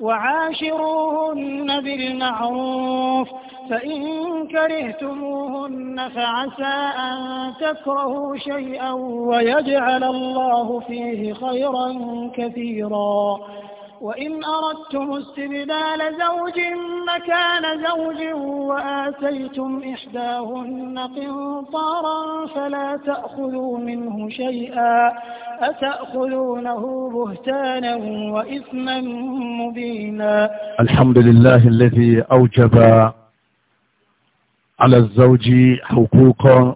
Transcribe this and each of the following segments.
وعاشروهن بالمعروف فإن كرهتموهن فعسى أن تكرهوا شيئا ويجعل الله فيه خيرا كثيرا وإن أردتم استبدال زوج مكان زوج وآتيتم إحداهن قنطارا فلا تأخذوا منه شيئا أتأخذونه بهتانا وإثما مبينا الحمد لله الذي أوجب على الزوج حقوقا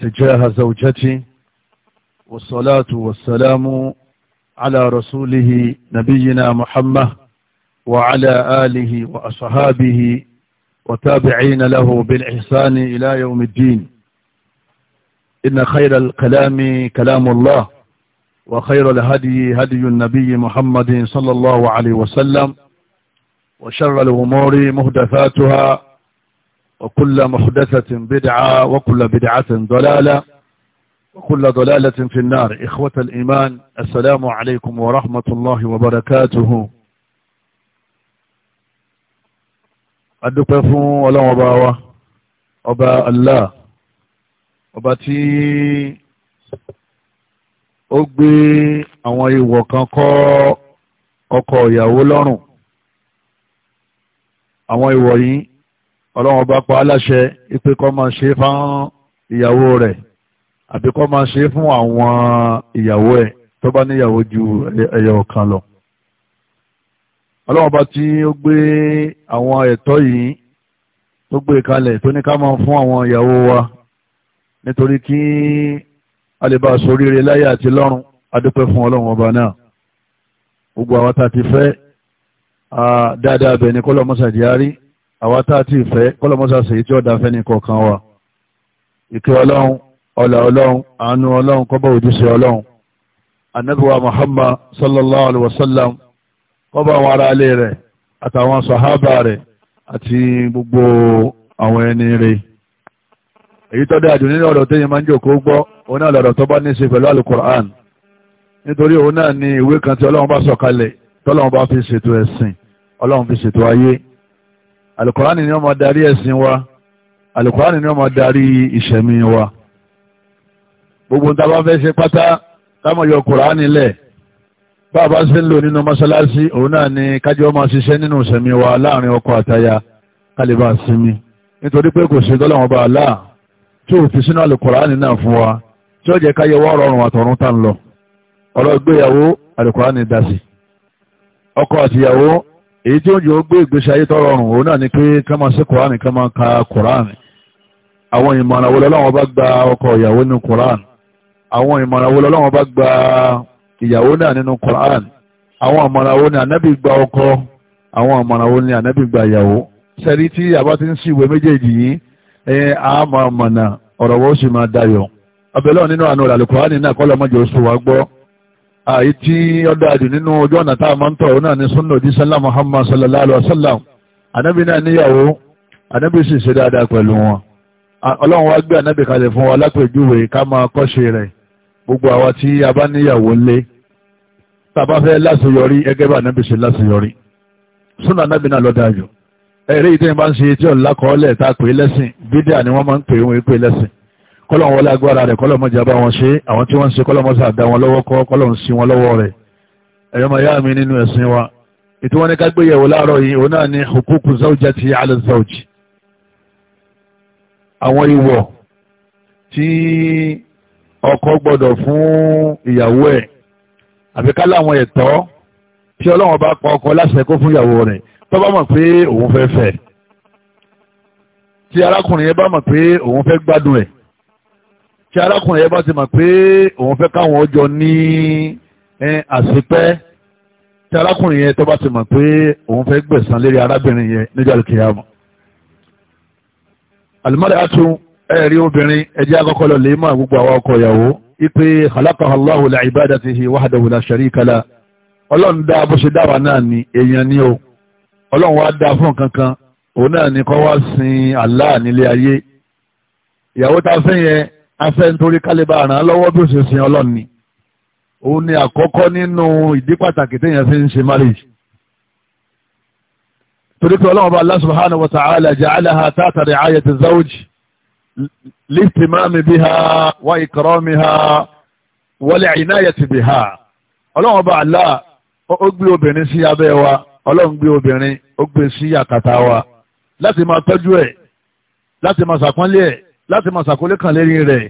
تجاه زوجته والصلاة والسلام على رسوله نبينا محمد وعلى آله وأصحابه وتابعين له بالإحسان إلى يوم الدين إن خير الكلام كلام الله وخير الهدي هدي النبي محمد صلى الله عليه وسلم وشر الأمور مهدفاتها وكل محدثة بدعة وكل بدعة ضلالة وكل ضلالة في النار إخوة الإيمان السلام عليكم ورحمة الله وبركاته أدقفوا ولا أباوة أبا الله ọba tí ó gbé àwọn ìwọ̀ kan kọ́ ọkọ ìyàwó lọ́rùn àwọn ìwọ̀ yìí ọlọ́run ọba pa aláṣẹ ipe kó máa ṣe fáwọn ìyàwó rẹ̀ àbí kọ́ máa ṣe fún àwọn ìyàwó ẹ̀ tó bá níyàwó ju ẹyọ ọ̀kan lọ ọlọ́wọ́n bá tí ó gbé àwọn ẹ̀tọ́ yìí tó gbé kalẹ̀ tó ní ká máa fún àwọn ìyàwó wa nítorí kí a lè bá ṣoríire láyé àti lọ́run adúpẹ́ fún ọlọ́wọ́n ọba náà gbogbo àwọn tá a ti fẹ́ dáadáa bẹ̀ ni kọ́lọ́mọ́sà diari àwọn tá a ti fẹ́ kọ́lọ́mọ́sà sèyí tí ọ̀dà fẹ́ ní kọ̀ọ̀kan wa ìkẹ́ ọlọ́run ọlà ọlọ́run àánú ọlọ́run kọ́bọ̀ òjíṣẹ́ ọlọ́run anabiwa muhammad sallallahu alaihi wasallam kọ́bọ̀ àwọn ará ilé rẹ̀ àtàwọn sàhábà rẹ̀ àti gbogbo àwọn ẹni rẹ̀ èyí tó dáa jù nínú ọ̀rọ̀ tó yẹn máa ń jòkó gbọ́ òun náà lọ̀rọ̀ tó bá ní í ṣe pẹ̀lú alukur'an nítorí òun náà ni ìwé kan tí ọlọ́run bá sọ̀kalẹ̀ tọ́lọ́run bá fi ṣètò ẹ̀sìn ọlọ́run fi ṣètò ayé alukur'an ni wọ́n máa darí ẹ̀sìn wa alukur'an ni wọ́n máa darí ìṣẹ̀mí wa gbogbo tá a bá fẹ́ ṣe pátá táwọn yọ kùránì lẹ̀ bá ṣe ń lò nínú mọ́ṣáláṣí òun náà ni kájọ́ máa ṣiṣẹ́ nínú ìṣẹ̀mí wa láàrin ọkọ àtaya kálíbà sinmi nítorí pé kò sí dọ́làwọn bá a láà tí ò fi sínú àlùkùránì náà fún wa tí ó jẹ́ káyẹ wọ́n rọrùn àtọ̀run tá ń lọ ọlọ́gbéyàwó àlùkùránì dasì ọkọ àtìyàwó èyí tí ó jẹ́ ó gbé ìgbésí ayé tó rọrùn òun náà ni pé ká máa ṣe kùránì ká máa ka kùránì àwọn ìmọ̀ràn wọlé ọlọ́wọ́n bá gba ọkọ ìyàwó ní kùránì àwọn ìmọ̀ràn wo lọ́wọ́ bá gba ìyàwó náà nínú Quran àwọn ìmọ̀ràn wo ni ànábì gba ọkọ àwọn ìmọ̀ràn wo ni ànábì gba ìyàwó sẹ́rí tí àbá ti ń sí ìwé méjèèjì yìí ẹ̀yìn àmọ́ mọ̀nà ọ̀rọ̀ wọ́n sì máa dayọ̀ ọbẹ̀lọ́ nínú àánú rẹ̀ Quran náà kọ́ lọ́mọdé oṣù wa gbọ́ àyí tí ó dájú nínú ojú ọ̀nà tá a máa ń tọ̀ ọ́ náà ni sunna odi Muhammad sallallahu alayhi wa sallam ànábì náà níyàwó ànábì sì ṣe dáadáa pẹ̀lú wọn ọlọ́run wá gbé ànábì kalẹ̀ fún wa lápèjúwe ká máa kọ́ṣe rẹ̀ gbogbo àwa tí a bá níyàwó ńlé tá a bá fẹ́ láṣeyọrí ẹgẹ́ bá nábì ṣe láṣeyọrí súnà nábì náà lọ́dà jù ẹ̀rí ìdí ìbá ń ṣe tí ọ̀la kọ́ọ́lẹ̀ tá a pè é lẹ́sìn bídíà ni wọ́n máa ń pè wọ́n pè lẹ́sìn kọ́lọ̀ wọn lágbára rẹ̀ kọ́lọ̀ mọ́jà bá wọn ṣe àwọn tí wọ́n ń ṣe kọ́lọ̀ mọ́sà dá wọn lọ́wọ́ kọ́ kọ́lọ̀ ń sin wọn lọ́wọ́ rẹ̀ ẹ̀yọ́ máa yá mi nínú ẹ̀sìn wa ètò wọn ní ká gbéyẹ̀wò láàárọ̀ yìí òun náà ní hukuku zawjati ala zawji àwọn ìwọ̀ tí ọkọ gbọ́dọ̀ fún ìyàwó ẹ̀ àbí ká láwọn ẹ̀tọ́ tí ọlọ́run bá pa ọkọ láṣẹ kó fún ìyàwó rẹ̀ tó bá mọ̀ pé òun fẹ́ fẹ́ tí arákùnrin yẹn bá mọ̀ pé òun fẹ́ gbádùn ẹ̀ tí arákùnrin yẹn bá ti mọ̀ pé òun fẹ́ káwọn ọjọ́ ní àṣepẹ́ tí arákùnrin yẹn tó bá ti mọ̀ pé òun fẹ́ gbẹ̀san lérí arábìnrin yẹn níjọ́ àlùkìyàmọ̀ àlùmọ́rẹ̀ á tún ẹ̀rí obìnrin ẹjẹ́ akọ́kọ́ lọ lè máa gbogbo àwọn ọkọ ìyàwó ipe khalaqahallahu li'ibadatihi wahdahu la sharika la ọlọ́run dá bó ṣe dáwà náà ni èèyàn ni o ọlọ́run wá dá fún kankan òun náà ni kó wá sin Allah nílé ayé ìyàwó ta fẹ́ yẹn afẹ́ nítorí kálíbà ràn án lọ́wọ́ bí ó ṣe sin ọlọ́run ni òun ni àkọ́kọ́ nínú ìdí pàtàkì téèyàn fi ń ṣe marriage torí pé ọlọ́run bá Allah lìtìmáàmì biha wa ikramiha wa ọlọ́run ọba Allah ó gbé obìnrin sí abẹ́ wa ọlọ́run gbé obìnrin ó gbé sí àkàtà wa láti máa tọ́jú ẹ̀ láti máa ṣàpọ́nlé ẹ̀ láti máa ṣàkólé kan lérí rẹ̀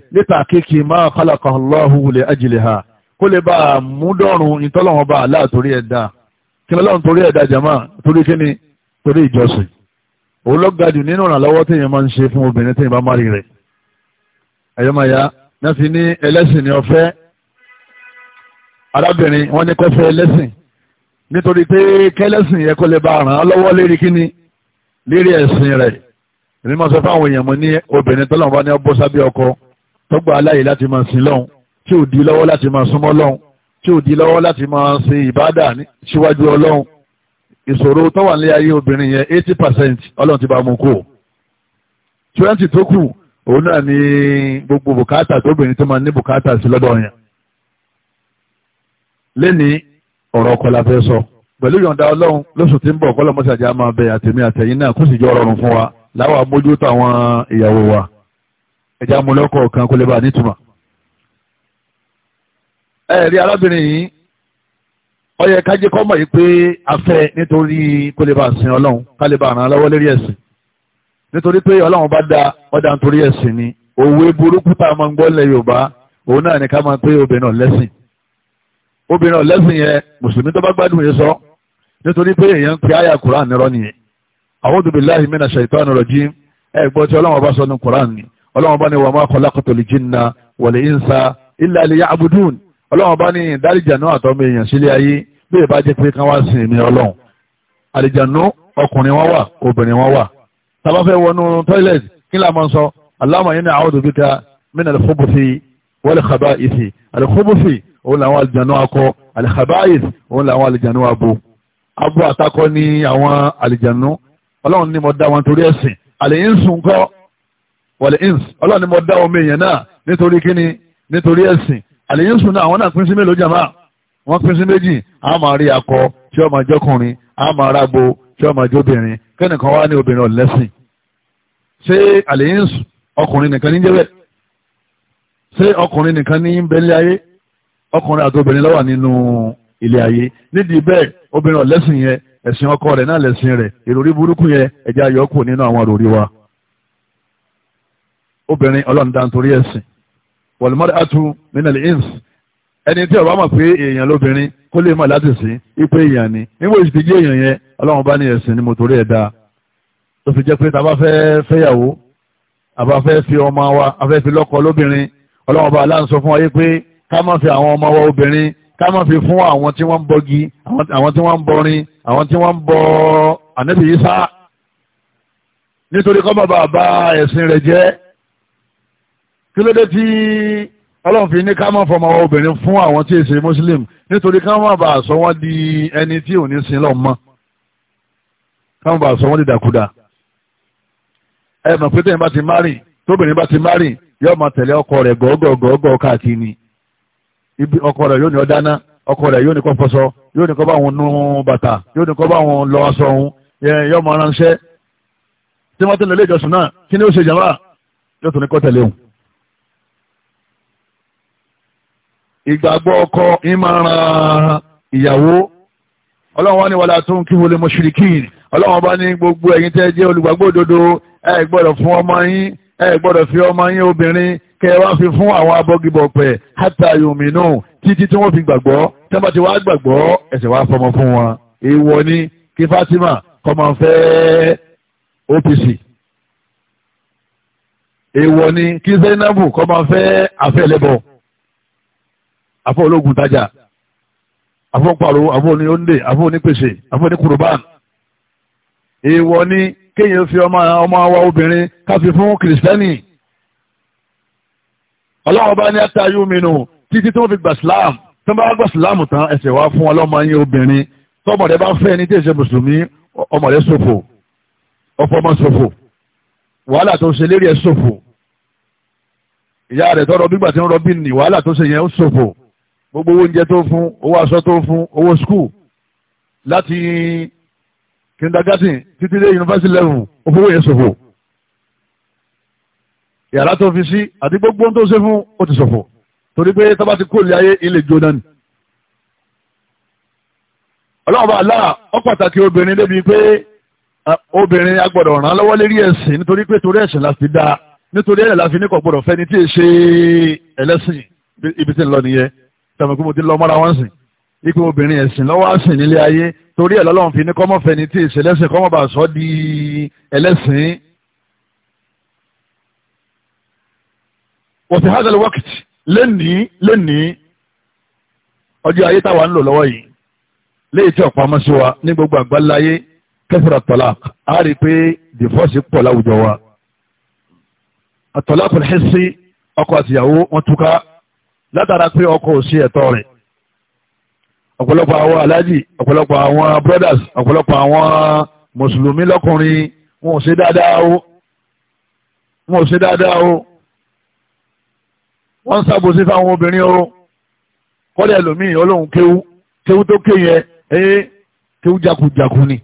kéèkì ma khalaqa Allahu li ajliha kó lè bá a mú ìtọ́lọ́run ọba torí ẹ̀dá kí jama torí kíni torí ìjọsìn òun lọ gajù nínú ìrànlọ́wọ́ tí èèyàn máa ń ṣe fún obìnrin tí èèyàn bá má rí rẹ̀ ẹ̀yọ́mọ̀ya náà fi ní ẹlẹ́sìn ní ọ̀fẹ́ arábìnrin wọ́n ní kọ́fẹ́ ẹlẹ́sìn nítorí pé kẹ́lẹ́sìn yẹ kó lè bá ràn án lọ́wọ́ lérí kíní lérí ẹ̀sìn rẹ̀ èmi máa sọ fáwọn èèyàn mo ní obìnrin tọ́lọ́run bá ní ọbọ̀ sábẹ́ ọkọ tọ́gbà aláyè láti máa sin lọ́hùn tí ò di lọ́wọ́ láti máa súnmọ́ lọ́hùn tí ò di lọ́wọ́ láti máa ṣe ìbádà síwájú ọlọ́hùn ìṣòro tó wà nílé ayé obìnrin yẹn eighty percent ọlọ́run ti bá mú kó twenty tó kù òun náà ní gbogbo bùkátà tóbìnrin tó máa ní bùkátà sí lọ́dọ̀ yẹn lẹ́ni ọ̀rọ̀ ọkọ la fẹ́ sọ pẹ̀lú yọ̀ǹda ọlọ́run lóṣù tí ń bọ̀ kọ́lọ́ mọ́sàájà máa bẹ àtẹ̀mí àtẹ̀yìn náà kó sì jọ rọrùn fún wa láwa mójútó àwọn ìyàwó wa ẹja mú lọ́kọ̀ọ̀kan kó lè bá nítumọ̀ ẹ̀rí arábìnrin yìí ó yẹ ká jẹ́ kó mọ̀ yìí pé afẹ́ nítorí kó lè bá sin ọlọ́run ká lè bá ràn án lọ́wọ́ lérí ẹ̀sìn nítorí pé ọlọ́run bá dá ọ̀dà nítorí ẹ̀sìn ni òwe burúkú tá a máa ń gbọ́ lẹ̀ yorùbá òun náà ni ká máa pé obìnrin ọ̀lẹ́sìn obìnrin ọ̀lẹ́sìn yẹn mùsùlùmí tó bá gbádùn yẹn sọ nítorí pé èèyàn ń pe àyà Qur'an nírọ́ nìyẹn a'udhu billahi minash shaitani rajim ẹ gbọ́ ọlọ́run bá ní ìdáríjànú àtọ́mọ èèyàn sílé ayé bí ìbá jẹ́ pé kán wá sin èmi ọlọ́run àlìjànú ọkùnrin wọn wà obìnrin wọn wà tàbá fẹ́ wọnú toilet kí la máa ń sọ Allahumma inni a'udhu bika min al-khubuthi wal-khaba'ith al-khubuthi òun làwọn àlìjànú akọ al-khaba'ith òun làwọn àlìjànú abo abo àtakọ ní àwọn àlìjànú ọlọ́run ní mo dá wọn torí ẹ̀sìn àlìyínsù ńkọ́ wàlìyínsù ọlọ́run ní mo dá omi èèyàn náà nítorí kíni nítorí ẹ̀sìn àlèyésù náà àwọn náà pín sí mélòó jàmá wọ́n pín sí méjì a máa rí akọ tí ó máa jọkùnrin a máa rágbo tí ó máa jóbìnrin kẹ́nìkan wá ní obìnrin ọ̀lẹ́sìn ṣé àlèyésù ọkùnrin nìkan ní jẹ́bẹ̀ ṣé ọkùnrin nìkan ní bẹ́lẹ̀ ayé ọkùnrin àti obìnrin ló wà nínú ilé ayé nídìí bẹ́ẹ̀ obìnrin ọ̀lẹ́sìn yẹn ẹ̀sìn ọkọ rẹ̀ náà lẹ̀sìn rẹ̀ ìròrí burúkú yẹn ẹ̀jẹ̀ ayọ̀kù nínú àwọn ìròrí wa obìnrin ọlọ́run dá ẹ̀sìn wọ̀lùmọ́rẹ́ atu minal ins ẹni tí ọba mọ̀ pé èèyàn lóbìnrin kó lè mọ̀ láti sìn ipe èèyàn ni nígbà èsì ti gé èèyàn yẹn ọlọ́run bá ní ẹ̀sìn ni mo torí ẹ̀ dáa tó fi jẹ́ pé tá a bá fẹ́ fẹ́yàwó a bá fẹ́ fi ọmọ wa a fẹ́ fi lọ́kọ lóbìnrin ọlọ́run bá aláǹsọ fún wa yé pé ká má fi àwọn ọmọ wa obìnrin ká má fi fún àwọn tí wọ́n ń bọgi àwọn tí wọ́n ń bọrin àwọn tí wọ́n kí ló dé tí ọlọ́run fi ní ká má fọmọ àwọn obìnrin fún àwọn tí èsè muslim nítorí ká má bàa sọ wọ́n di ẹni tí ò ní sin lọ́ọ̀ mọ́ ká má bàa sọ wọ́n di dàkúdà ẹ mọ̀ pé tẹ́yìn bá ti márìn tóbìnrin bá ti márìn yóò máa tẹ̀lé ọkọ rẹ̀ gọ́gọ́gọ́gọ́ káàkiri ni ọkọ rẹ̀ yóò ní ó dáná ọkọ rẹ̀ yóò ní kó fọṣọ yóò ní kó bá wọn nu bàtà yóò ní kó bá wọn lọ aṣọ òun yóò máa ránṣẹ́ tí wọ́n tẹ̀lé ilé ìjọsìn náà kí ni ó ṣe jàmbá yóò tún ní kó tẹ̀lé òun ìgbàgbọ́ ọkọ ìmọ̀ràn ìyàwó ọlọ́run wá ní wàlá tó ń kí wọlé mọ̀ṣìrìkìn ọlọ́run bá ní gbogbo ẹ̀yin tẹ́ jẹ́ olùgbàgbọ́ òdodo ẹ gbọ́dọ̀ fún ọmọ yín ẹ gbọ́dọ̀ fi ọmọ yín obìnrin kẹ wá fi fún àwọn abọ́gibọ̀pẹ̀ hátà yòmínú títí tí wọ́n fi gbàgbọ́ tẹ́ bá ti wá gbàgbọ́ ẹ̀sẹ̀ wá fọmọ fún wọn èèwọ̀ ni kí Fatima kọ́mọ fẹ́ OPC èèwọ̀ ni kí Zainabu kọ́mọ fẹ́ afẹ́lẹ́bọ̀ àfọ ológun tajà àfọ pàrọ̀ àfọ ní ondé àfọ ní pèsè àfọ ní kurban èèwọ̀ ni kéèyàn fi ọmọ ọmọ wa obìnrin káfí fún kìrìsìtẹ́nì ọlọ́wọ́ bá ní àtàyù mìíràn títí tí wọ́n fi gbà sílám tí wọ́n bá gbà sílám tán ẹsẹ̀ wá fún ọlọ́mọ yín obìnrin tọmọdé bá fẹ́ ní tí èsè mùsùlùmí ọmọdé ṣòfò ọfọmọ ṣòfò wàhálà tó ṣe lérí ẹ ṣòfò ìyá rẹ̀ tọrọ bígbà tí ń rọbí ni wàhálà tó ṣe yẹn ó ṣòfò gbogbo owó oúnjẹ tó fún owó aṣọ tó fún owó skul láti kindergarten títí dé university level owó yẹn ṣòfò yàrá tó fi sí àti gbogbo ohun tó ṣe fún ó ti ṣòfò torí pé tó bá ti kó ilé ayé ilé jóná ni ọlọ́ọ̀bá aláà ó pàtàkì obìnrin débi pé obìnrin agbọ́dọ̀ ràn lọ́wọ́ lérí ẹ̀sìn nítorí pé torí ẹ̀sìn la fi dáa nítorí ẹ̀rẹ̀ la fi ní kò gbọ́dọ̀ fẹ́ ni tí ì ṣe ẹlẹ́sìn ibi tí ń lọ nìyẹn tẹ̀mọ̀ pé mo ti lọ mọ́ra wọn sìn ipe obìnrin ẹ̀sìn lọ́wọ́ àsìn nílé ayé torí ẹ̀ lọ́lọ́run fi ní kọ́mọ́fẹ́ ni tí ìṣẹ̀lẹ́sìn kọ́mọ́bà sọ di ẹlẹ́sìn. wọ́n hadal wákìtì lẹ́nìí lẹ́nìí ọjọ́ ayé táwa ń lò lọ́wọ́ yìí léyìí tí ọ̀pọ̀ amọ́sí wa ní gbogbo àgbáláyé kẹfìrà tọ́lá a rí i pé dìfọ́ọ̀sì pọ̀ láwùjọ wa àtọ́lá kò ní àtìyàwó wọn túká látara pé ọkọ ò sí ẹ̀tọ́ rẹ̀ ọ̀pọ̀lọpọ̀ àwọn aláàjì ọ̀pọ̀lọpọ̀ àwọn brothers ọ̀pọ̀lọpọ̀ àwọn mùsùlùmí lọ́kùnrin wọn ò ṣe dáadáa o wọn ò ṣe dáadáa o wọ́n ń ṣàbòsí fáwọn obìnrin o kọ́lẹ̀ ẹlòmíì olóhùn kéwú kéwú tó ké yẹn ẹ́yẹ́ kéwú jakujaku ni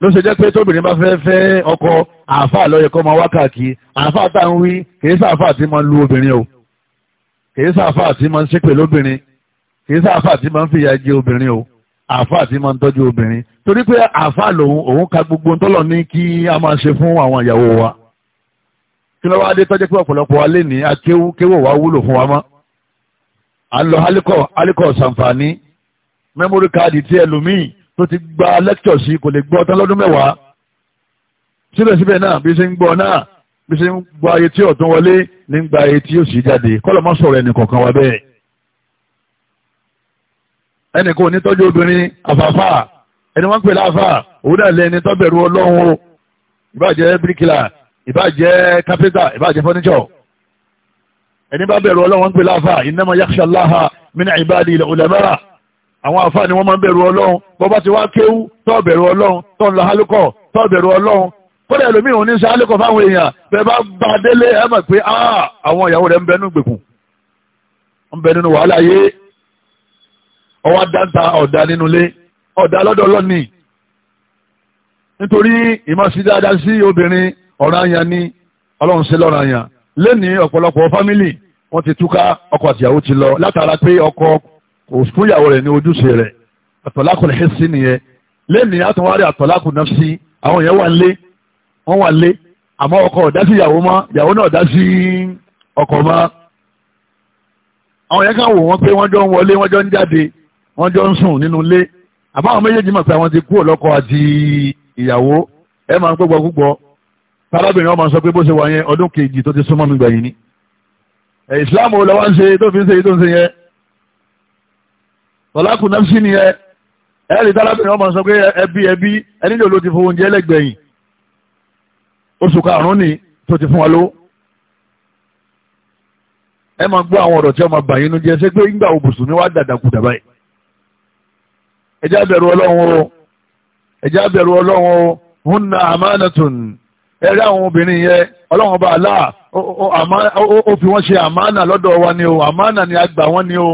ló ṣe jẹ́ pé tóbìnrin bá fẹ́ fẹ́ ọkọ àáfàá lọ́yẹ̀kọ́ máa wákàkí àáfàá tá à ń wí kì í sáà tí máa ń lu obìnrin o kìí sáfà àti máa ń ṣépè lóbìnrin kìí sáfà àti máa ń fìyà jẹ obìnrin o àfà àti máa ń tọ́jú obìnrin torí pé àfà lòun òun ka gbogbo ntọ́lọ̀ ní kí a máa ṣe fún àwọn ìyàwó wa kí ló wá dé tọ́jú pé ọ̀pọ̀lọpọ̀ wa lé ní akéwú kéwò wá wúlò fún wa mọ́ à ń lọ alikọ alikọ sànfàní mẹ́mórí káàdì tí ẹlòmíì tó ti gba lẹ́kítọ̀ sí kò lè gbọ́ tán lọ́dún mẹ́wàá síbẹ̀síbẹ̀ náà bí ṣe ń gbọ́ náà bí ṣe ń gba ayé tí ọ̀tún wọlé ní ń gba ayé tí yóò sì jáde kọ́lọ̀ má sọ̀rọ̀ ẹnì kọ̀ọ̀kan wa bẹ́ẹ̀. ẹnì kan onítọ́jú obìnrin àfààfà ẹni wọ́n ń pè láàfà òun náà lẹ́ni tọ́bẹ̀rù ọlọ́run o ìbáàjẹ́ bíríkìlà ìbáàjẹ́ kápẹ́tà ìbáàjẹ́ fọ́níṣọ̀ ẹni bá bẹ̀rù ọlọ́run ń pè láàfà innama yakhsha Allaha kódà ẹlòmíì òun ní sálẹ́kọ̀ fáwọn èèyàn bẹ́ẹ̀ bá bá délé ẹ mọ̀ pé àwọn ìyàwó rẹ̀ ń bẹ nínú gbèkùn ń bẹ nínú wàhálà yé ọwọ́ dáńtà ọ̀dà nínú ilé ọ̀dà lọ́dọ̀ lọ́nìí nítorí ìmọ̀sí dáadáa sí obìnrin ọ̀ranyàn ni ọlọ́run ṣe lọ́ranyàn lẹ́nìí ọ̀pọ̀lọpọ̀ fámìlì wọ́n ti túká ọkọ àtìyàwó ti lọ látara pé ọkọ kò fún rẹ̀ ní ojúṣe rẹ̀ àtọ̀lákùn ẹ̀sìn nìyẹn lẹ́nìí àtúnwárí àtọ̀lákùn náà sí àwọn yẹn wà ń lé wọ́n wà lé àmọ́ ọkọ ọ̀dá sí ìyàwó mọ́ ìyàwó náà dá sí ọkọ mọ́ àwọn yẹn kàn wò wọ́n pé wọ́n jọ ń wọlé wọ́n jọ ń jáde wọ́n jọ ń sùn nínú ilé àbáwọn méjèèjì mọ̀ pé àwọn ti kú ọlọ́kọ àti ìyàwó ẹ máa ń gbọ́ gbọ́ tárábìnrin ọmọ sọ pé bó ṣe wà yẹn ọdún kejì tó ti súnmọ́ mi gbẹ̀yìn ni ìsìláàmù ló wá ń ṣe tó fi ń ṣe tó ń ṣe yẹn tọ́lákùn náà sí ni ẹ ẹ̀rì tárábìnrin ọmọ sọ pé ẹbí ẹbí ẹni lò ló ti fowó oúnjẹ lẹ́gbẹ̀yìn oṣù karùn-ún ni tó ti fún wa lówó ẹ máa gbọ́ àwọn ọ̀rọ̀ tí wọ́n máa bà yín nu jẹ́ ṣé pé ńgbà òbùsùn ni wàá dàdàkú dàbá yìí ẹ jẹ́ abẹ̀rù ọlọ́run o ẹ jẹ́ abẹ̀rù ọlọ́run o hunna amanatun ẹ rí àwọn obìnrin yẹn ọlọ́run ọba Allah ó fi wọ́n ṣe àmánà lọ́dọ̀ wa ni o àmánà ni a gbà wọ́n ni o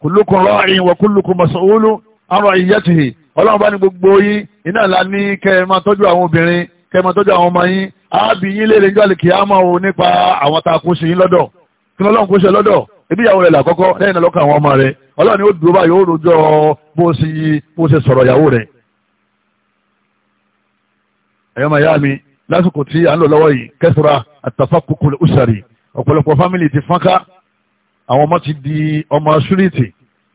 kullukum ra'in wa kullukum mas'ulun an ra'iyatihi ọlọ́run bá ní gbogbo yín iná kẹmọ tọ́jú àwọn ọmọ yín àábì yín lè rẹjọ́ àlèkè àmọ́ o nípa àwọn tá a kó sí yín lọ́dọ̀ tí wọ́n lọ́n kó sí lọ́dọ̀ ebi ìyàwó rẹ̀ làkọ́kọ́ lẹ́yìn náà lọ́kàn àwọn ọmọ rẹ̀ ọlọ́run yóò dúró báyìí ó rojọ́ bó ṣe bó ṣe sọ̀rọ̀ ìyàwó rẹ̀. ẹ̀yọ́ màá yá mi lásìkò tí à ń lò lọ́wọ́ yìí kẹsìrà àtàfàkùkù ọ̀sàrì ọ̀pọ̀lọpọ̀ fámìlì ti fọ́nká àwọn ọmọ ti di ọmọ súrìtì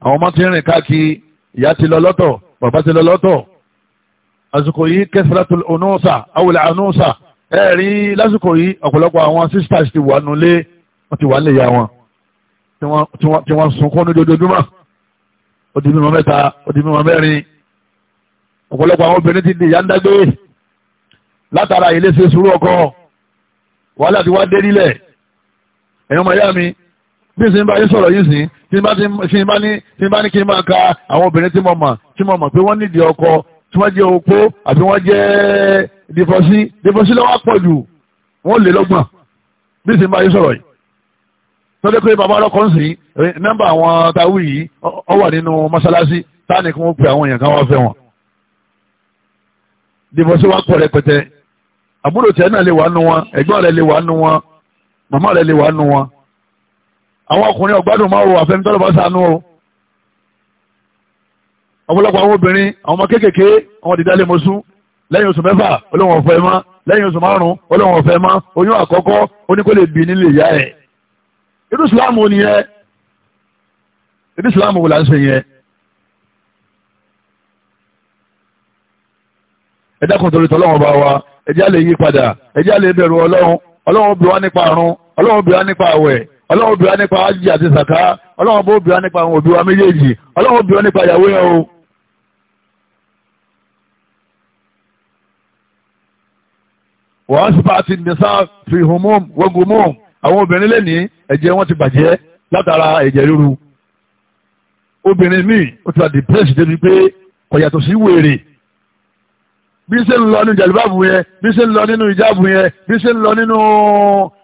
àwọn ọmọ ti rìn káàkiri ìyá ti lọ lọ́tọ̀ bàbá ti lọ lọ́tọ̀ àsìkò yìí kẹsàrátùl onúsà awùlẹ̀ anúsà ẹ̀rí lásìkò yìí ọ̀pọ̀lọpọ̀ àwọn sisters ti wà nulẹ̀ wọ́n ti wà nílẹ̀ ya wọn tí wọ́n sunkún ní dojoojúmọ́ ó di mímọ mẹ́ta ó di mímọ mẹ́rin ọ̀pọ̀lọpọ̀ àwọn obìnrin ti di ìyá ń dágbé látara ilé ṣe sùúrù ọkọ wàhálà ti wá dé nílẹ̀ ẹ̀yọ́ mọ̀ yá mi bí n bá yín sọ̀rọ̀ yín sìn tí n bá ní kí n máa ka àwọn obìnrin tí mo mọ̀ tí mo mọ̀ pé wọ́n nídìí ọkọ tí wọ́n jẹ́ opó àbí wọ́n jẹ́ dìfọ́sí dìfọ́sí lọ́wọ́ pọ̀ jù wọ́n lè lọ́gbọ̀n bí sì ń bá yín sọ̀rọ̀ yìí tọ́jú pé bàbá ọlọ́kọ̀ ń sìn nọ́mbà àwọn táwí yìí ọ wà nínú mọ́ṣáláṣí táà nìkan ó pe àwọn èèyàn kan wá fẹ́ wọn dìbọ̀sí wa kọ̀ rẹpẹtẹ àbúrò tẹ̀ náà lè wà nù wọn ẹ̀gbọ́n rẹ̀ lè wà nù wọn màmá rẹ̀ lè wà nù wọn àwọn ọkùnrin ọ̀gbádùn máa wò àfẹnitọ́lọ́ o ọ̀pọ̀lọpọ̀ àwọn obìnrin àwọn ọmọ kéékèèké àwọn ti dálé mọ́sú lẹ́yìn oṣù mẹ́fà olóhùn ọ̀fẹ́ mọ́ lẹ́yìn oṣù márùn-ún olóhùn ọ̀fẹ́ mọ́ oyún àkọ́kọ́ oníkólè bì nílé ìyá ẹ̀ irú islam wo nìyẹn irú islam wo là ń ṣe yẹn ẹ dákun torí tọ́lọ́wọ́n bá wa ẹ jẹ́ àlè yí padà ẹ jẹ́ àlè bẹ̀rù ọlọ́run ọlọ́run bí wá nípa àrùn ọlọ́run bí wá nípa àwẹ̀ ọlọ́run bí wá nípa ájì àti sàká ọlọ́run bó bí wá nípa àwọn òbí wa méjèèjì ọlọ́run bí wá nípa ìyàwó yẹn o. wọ́n sì bá ti nìsá fi humum wẹ́gumum àwọn obìnrin lẹ́ni ẹ̀jẹ̀ wọn ti bàjẹ́ látara ẹ̀jẹ̀ ríru obìnrin míì ó ti wà depressed débi pé kò yàtọ̀ sí wèrè bí ṣe ń lọ nínú jàlúbàbù yẹn bí ṣe ń lọ nínú ìjáàbù yẹn bí ṣe ń lọ nínú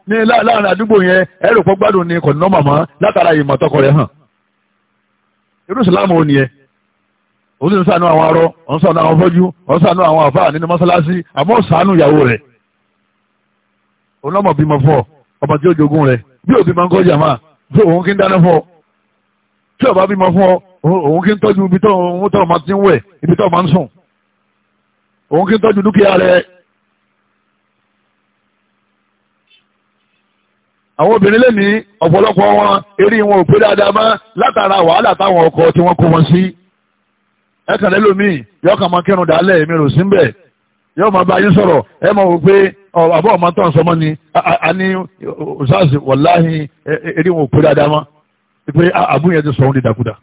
ní láàrin àdúgbò yẹn ẹ̀rọ pọ̀ ni kò ná màmá látara ìmọ̀ tọkọ rẹ̀ hàn irú ìsìlámù ò nìyẹn òun sì ń sànú àwọn arọ òun sànú àwọn fọ́jú òun sànú àwọn àfáà nínú mọ́sálásí àmọ́ sànú ìyàwó rẹ̀ ọlọ́mọ bímọ fọ ọmọ tí ó jogún rẹ bí òbí máa ń kọ́ jàmá tí òun kí ń dáná fọ tí ọba bímọ fọ òun kí ń tọ́jú ibi tó òun tó máa ti ń wẹ̀ ibi tó máa ń sùn òun kí ń tọ́jú dúkìá rẹ. àwọn obìnrin lè ní ọ̀pọ̀lọpọ̀ wọn eré wọn ò pé dáadáa mọ́ látara wàhálà táwọn ọkọ tí wọ́n kó wọn sí ẹ̀kànlélómi yọkàn máa kírun dálẹ̀ mi rò sí ń yóò máa bá yín sọ̀rọ̀ ẹ máa wò pé àbọ̀ ọmọ tó ń sọmọ ni a ní ṣáàṣì wàláhì eré wọn ò pé dáadáa mọ́ pé àbúyẹn ti sọ òun dídàkudà.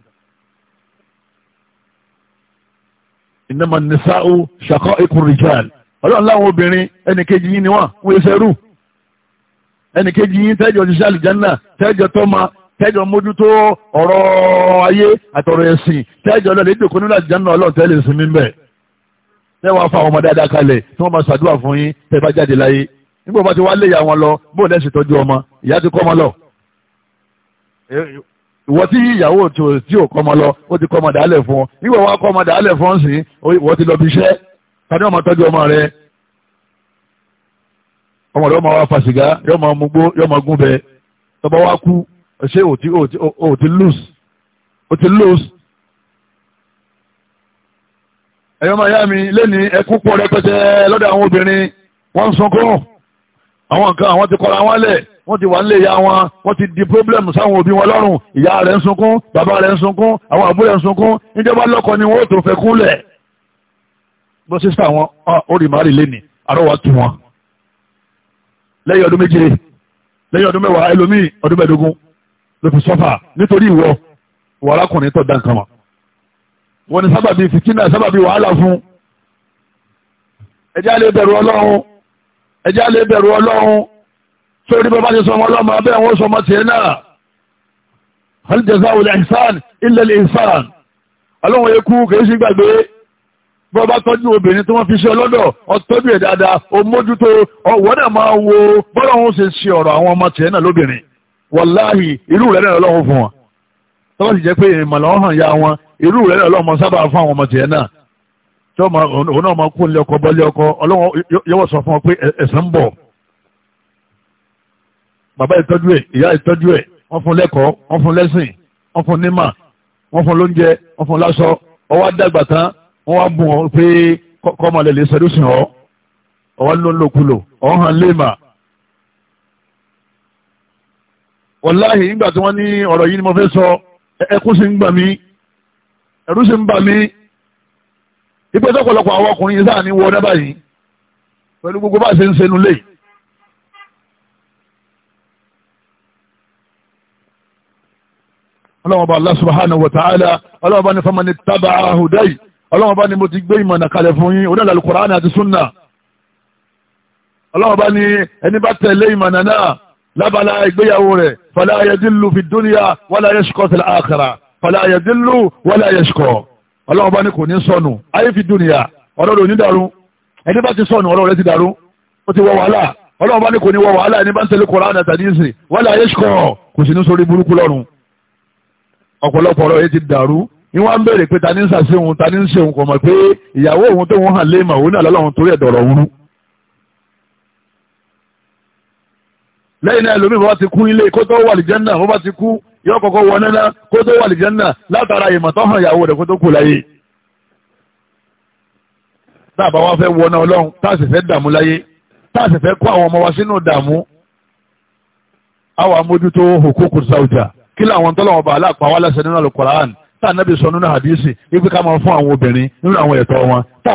ìnáma nisa'u shaqa'iqu rijal ọlọ́run láwọn obìnrin ẹnìkejì yín ni wọ́n wọ́n ṣe rú ẹnìkejì yín tẹ́jọ́ ṣiṣẹ́ àlùjánná tẹ́jọ́ tọ́ma tẹ́jọ́ mójútó ọ̀rọ̀ ayé àtọ̀rọ̀ ẹ̀sìn tẹ́jọ́ lọ́lẹ̀ lẹ́wọ̀n fa àwọn ọmọ dáadáa kalẹ̀ tí wọ́n máa ṣàdúrà fún yín tẹ́ bá jáde láyé nígbà wọn ti wá lé ìyá wọn lọ bóun lẹ́sìn tọ́jú ọmọ ìyá ti kọ́ ọmọ lọ. ìwọ tí ìyàwó tí ò kọ́ ọmọ lọ ó ti kọ́ ọmọ dàálẹ̀ fún ọ nígbà wọn kọ́ ọmọ dàálẹ̀ fún ọ sìn ìwọ ti lọ bí iṣẹ́ tani ọmọ tọ́jú ọmọ rẹ. ọmọ rẹ ọmọ wa fa sìgá yọ ọmọ mugbó yọ ọmọ gúnbẹ tọba wa kú ṣé ò ti lose ó ti lose ẹ̀yọ́ máa yá mi lẹ́ni ẹkún pọ̀ rẹpẹtẹ lọ́dọ̀ àwọn obìnrin wọ́n ń sunkún àwọn nǹkan àwọn ti kọ́ra wọn lẹ̀ wọ́n ti wà nílé ìyá wọn wọ́n ti di problem sáwọn òbí wọn lọ́rùn ìyá rẹ̀ ń sunkún bàbá rẹ̀ ń sunkún àwọn àbúrò rẹ̀ ń sunkún níjọba lọ́kọ ni wọ́n tó fẹ́ kúnlẹ̀ bó sísá wọn orí màárì lẹ́ni àrọ́wà tù wọn lẹ́yìn ọdún méje lẹ́yìn ọdún mẹ́wàá ẹlòmíì ọdún mẹ́ẹ̀ẹ́dógún ló fi sọ́fà nítorí ìwọ wàrákùnrin tó dá nǹkan wọn wọ́n ní sábàbí fìtínà sábàbí wàhálà fún ẹjá lè bẹ̀rù ọlọ́run ẹjá lè bẹ̀rù ọlọ́run tó rí bàbá ti sọmọ ọlọ́mọ abẹ́ àwọn sọmọ tiẹ̀ náà hal jazaa ul ihsan illa al ihsan ọlọ́run ekú kìí sí gbàgbé bí tọ́jú obìnrin tí wọ́n fi ṣe ọlọ́dọ̀ ọtọ́jú ẹ̀ dáadáa o mójútó ọ̀wọ́ náà máa wo bọ́lọ́run ṣe ṣe ọ̀rọ̀ àwọn ọmọ tiẹ̀ náà lóbìnrin wàláhì ìlú rẹ̀ náà ọlọ́run fún wọn tọ́wọ́ sì jẹ́ pé ìmọ̀lẹ́ ọ̀hàn ya wọn irú rẹ̀ lọ́wọ́ ọmọ sábà fún àwọn ọmọ tiẹ̀ náà tí òun náà máa kún lé ọkọ bọ́lé ọkọ ọlọ́wọ́ yọwọ́ sọ fún ọ pé ẹ̀sán ń bọ̀ bàbá ìtọ́jú ẹ̀ ìyá ìtọ́jú ẹ̀ wọ́n fún lẹ́kọ̀ọ́ wọ́n fún lẹ́sìn wọ́n fún nímà wọ́n fún lóúnjẹ wọ́n fún láṣọ ọwọ́ dàgbà tán wọ́n wá bùn pé kọ́ ọmọ nígbà tí wọ́n ní ọ̀rọ̀ yìí ni mo fẹ́ sọ ẹkún sì ń gbà mí ẹ̀rù sì ń bà mí ìpè sọ́pọ̀lọpọ̀ àwọn ọkùnrin yìí sáà wọ dábàá yìí pẹ̀lú gbogbo bá a ṣe ń ṣe nulẹ̀. ọlọ́wọ́n bá Allah subhanahu wa ta'ala ọlọ́wọ́n bá ní famani taba'a hudayi ọlọ́wọ́n bá ní mo ti gbé ìmọ̀nà kalẹ̀ fún yín onílẹ̀ al-Qur'an àti sunna ọlọ́wọ́n bá ní ẹni bá tẹ̀lé ìmọ̀nà náà lábala ìgbéyàwó rẹ̀ fala yadillu fi dunya wala yashqa fil akhirah fala yadillu wala yashqa ọlọ́run bá ní kò ní sọnù ayé fi dunya ọ̀rọ̀ rẹ̀ ò ní dàrú ẹni bá ti sọnù ọ̀rọ̀ rẹ̀ ti dàrú ó ti wọ wàhálà ọlọ́run bá ní kò ní wọ wàhálà ẹni bá ń tẹ̀lé Kùránì àtàdínsì wala yashqa kò sì ní sórí burúkú lọ́rùn ọ̀pọ̀lọpọ̀ lẹ́yìn náà lómi bàbá ti kú ilé kó tó wà lìjẹ́nà bàbá ti kú yọ kọ̀kọ́ wọ nẹ́nà kó tó wà lìjẹ́nà látara ìmọ̀ tó hàn ìyàwó rẹ̀ kó tó kù láyé. tá a bá wá fẹ́ wọná ọlọ́run tá a sì fẹ́ dààmú láyé tá a sì fẹ́ kó àwọn ọmọ wa sínú dààmú. àwa mójútó hukuku zawja kí làwọn tọ́lọ̀ ọba aláàpá wa lẹ́sẹ̀ nínú alukoran tá a nábì sọ nínú hadisi wípé ká máa fún àwọn obìnrin nínú àwọn ẹ̀tọ́ wọn tá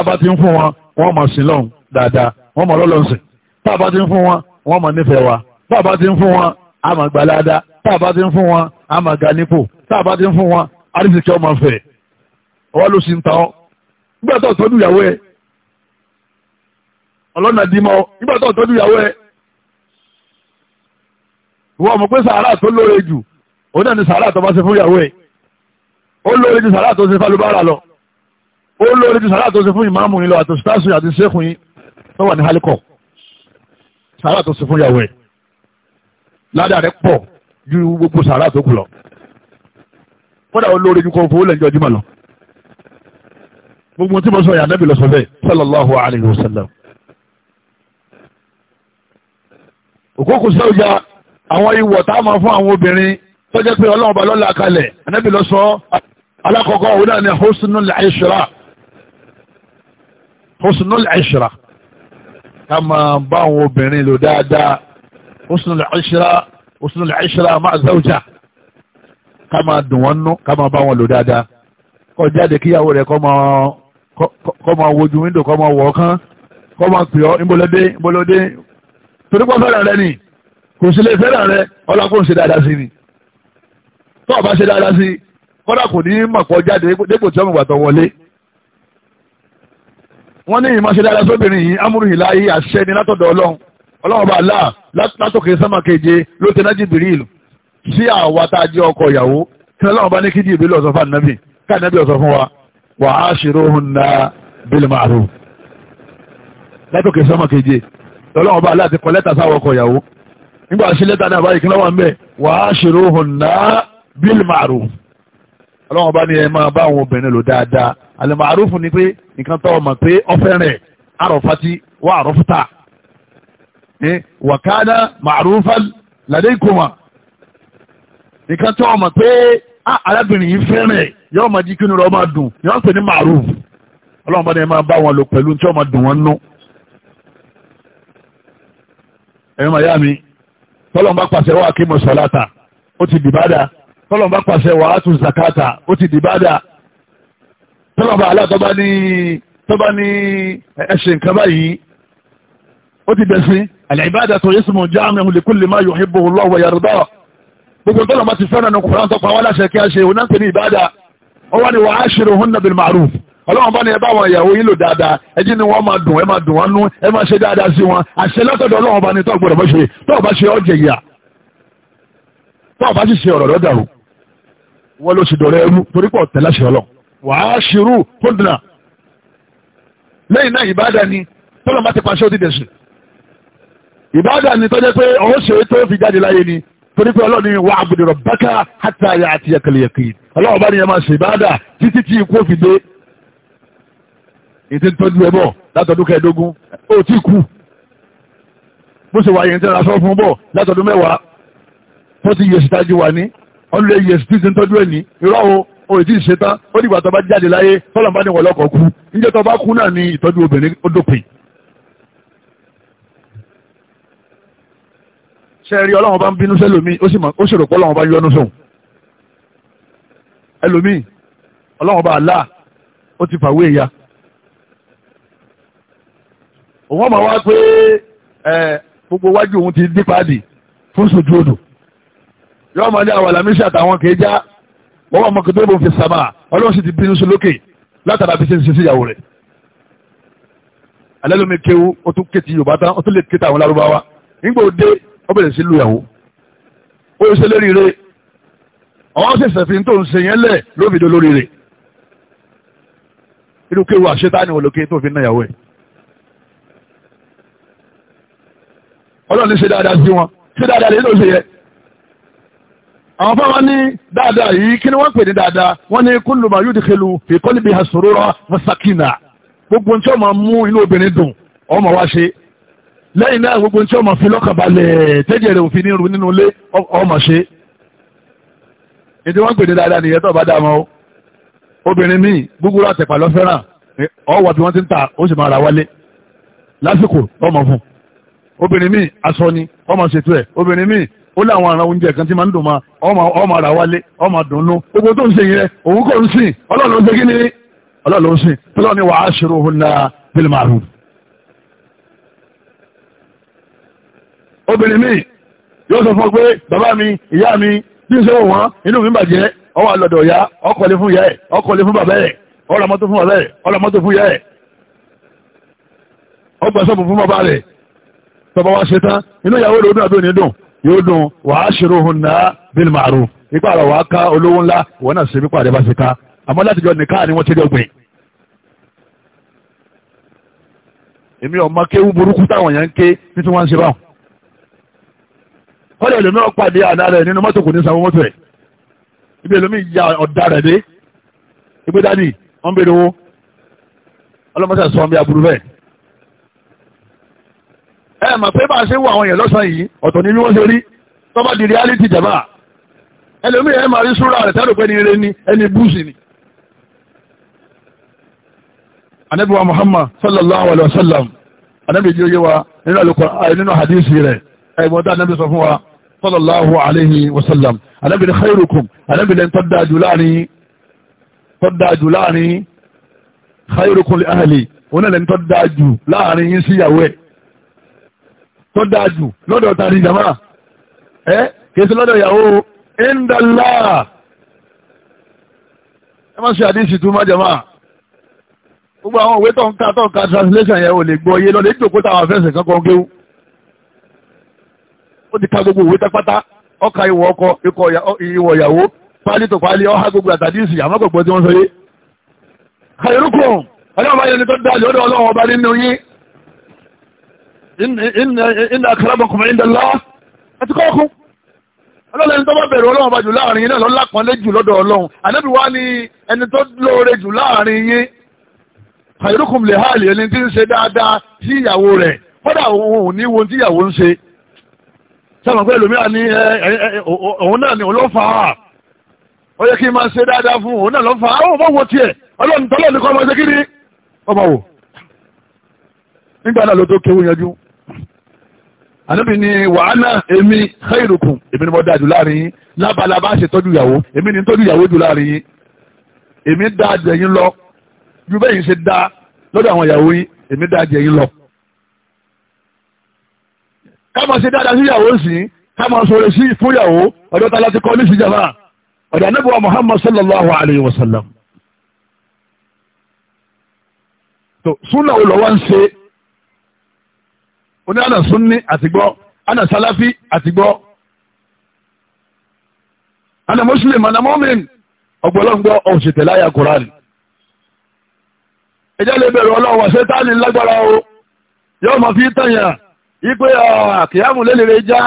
a bá táàbá ti ń fún wọn a máa gbà ti ń fún wọn a máa ga ti ń fún wọn arísìkí ọmọ fẹ ọwọ́ ló sì ń ta ọ́ nígbà tó tọ́jú ìyàwó ẹ ọlọ́nà dímọ́ nígbà tó tọ́jú ìyàwó ẹ ìwọ ọmọ pé sàárà tó lóore jù òun náà ni sàárà tó bá ṣe fún ìyàwó ẹ ó lóore ju sàárà tó ṣe falubára lọ ó lóore ju sàárà tó ṣe fún ìmáàmù yín lọ àtòsítàṣù àti ṣéèkù yín tó wà ní hálíkọ̀ sàárà tó ṣe fún ìyàwó ẹ ládàá rẹ̀ pọ̀ ju gbogbo sàrà tó kù lọ kódà olóore ju kò fowó lẹ́jọ́ jùmọ̀ lọ gbogbo tí mo sọ yà nẹ́bí lọ sọ bẹ́ẹ̀ sallallahu alayhi wa sallam. òkú kò sọ́jà àwọn ìwọ̀ tá a máa fún àwọn obìnrin tó jẹ́ pé ọlọ́run ọba lọ́la kalẹ̀ ànábì lọ sọ alákọ̀ọ́kọ́ òun náà ni husnul aishra husnul aishra ká máa bá àwọn obìnrin lò dáadáa husnul ishra husnul ishra máa zawja ká máa dùn wọn nú ká máa bá wọn lò dáadáa kó jáde kíyàwó rẹ̀ kó máa kó máa wojú wíńdò kó máa wọ̀ kán kó máa pè ọ́ ìbólódé ìbólódé torí pọ́ fẹ́ràn rẹ ni kò sí lè fẹ́ràn rẹ ọlá kò ń ṣe dáadáa sí ni tó o bá ṣe dáadáa sí kọ́dà kò ní mọ̀pọ̀ jáde dépò tí ọmọ ìgbà tó wọlé wọ́n ní ìmọ̀ ṣe dáadáa sóbìnrin yìí amúrú ìlà yìí àṣẹ ni látọ̀dọ̀ ọlọ́run ọlọ́wọ́ba Allah látòkè sánmà keje ló tẹ́lá Jibril sí àwa tá a jẹ́ ọkọ ìyàwó tí ọlọ́wọ́ba ní kí Jibril ó sọ fún ànábì ká ànábì ó sọ fún wa wa ashiruhunna bil ma'ruf látòkè sánmà keje ọlọ́wọ́ba Allah ti kọ lẹ́tà sáwọ ọkọ ìyàwó nígbà sí lẹ́tà náà báyìí kí lọ́wọ́ ń bẹ̀ wa ashiruhunna bil ma'ruf ọlọ́wọ́ba ni máa bá àwọn Eh, wàkádà màrúfàn làdékùmà nìkan tó ọmọ pé ah, arábìnrin yìí fẹ́ràn ẹ̀ yọ ọmọ di kínú rẹ̀ ọmọ dùn yọ ń pè ní màrúf ọlọ́run bá ní ẹ máa bá wọn lò pẹ̀lú tí ọmọ dùn wọn nú. ẹ̀yin màyá mi tọ́lọ́n bá pàṣẹ wà kí mo sọ láta ó ti dìbàdà tọ́lọ́n bá pàṣẹ wà á tún zakata ó ti dìbàdà tọ́lọ́n bá aláàtọ́ba tọ́ba ní ẹ̀ṣẹ̀ nǹkan báyìí ó ti dẹ̀sìn al-ibadatu ismun jami'un li kulli ma yuhibbuhu Allahu wa yardah gbogbo tó lọ́mọ ti fẹ́ràn ní kùrán tọ́pọ̀ àwọn aláṣẹ kí a ṣe òun ní ìbádà wọ́n wá ní wa ashiruhunna bil ma'ruf ọlọ́wọ́n bá ní ẹ bá wọn ìyàwó yìí lò dáadáa ẹjí ni wọ́n máa dùn ẹ máa dùn wọn nú ẹ máa ṣe dáadáa sí wọn àṣẹ látọ̀dọ̀ ọlọ́wọ́n bá ní tó gbọdọ̀ bá ṣe tó bá ṣe ọjẹ ìyà tó bá sì ṣe ọ̀rọ̀ lọ́dàrú wọ́n ló ṣe dọ̀rọ̀ ẹrú torí pọ̀ tẹ̀láṣẹ ọlọ́ wa ashiruhunna lẹ́yìn náà ìbádà ni tọ́lọ́ bá ti pàṣẹ ó ti dẹ̀sùn ìbádà ni tọ́jẹ́ pé ọ̀hún ṣe tó fi jáde láyé ni torí pé ọlọ́run ni wà àbùdè rabbaka hatta ya'tiyakal yaqin ọlọ́run bá ní ẹ máa ṣe ìbádà títí tí ikú fi dé ètò ìtọ́jú ẹbọ látọdún kẹẹ̀ẹ́dógún ó tí kú bó ṣe wà yẹn tí a sọ fún bọ̀ látọdún mẹ́wàá forty years tájú wà ní hundred years tí ti ń tọ́jú ẹ̀ ní irọ́ o o tí ì ṣetán ó dìgbà tó bá jáde láyé tọ́lọ̀ bá ní wọ̀lọ́kọ̀ kú níjẹ́ tó bá kú náà ní ìtọ́jú obìnrin ó dópin sẹ́ẹ̀rí ọlọ́run bá ń bínú sẹ́lòmí ó sì rò pé ọlọ́run bá yọ́nú sóun ẹlòmí ọlọ́run bá àlá ó ti fàwé ìyá òun ọmọ wa pé ẹ gbogbo wájú òun ti dí páàdì fún sojú odò yọọ máa ní àwọn àlàmísì àtàwọn kìí já wọ́n wà mọ̀kútó ìbò fi sàmà ọlọ́run sì ti bínú sí lókè látara fi ṣe sí ìyàwó rẹ̀ alẹ́ lómi kéwu ó tún ké yorùbá tán ó tún lè ké tàwọn lárúbáwá nígbà òde ó bẹ̀rẹ̀ sí lùyàwó ó ṣe lórí rẹ̀ ọ̀hún ṣẹ̀ṣẹ̀ fi tó ń ṣe yẹn lẹ̀ ló fi do lórí rẹ̀ inú kéwu àṣetáni olókè tó fi náyàwó ẹ̀ ọlọ́run ṣe dáadáa sí wọn ṣe dáadáa lè ló ṣe yẹ àwọn fáwọn ní dáadáa yìí kí ni wọ́n pè ní dáadáa wọ́n ní kúlùmọ̀ yóò dìkẹ́lu ìkọ́lùbí àṣòro rọ masakina gbogbo ní tí wọ́n máa mú inú obìnrin dùn ọmọ wa ṣe lẹ́yìn náà gbogbo tí ọmọ fi lọ́kànbalẹ̀ tẹ́jẹ̀ rẹ̀ òfin nírú nínú ilé ọmọ ṣe ètò wọn gbèdé dáadáa nìyẹn tó bá dáa mọ́ obìnrin míì gbogbo àtẹ̀pà lọ́fẹ́ràn ọwọ́ bí wọ́n ti ń ta ó sì máa ra wálé lásìkò ọmọ fún obìnrin míì aṣọ ni ọmọ ṣètò ẹ̀ obìnrin míì ó láwọn àrùn oúnjẹ kan tí máa ń dùn máa ọmọ ara wálé ọmọ dùnnú gbogbo tó ń ṣe yẹn òun kò ń sìn ọlọ́run ló ń ṣe kí ni ọlọ́run ló ń sìn tọ́lọ́ ni obìnrin mi yóò sọ fún pé bàbá mi ìyá mi bí n sọ́wọ́ wọn inú mi bàjẹ́ ọwọ́ àlọ́dọ̀ ọ̀yá ọkọ̀lé fún ìyá ẹ̀ ọkọ̀lé fún bàbá ẹ̀ ọ̀rọ̀ mọ́tò fún bàbá ẹ̀ ọ̀rọ̀ mọ́tò fún ìyá ẹ̀ ọgbà sọ́ọ̀bù fún bàbá rẹ̀ tọba wa ṣetán inú ìyàwó rẹ̀ odún àbí dùn yóò dùn wà á ṣèrò hùn náà bil ma'ruf ipa rẹ̀ wà á ká olówó ńlá wọn náà ṣe bí pàdé bá ṣe ká àmọ́ láti jọ nìkan ni wọ́n ti dọ̀gbìn. èmi ọ̀ kọ́lẹ̀ ẹlòmí ọ̀pàdé àná rẹ̀ nínú mọ́tò kò ní sanwó mọ́tò rẹ̀ ibi ẹlòmí ya ọ̀dà rẹ̀ dé ibi dádì wọ́n bèrè owó ọlọ́mọṣẹ́ sọ bí aburú bẹ́ẹ̀. ẹ mà pé bá a ṣe ń wọ àwọn èèyàn lọ́sàn yìí ọ̀tọ̀ ni bí wọ́n ṣe rí tó bá di reality jàmbá ẹlòmí ẹ máa rí súra rẹ̀ tẹ́lẹ̀ pé ní ire ni ẹni búùsì ni. anabiwa Muhammad sallallahu alayhi wa sallam anabi jí oyé wa nínú àlùkò nínú hadisi ẹ̀gbọ́dá anábì sọ fún wa sallallahu alayhi wa sallam anábì ní khairukum anábì ní tọ́dájú láàrin khairukum li ahli òun náà lẹ́ni tọ́dájú láàrin yín síyàwó ẹ̀ tọ́dájú lọ́dọ̀ tàrí jama ẹ́ kèsì lọ́dọ̀ ìyàwó indala ẹ má ṣe àdíṣì tún má jama gbogbo àwọn òwe tó ń ká tó ń ká translation ó ti ka gbogbo òwe tápátá ọkà ìwọ ọkọ ikọ̀ ìwọ ìyàwó pálí tó pálí ọha gbogbo àtàdísì àmọ́ gbogbo tí wọ́n sọ yé. àyẹ̀rúkọ̀ ọlọ́run bá yẹn tó dáa lọ́dọ̀ ọlọ́run ọba nínú yín ìnà àkàràbọ̀kùnrin ìdàlá àti kọ́ọ̀kùn ọlọ́run ẹni tó bá bẹ̀rù ọlọ́run bá jù láàrin yín náà lọ́lá kan lé jù lọ́dọ̀ ọlọ́run ànábì wá ní ẹni tó lóore jù láàrin yín àyẹ̀rúkùn lè háàlì ẹni tí ń ṣe dáadáa sí ìyàwó rẹ̀ kódà òun ò ní wo tí ìyàwó ń ṣe sábà pé ẹlòmíà ní òun náà ni òun ló fà á ó yẹ kí n máa ṣe dáadáa fún òun náà ló fà á ó bá wo tiẹ̀ ọlọ́run tọ́lọ́ ní kọ́ ọmọ ṣe kí ni ọmọ wò nígbà náà ló tó kéwú yanjú ànábì ni wàhánà èmi khairukum èmi ni mo dáa jù láàrin yín lábalábá ṣe tọ́jú ìyàwó èmi ni tọ́jú ìyàwó jù láàrin yín èmi dáa jẹ̀yìn lọ ju bẹ́ẹ̀ yín ṣe dáa lọ́dọ̀ àwọn ìyàwó yín èmi dáa jẹ̀yìn lọ ká máa ṣe dáadáa síyàwó sí ká máa sọ̀rọ̀ sí fúyàwó ọ̀dọ́ ta láti kọ́ ní ìṣìjàmá ọ̀dọ̀ anábọ̀ Muhammad sallallahu alayhi wa sallam. tó súnà ò lọ́wọ́ ń ṣe oní àná súnni àtìgbọ́ àná sáláfí àtìgbọ́ àná mùsùlùmí àná mọ́mìn ọ̀gbọ̀lọ́gbọ̀ ọ̀ṣẹ̀tẹ̀láyà Kùránì ẹjẹ́ lè bẹ̀rù ọlọ́wọ́ ṣẹ́tánì lágbára o yóò máa fi tàyàn yípe uh, kìámù lélẹ̀rẹ̀ já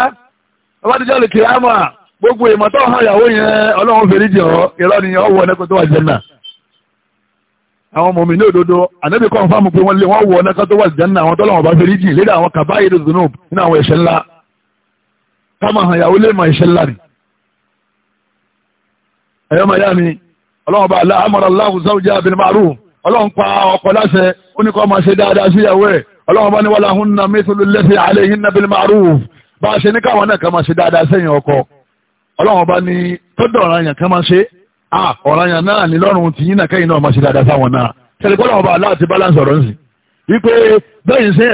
ọba tó jáde kìámù à gbogbo ìmọ̀ tó hàn ìyàwó yẹn ọlọ́run fèrè jẹ́ ọ irọ́ ni ọwọ́ ẹnẹ́kọ́ tó wà jẹ́nà àwọn ọmọ mi ní òdodo ànábì kan fáwọn pé wọ́n lé wọ́n wọ ẹnẹ́kọ́ tó wà jẹ́nà àwọn tọ́lọ́ wọn bá fèrè jì lédè àwọn kàbá yìí dùn nù nínú àwọn ẹ̀ṣẹ̀ ńlá táwọn hàn ìyàwó lè mọ ẹ̀ṣẹ̀ ńlá ni. ẹ̀yọ́ máa yá mi ọlọ́run bá aláàmọ̀ràn aláàbùsáwùjá bil ma'ruf ọlọ́run pa ọkọ láṣẹ ó ní kó máa ṣe dáadáa síyàwó ẹ̀ ọlọ́wọ́n bá ní wọ́n láhùn náà mẹ́sùlù lẹ́sẹ̀ àlẹ́yìn náà bíi màrúf bá a ṣe ní káwọn náà kan máa ṣe dáadáa sẹ́yìn ọkọ ọlọ́wọ́n bá ní tọ́dọ̀ ọ̀ranyàn kan máa ṣe ọ̀ranyàn náà ní lọ́rùn tìyín náà kẹ́yìn náà máa ṣe dáadáa sáwọn náà sẹ́lẹ̀ pé ọlọ́wọ́n bá aláàtí balance ọ̀rọ̀ nsì wípé bẹ́ẹ̀ ṣe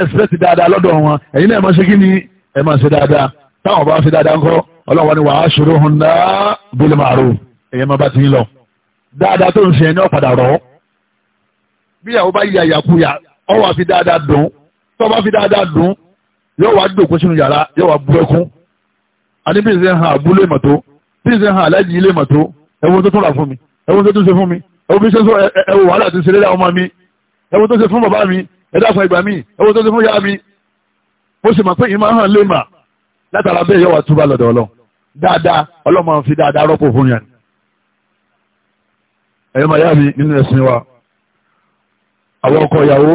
ṣe kí ọ wà fi dáadáa dùn tó bá fi dáadáa dùn yóò wá dòkó sínú yàrá yóò wá bú ẹkún àní bí n ṣe hàn àbúlé mọ̀tó bí n ṣe hàn aláìjì ilé mọ̀tó ẹwọ́n tó tún rà fún mi ẹwọ́n tó tún ṣe fún mi ẹwọ́n bí ṣe sọ ẹwọ́ wàhálà ti ṣe lédà ọmọ mi ẹwọ́n tó ṣe fún bàbá mi ẹ̀dá fún ìgbà mi ẹwọ́n tó ṣe fún yá mi mo sì mọ̀ pé ìmọ̀ hàn lè mà látara bẹ́ẹ̀ yóò wá túbà lọ́dọ̀ ọlọ́ àwọn ọkọ ìyàwó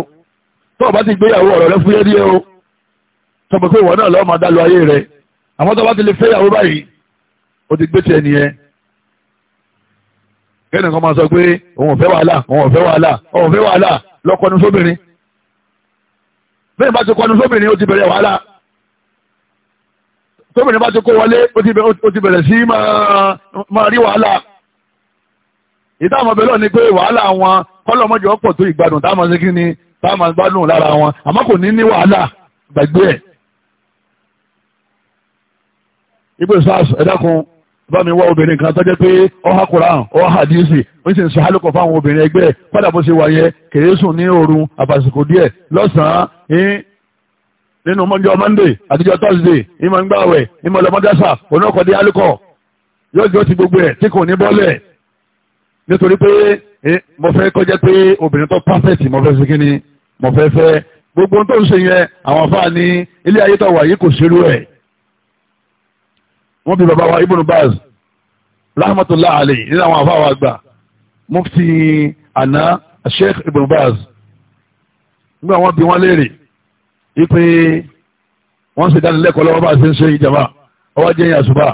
tó o bá ti gbéyàwó ọ̀rọ̀ rẹ fúyẹ́ díẹ̀ o tó mọ̀ pé ìwọ náà lọ́ọ́ máa dá lu ayé rẹ àmọ́ tó o bá ti lè fẹ́yàwó báyìí o ti gbé tiẹ̀ nìyẹn kẹ́ni kan máa sọ pé òun ò fẹ́ wàhálà òun ò fẹ́ wàhálà òun ò fẹ́ wàhálà lọ́kọ́nu sóbìnrin bẹ́ẹ̀ bá ti kọ́nu sóbìnrin ó ti bẹ̀rẹ̀ wàhálà tóbìnrin bá ti kó wọlé ó ti bẹ̀rẹ̀ sí máa rí wàhálà ìdáhùn ọbẹ̀ lọ́ọ̀ ni pé wàhálà wọn kọ́lọ́mọ́jọ́ pọ̀ tó ìgbádùn táwọn ṣe kí ni táwọn gbádùn lára wọn àmọ́ kò ní ní wàhálà gbàgbé ẹ̀. ibi sars ẹ̀dákun bá mi wá obìnrin kan tọ́jẹ́ pé ọha koran ọha hadisi ó sì ń sọ hálùkọ̀ fáwọn obìnrin ẹgbẹ́ ẹ̀ padà bó ṣe wáyé kèrè ní òru àbàsìkò díẹ̀ lọ́sàn-án nínú mọ́jọ́ monday àtijọ́ thursday ìmọ̀ ń gbàwẹ̀ ìmọ̀ lọ́mọdásà onákọ̀dé hálùkọ̀ yọjọ́ ti gbogbo ẹ̀ tí kò ní bọ́lẹ̀ nítorí pé eh, mo fẹ́ kọjá pé obìnrin tó perfect mo fẹ́ sí kí mo fẹ́ fẹ́ gbogbo tó ń ṣe yẹn àwọn afáà ní ilé ayé tó wà yìí kò ṣerú ẹ̀ wọ́n bí bàbá wa Ibn Baz rahmatullahi alayhi nínú àwọn afáà wa gbà mufti ana, Sheikh Ibn Baz nígbà wọ́n bí wọ́n léèrè ipe wọ́n ṣe dánilẹ́kọ̀ọ́ lọ́wọ́ bá ṣe ń ṣe ìjàmbá ọwọ́ jẹ́ yẹn àṣùbà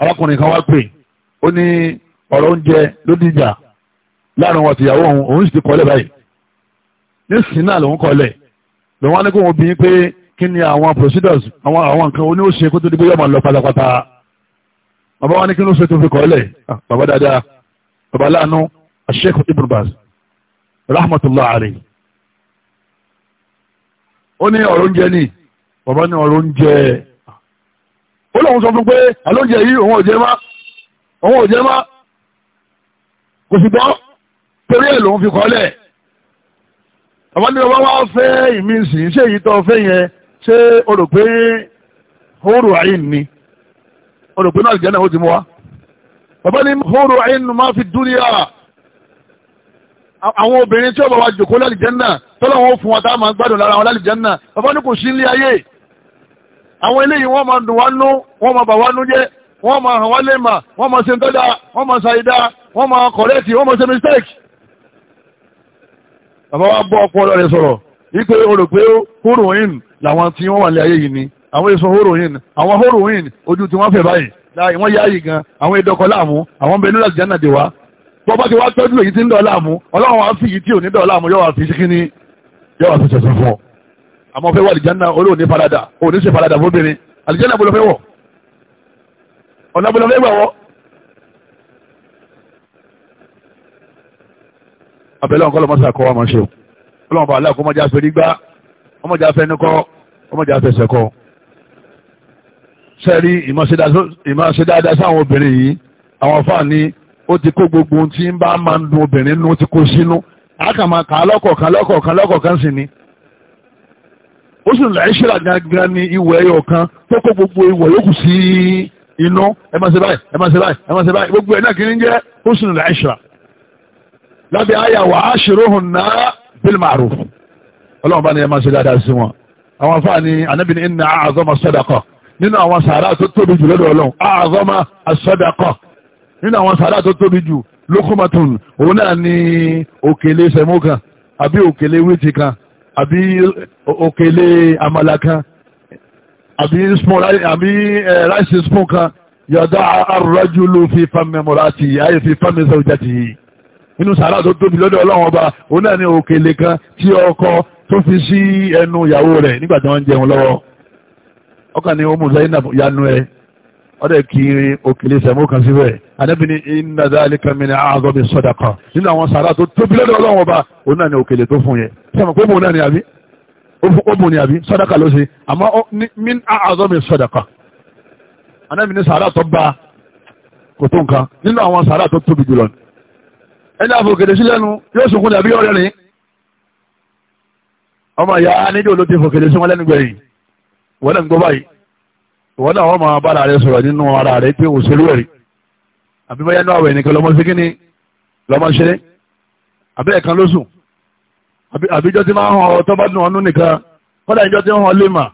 arákùnrin kan wá pè ó ní ọ̀rọ̀ oúnjẹ ló dìjà láàrin wọn àtìyàwó òun òun sì ti kọ́ lẹ́ báyìí nísìnyí náà lòun kọlẹ̀ lòun á ní kó wọn bí pé kí ni àwọn procedures àwọn àwọn nǹkan oní òṣè kó tó di pé yọ̀ọ́ máa lọ pátápátá bàbá wa ní kí ló ṣe tó fi kọ́lẹ̀ ah, bàbá dáadáa bàbá láàánú Sheikh Ibn Baz rahmatullahi alayhi ó ní ọ̀rọ̀ oúnjẹ ní bàbá ní ọ̀rọ̀ oúnjẹ ó lóun sọ fún pé àlóúnjẹ yìí òun ò jẹ má òun ò jẹ má kò sì gbọ́ torí ẹ̀ lòun fi kọ́lẹ̀ àwọn ní ọba wá fẹ́ ìmí sì ṣé èyí tó fẹ́ yẹn ṣé o rò pé ni o rò pé náà àlùjánnà ó ti mú wa bàbá ní hóró àyìn máa fi dúníyà àwọn obìnrin tí ó bá wa jòkó lálìjẹ́nà tọ́lọ́ wọn fún wa tá a máa gbádùn lára wọn lálìjẹ́nà bàbá ní kò sí ilé ayé àwọn eléyìí wọ́n máa dùn wá nú wọ́n máa bà wá nú jẹ́ wọ́n máa hàn wá lè mà wọ́n máa ṣe ń tọ́jà wọ́n máa ṣàìdá wọ́n máa kọ̀rẹ́ẹ̀tì wọ́n máa ṣe mistake bàbá wa bọ́ ọpọlọ rẹ̀ sọ̀rọ̀ wípé o rò pé horoin làwọn tí wọ́n wà ní ayé yìí ni àwọn èso horoin àwọn horoin ojú tí wọ́n fẹ́ báyìí láàyè wọ́n yáàyè gan àwọn ìdọ̀kọ̀ láàmú àwọn bẹ̀rẹ̀ nílò àjẹ́nà dè wá bọ́ bá ti wá tọ́jú èyí tí ń dọ̀ láàmú ọlọ́run wa fi yìí tí ò ní dọ̀ láàmú yóò wá fi sí kíní yóò wá fi ṣẹ̀ṣẹ̀ fún ọ àmọ́ fẹ́ wà àlìjánà olóò ní farada òní ṣe farada fóbìnrin abẹ́lẹ́ ọ̀kọ́ lọ́mọ́sà kọ́ wa máa ṣe o ọlọ́run bá aláàkó mọ́jà fẹ́ nígbà ọmọjà fẹ́ nukọ́ ọmọjà fẹ́ sẹ́kọ́ sẹ́rí ìmọ̀ṣẹ́ dáadáa sáwọn obìnrin yìí àwọn fáà ní ó ti kó gbogbo ohun tí ń bá máa ń dun obìnrin nú ti kó sínú àkàmà kà lọ́kọ̀ọ̀kan lọ́kọ̀ọ̀kan lọ́kọ̀ọ̀kan sì ni ó sì lọ ìṣẹ́ra gangan ní ìwọ̀ ẹyọ kan tó kó gbogbo ìwọ̀ yòókù sí inú ẹ ẹ̀ lábẹ́ àyà wà á ṣòro hùn náà bil ma'ruf ọlọ́run bá ní ẹ máa ṣe dáadáa sí wọn àwọn afáà ní anábìíní iná àzọ́mọ sọ́dàkọ̀ nínú àwọn sàárà tó tóbi jù lọ́dọ̀ ọlọ́run àzọ́mọ sọ́dàkọ̀ nínú àwọn sàárà tó tóbi jù lókùmọ̀tún òun náà ní òkèlè sẹ̀mú kan àbí òkèlè wíìtì kan àbí òkèlè àmàlà kan àbí ráìsì eh, spoon kan yọ̀dá arrajulu fi fami murati ayé fi fami yìí inú sàrà tó tóbi lọ́dọ̀ ọlọ́run ọba òun náà ní òkèlè kan tí ọkọ tó fi sí ẹnu ìyàwó rẹ̀ nígbà tí wọ́n ń jẹun lọ́wọ́ ọkàn ni ó mú Zainab yanu ẹ ọdẹ kiri òkèlè sẹ̀mú kan síbẹ̀ Ànábì ní inna dhalika min a'zami sadaqa nínú àwọn sàrà tó tóbi lọ́dọ̀ ọlọ́run ọba òun náà ní òkèlè tó fún yẹ sẹ́mi kó mú náà ní àbí ó mú ní àbí sadaqa ló ṣe àmọ́ min a'zami sadaqa Ànábì ní sàrà tó bá kò tó nǹkan ẹ̀dá fòkèdè sí lẹ́nu yóò sunkún dàbí ọ̀rẹ́ rìn ọmọ ìyá Ọ ma ya fòkèdè sí wọn lẹ́nu gbẹ̀yìn wọ́n lẹ́nu gbọ́ báyìí wọ́n náà wọ́n máa bára rẹ sọ̀rọ̀ nínú ara rẹ pé òṣèlú ẹ̀rí àbí báyá náà wẹ̀ nìkan lọmọ sí kíní lọmọ ṣeré àbí ẹ̀kan ló sùn àbí ìjọ tí máa bá dùn nìkan kọ́dà ìjọ tí hàn lè mà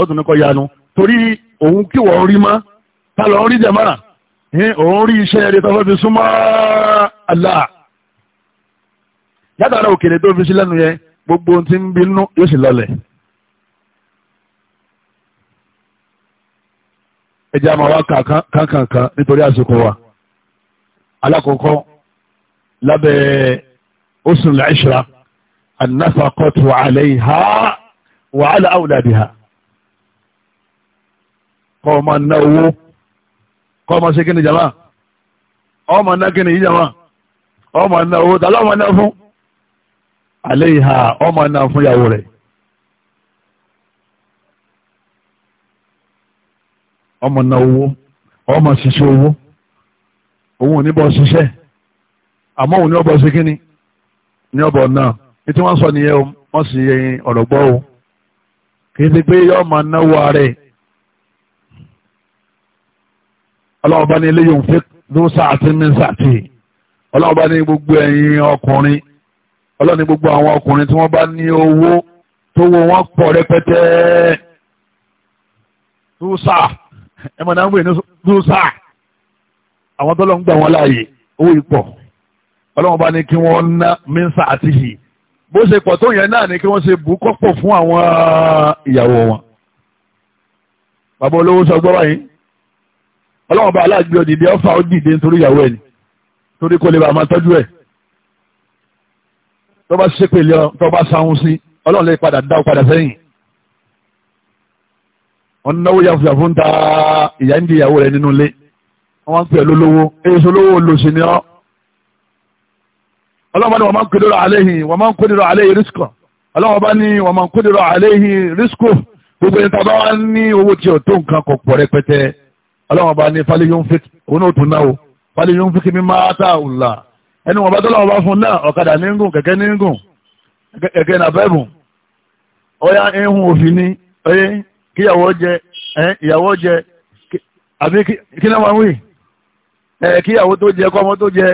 ọdún nìkan yanu torí òun òun rí iṣẹ́ rẹ̀ tọ́fẹ́ fi súnmọ́ Allah yàtọ̀ ara òkèlè tó fi sí lẹ́nu yẹn gbogbo ohun tí ń bínú yóò sì lọlẹ̀ ẹjẹ́ àmọ́ wa kankankan nítorí àsìkò wa alákọ̀ọ́kọ́ lábẹ́ oṣùn làṣírà an-nafaqatu alayha wa ala awladiha kọ́ ọ máa ná owó. Ọ ṣe kí ni jàmá ma ná kí ni yìí jàmá ma ná owó tàbí ọmọ ná fún alẹ́ ìhà ọmọ ná fún ìyàwó rẹ̀ ọmọ ná owó ma ṣiṣẹ́ owó òun ò ní bọ́ ṣiṣẹ́ àmọ́ òun ní ṣe kí ni ní ọbọ̀ náà ní tí wọ́n sọ ọlọ́wọ́ bá ní ilé yóò fi ló sáàtì ní sáàtì ọlọ́wọ́ bá ní gbogbo ẹ̀yin ọkùnrin ọlọ́wọ́ ní gbogbo àwọn ọkùnrin tí wọ́n bá ní owó tó wo wọ́n pọ̀ rẹpẹtẹ lóòsà ẹ mọ̀ náà ń wè ní lóòsà àwọn tó lọ ń gbà wọn láàyè owó ìpọ̀ ọlọ́wọ́ bá kí wọ́n ná mínsà àti hì bó ṣe pọ̀ tó yẹn náà ni kí wọ́n ṣe bù kọ́pọ̀ fún àwọn ìyàwó wọn bàbá olówó sọ gbọ́ báyìí ọlọ́wọ́n bá aláàgbé ọ̀dìdì ọ̀fà ó dìde nítorí ìyàwó ẹ̀ ni torí kò lè bá máa tọ́jú ẹ̀ tó bá ṣépè lé ọ tó bá sáhun sí ọlọ́run lè padà dá ọ padà sẹ́yìn wọn náwó yàfùyà fún ta ìyá ń di ìyàwó rẹ nínú ilé wọn wá ń pè é lólówó èso lówó lòsì ni ọ ọlọ́run bá ní wọn máa ń kódìrọ̀ àléhìn wọn máa ń kódìrọ̀ àléhìn rísíkọ̀ ọlọ́run bá ní wọn máa ń kódìrọ̀ àléhìn rísíkọ̀ gbogbo ẹni tá a bá wá ní owó tí ò tó nǹkan kọ̀ pọ̀ rẹpẹtẹ ọlọ́wọ́n bá ní falẹ̀ yóò ń fi oní òtún náà o falẹ̀ yóò ń fi kí mi máa tà òǹlà ẹni wọn bá tọ́lọ́wọ́n bá fún náà ọ̀kadà ní ngùn kẹ̀kẹ́ ní ngùn kẹ̀kẹ́ nà bẹ́ẹ̀ bùn ọ̀yà ihun òfin ni ọyẹ kíyàwó jẹ ìyàwó jẹ àbí kí náà máa ń wì kíyàwó tó jẹ kọ́mọ tó jẹ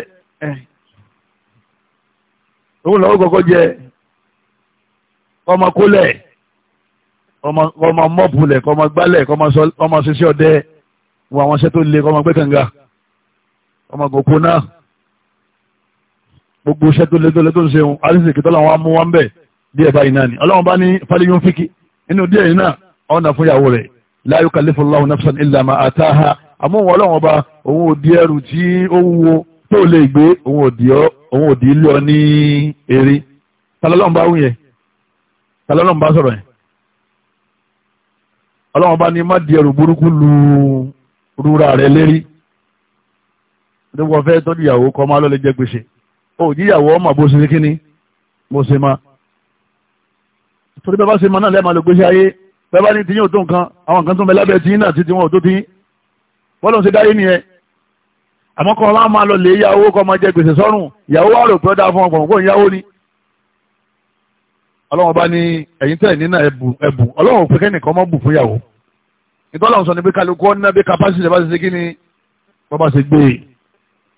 òun lọ́wọ́ kọ́kọ́ jẹ kọ́mọ kólẹ̀ kọ́mọ mọ́pulẹ̀ kọ́mọ gbálẹ̀ kọ́mọ ṣiṣẹ́ ọdẹ wọ àwọn iṣẹ́ tó le kọ́ ọmọ gbé kànga ọmọ gòkó náà gbogbo iṣẹ́ tó le tó le tó ń ṣeun arísì kìtọ́ làwọn amú wa ń bẹ̀ báyìí náà ni ọlọ́run bá ní fáliyún fíkì inú díẹ̀ yìí náà ọ̀nà fún ìyàwó rẹ̀ la yukallifu Allahu nafsan illa ma ataha àmọ́ wọn ọlọ́run ọba òun ò di ẹrù tí ó wúwo tó lè gbé òun ò di ilé ọ ní eré talọ́lọ́run bá wúyẹn rúra rẹ lérí nígbà fẹ́ tọ́jú ìyàwó kọ́ máa lọ́lẹ̀ jẹ́ gbèsè ó jíyàwó ọmọ bó ṣe kíní mo ṣe ma torí bẹ́ẹ̀ bá ṣe ma náà lẹ́ẹ̀ máa lọ gbèsè ayé bẹ́ẹ̀ bá ní tiyín ò tó nǹkan àwọn nǹkan tó ń bẹ lábẹ́ tiyín náà títí wọn ò tó tiyín bọ́lọ̀ ṣe dáyé nìyẹn àmọ́ kọ́ máa máa lọ lè yàwó kọ́ máa jẹ gbèsè sọ́rùn ìyàwó wà rò pé fún ọkọ̀ òun yàwó ni ọlọ́wọ́n bá ní ẹ̀yin tẹ̀ nínú ẹ̀bù ọlọ́wọ́n òpin kẹ́nìkan mọ́ bù fún yàwó ìtọ́lọ̀ sọ ni bí kálukú ọ̀nà bí kapásítì bá ti ṣe kí ni bọ́bá ṣe gbé e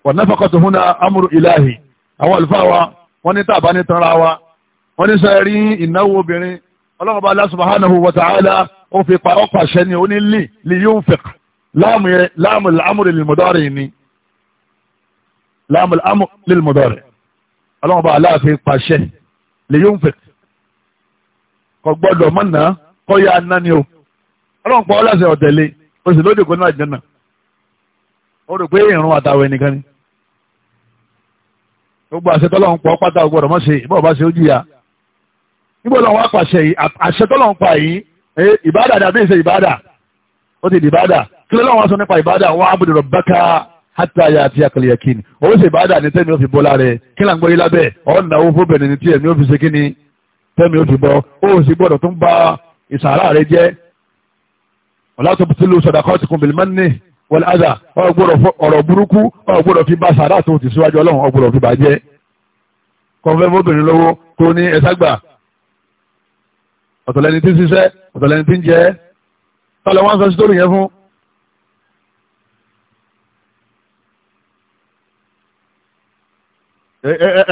wọ́n náà fọkàn tó fún amúrú ìlàhì àwọn àlùfáà wa wọ́n ní tàbá ní tanra wa wọ́n ní sẹ́ẹ̀ rí ìnáwó obìnrin ọlọ́run bá subhanahu wa ó fi pa ọ́pọ̀ àṣẹ ni ó ní lì lì yóò fẹ̀ láàmù yẹn láàmù amúrú lèmọ̀dọ́rì ni láàmù amúrú lèmọ̀dọ́rì ọlọ́run bá aláàfin pàṣẹ lè yóò fẹ̀ kọ gbọ́dọ̀ ọlọ́run pọ̀ ọlọ́sẹ̀ ọ̀tẹ̀lé oṣù lóde kò ní àjẹnà ó rò pé ìrún àtàwọn ẹnìkan ni gbogbo àṣẹ tọ́lọ́run pọ̀ pátá ọgbọ́dọ̀ mọ́ ṣe ìbọ̀ bá ṣe ó jìyà nígbà ọlọ́run wá pàṣẹ yìí àṣẹ tọ́lọ́run pa yìí ìbádà dàbí ìṣe ìbádà ó ti di ìbádà kí lọ́lọ́run wá sọ nípa ìbádà wọ́n á bùdọ̀rọ̀ bákà hátà yà àti àkàlẹ̀ yàkín owó ṣe ìbádà ni tẹ́mi ó fi bọ́ lára ẹ̀ kí là ń lábẹ́ ọ̀nà owó fóbìnrin ní tí ó fi ṣe kí ni tẹ́mi ó fi bọ́ ó sì gbọ́dọ̀ tún bá ìsàrà rẹ jẹ́ ọ̀làtọ̀ tí ló sọ̀dà kọ́ ti kun bìlì mọ́nì wọlé àdà ọ̀rọ̀ burúkú ọ̀gbọ́dọ̀ fi bá sàrà tó ti síwájú ọlọ́run ọ̀gbọ́dọ̀ fi bàjẹ́ kọ́ńfẹ́ fóbìnrin lówó tó ní ẹ̀sàgbà ọ̀tọ̀lẹ́ni tí ń ṣiṣẹ́ ọ̀tọ̀lẹ́ni tí ń jẹ́ tọ́lẹ̀ wọ́n sọ sí tóbi yẹn fún.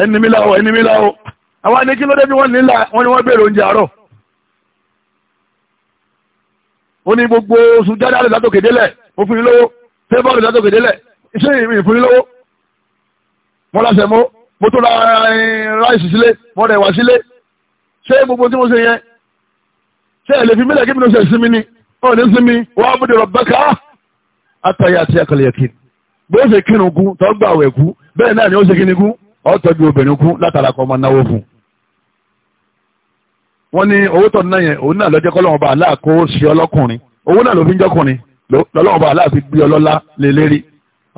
ẹni mi láwọ ẹni mi láwọ àwọn ẹni kí ló dé bí wọ́n nílà wọ́n ni wọ́n béèrè oúnjẹ àárọ̀ ó ní gbogbo oṣù jáde látòkè délẹ̀ ó fún ní lówó tẹ́bọ̀lù látòkè délẹ̀ iṣẹ́ ìrìn fún ní lówó mo lásẹ̀ mo mo tó ra eh, ráìsì sílé mo rẹ̀ wá sílé ṣé gbogbo mi ló ṣe sinmi ni ó ní sinmi wàá bùdè rọ̀bẹ́ká àtàyè àti àkàlẹ̀yẹ̀kì bí kú tọ́gbà àwẹ̀ bẹ́ẹ̀ náà ni ó ṣe kí ni kú ó tọ́jú obìnrin kú látara kọ́ náwó fún wọ́n ní owó tó ná yẹn òun náà lọ́jọ́ kọ́lọ́wọ́n bá aláà kó ṣe ọlọ́kùnrin owó náà ló fi ń jọ́kùnrin lọ́lọ́wọ́n bá aláà fi gbé ọlọ́lá lé lérí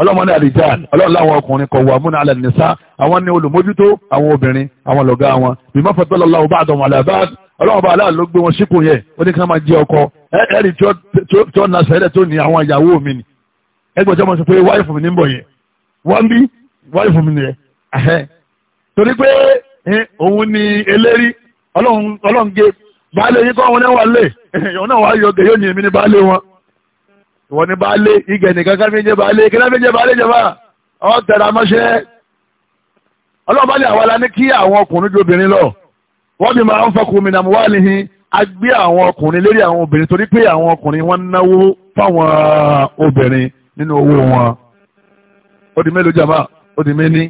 ọlọ́mọ ní àdìjáàl ọlọ́run láwọn ọkùnrin kọ̀ wà múna alẹ́ nìsá àwọn ní olùmójútó àwọn obìnrin àwọn lọ́gá wọn bí má fọ́tọ́ lọ́lá ọba àdọ̀mọ̀ àlàbá ọlọ́run bá aláà ló gbé wọn sípò yẹn ó ní kí wọ́n máa jẹ ọkọ ẹ̀ẹ́dì tí ó na sẹ́lẹ̀ tó ní àwọn ìyàwó mi ni ẹgbẹ́ tí wọ́n sọ pé wáìfù mi ní bọ̀ yẹn wọ́n bí wáìfù mi nìyẹn torí pé òun ni eléri ọlọ́run gé baálé yín kọ́ wọn náà wà lé ìyọ̀n náà wà á yọgẹ̀ yóò ní èmi ní baálé wọn ìwọ ní baálé igẹ̀ nìkan ká fi ń jẹ baálé kí náà fi ń jẹ baálé jẹba ọ tẹ̀ra mọ́ṣẹ́ ọlọ́run bá ní àwa la ní kí àwọn ọkùnrin ju obìnrin lọ wọ́n bí máa ń fọkùn mi nà wá nìyí a gbé àwọn ọkùnrin lérí àwọn obìnrin torí pé àwọn ọkùnrin wọ́n náwó fáwọn obìnrin nínú owó wọn ó di mélòó jàmbá ó di méní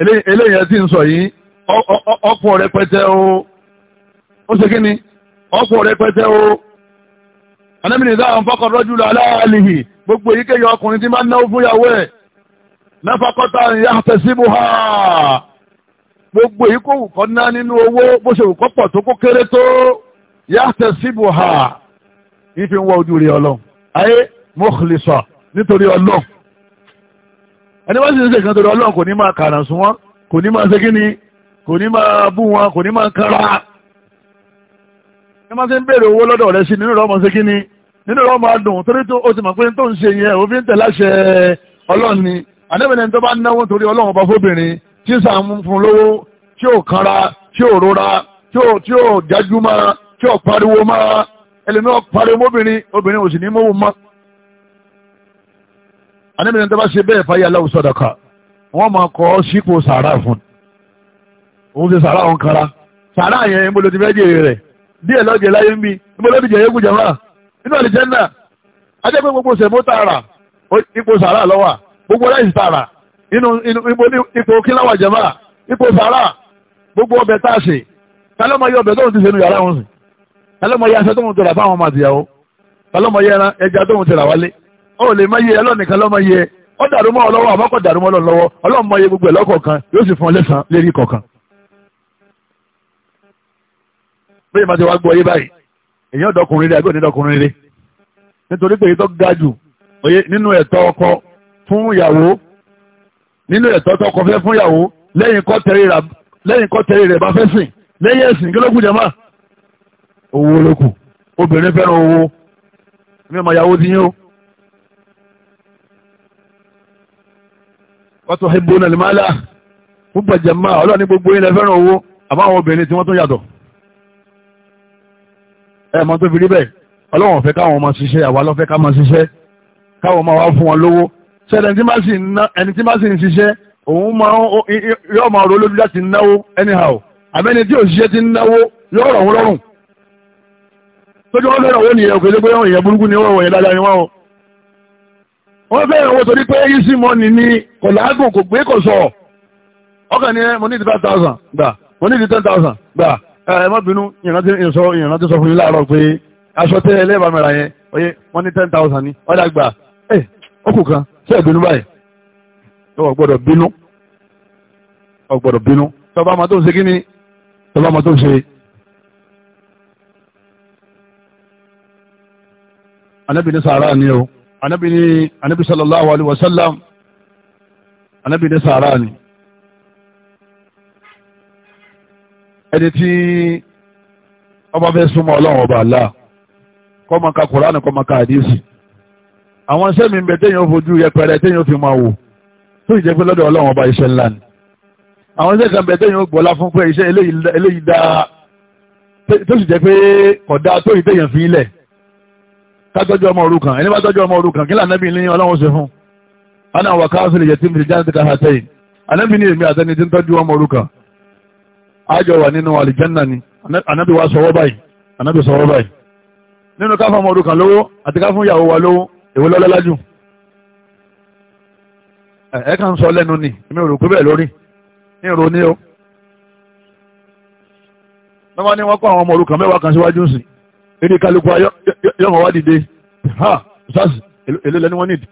eléyìí ẹ ti ń sọ yìí ọ̀pọ̀ ọrụ ekpete oo. ṣe kí ni ọrụ ekpete oo. anábìnrin sáà ń fọkàn rọ́jú lọ aláàlìhì gbogbo èyíkéyìí ọkùnrin tí máa ń náwó fúnyàwó ẹ̀ náfàkọ́tà ìyá tẹ̀síbù ha gbogbo èyí ha Ife nwa ẹni ọlọ́run kò ní máa wọn kò ní máa ṣe ni kò ní máa bú wọn kò ní máa kanra ẹ máa ti ń béèrè owó lọ́dọ̀ rẹ sí nínú ọmọ ṣe kí ni nínú rẹ ọmọ adùn torí tó o ti mọ̀ pé tó ń ṣe yẹn òfin tẹ̀ láṣẹ ọlọ́run ni àdébìnrin tó bá náwó torí ọlọ́run ọba fóbìnrin tí sàn fún lówó tí ò kanra tí ò rora tí ò tí ò jájú máa tí ò pariwo máa ẹlẹ́mìí ò pariwo mọ́bìnrin obìnrin ò sì ní mọ́wó máa àdébìnrin tó bá ṣe bẹ́ẹ̀ fàyà láwùsọ̀dọ̀kà wọ́n máa kọ́ sípò sàárà fún un òun ṣe sàrà òun kanra sàrà yẹn níbo ló ti fẹ́ jèrè rẹ̀ díẹ̀ lọ́jẹ̀ láyé ń bi níbo ló ti jẹ yókù jẹ̀mọ́ nínú àlìjẹ́ náà ajẹ́ pé gbogbo sẹ̀mó tààrà ipò sàrà lọ́wà gbogbo láìsí tààrà inú ipò ipò kíláwà jẹ̀mọ́ ipò sàrà gbogbo ọbẹ̀ tá a ṣe tálọ́mọ yẹ ọbẹ̀ tóun ti sẹ́nu yàrá wọn sìn tálọ́mọ yẹ aṣọ tóun tẹ̀lá fáwọn ọmọ àtìyàwó tálọ́mọ yẹ ẹran ẹja tóun tẹ̀lá wálé ó ọ dàrú mọ́ ọ lọ́wọ́ àbọ́kọ̀ dàrú mọ́ ọ lọ́wọ́ ọlọ́mọ yẹ gbogbo ẹ̀ lọ́kọ̀ọ̀kan yóò sì fún ọ lẹ́sàn-án lérí kọ̀ọ̀kan bẹ́ẹ̀ máa ti wá gbọ́ yé báyìí èyí ọ̀dọ́kùnrin rẹ̀ àbí onídọ́kùnrin rẹ̀ nítorí pé èyí tó ga jù òye nínú ẹ̀tọ́ ọkọ fún ìyàwó nínú ẹ̀tọ́ tọkọ fẹ́ fún ìyàwó lẹ́yìn kọ́ tẹ̀rí rẹ̀ bá fẹ́ sìn lẹ́yìn ẹ̀sìn kí ló kù jẹ́mà owó ló kù obìnrin fẹ́ràn owó mi ò mọ ìyàwó ti yín o. wọ́n tún ṣe bó nàlẹ́ máa lá fún bàjẹ́ máa ọlọ́ọ̀ni gbogbo yín lẹ fẹ́ràn owó àbáwọn obìnrin tí wọ́n tún yàtọ̀ ẹ̀mọ́ tó fi rí bẹ́ẹ̀ ọlọ́wọ́n fẹ́ káwọn ọmọ ṣiṣẹ́ àwa lọ́fẹ́ ká máa ṣiṣẹ́ káwọn ọmọ wa fún wọn lówó ṣẹlẹ̀ ẹni tí bá sì ń ṣiṣẹ́ òun máa yọ máa ro lójú láti náwó anyhow àbẹ́ni tí òṣìṣẹ́ ti náwó yọ rọ̀ wọn lọ́rùn tójú wọn fẹ́ràn owó nìyẹn òkèlè pé wọn ìyẹn burúkú ni wọn ìyẹn dáadáa ni wọn o wọn fẹ́ràn owó torí pé easy money ni kò láàgùn kò gbé kò sọ ọkàn ni mo ní ti five thousand gbà mo ní ti ten thousand gbà ẹ má bínú ìrántí sọ fún mi láàárọ̀ pé aṣọ tẹ́ ẹlẹ́bàá mẹ́ra yẹn oye wọ́n ní ten thousand ní ọ̀dà gbà ẹ ọkù kan ṣe ìbínú báyìí ọ gbọ́dọ̀ bínú ọ gbọ́dọ̀ bínú tọba ọmọ tó ń ṣe kí ni tọba ọmọ tó ń ṣe. anabi ní sàárà ni o anabi ní anabi sallallahu alayhi wa sallam anabi ní sàárà ni. ẹni tí ọba fẹ́ súnmọ́ ọlọ́run ọba àlá kó máa ka kùránì kó máa àdísì àwọn iṣẹ́ ń bẹ téèyàn fojú yẹpẹrẹ téèyàn fi máa wò tó ìjẹ́ pé lọ́dọ̀ ọlọ́run ọba iṣẹ́ ńlá ni àwọn iṣẹ́ kan bẹ téèyàn gbọ́lá fún pé iṣẹ́ eléyìí dáa tó sì jẹ́ pé kódà tó ì téèyàn fi ilẹ̀ ká tọ́jú ọmọ òrukàn ẹni bá tọ́jú ọmọ òrukàn kí lànà bí ní ọlọ́run ṣe fún ana wà káfíìn yẹtí mi ti jáde ká hàtẹ́yìn ànábì ní èmi àtẹni tí ń tọ́jú ọmọ òrukàn àjọ wà nínú àlìjánà ni ànábì wa sọwọ́ báyìí ànábì sọwọ́ báyìí nínú ká fún ọmọ ọdún kan lówó àti ká fún ìyàwó wa lówó èwo lọ́lọ́lá jù ẹ kàn sọ lẹ́nu ni èmi ò rò pé bẹ́ẹ̀ lórí ní ìrò ní o lọ́wọ́ ni wọ́n kọ́ àwọn ọmọ orúkọ mẹ́wàá kan síwájú sí èdè kálukú yọ̀mọ̀ wá dìde ha sars èlé lẹ́ni wọ́n nìdí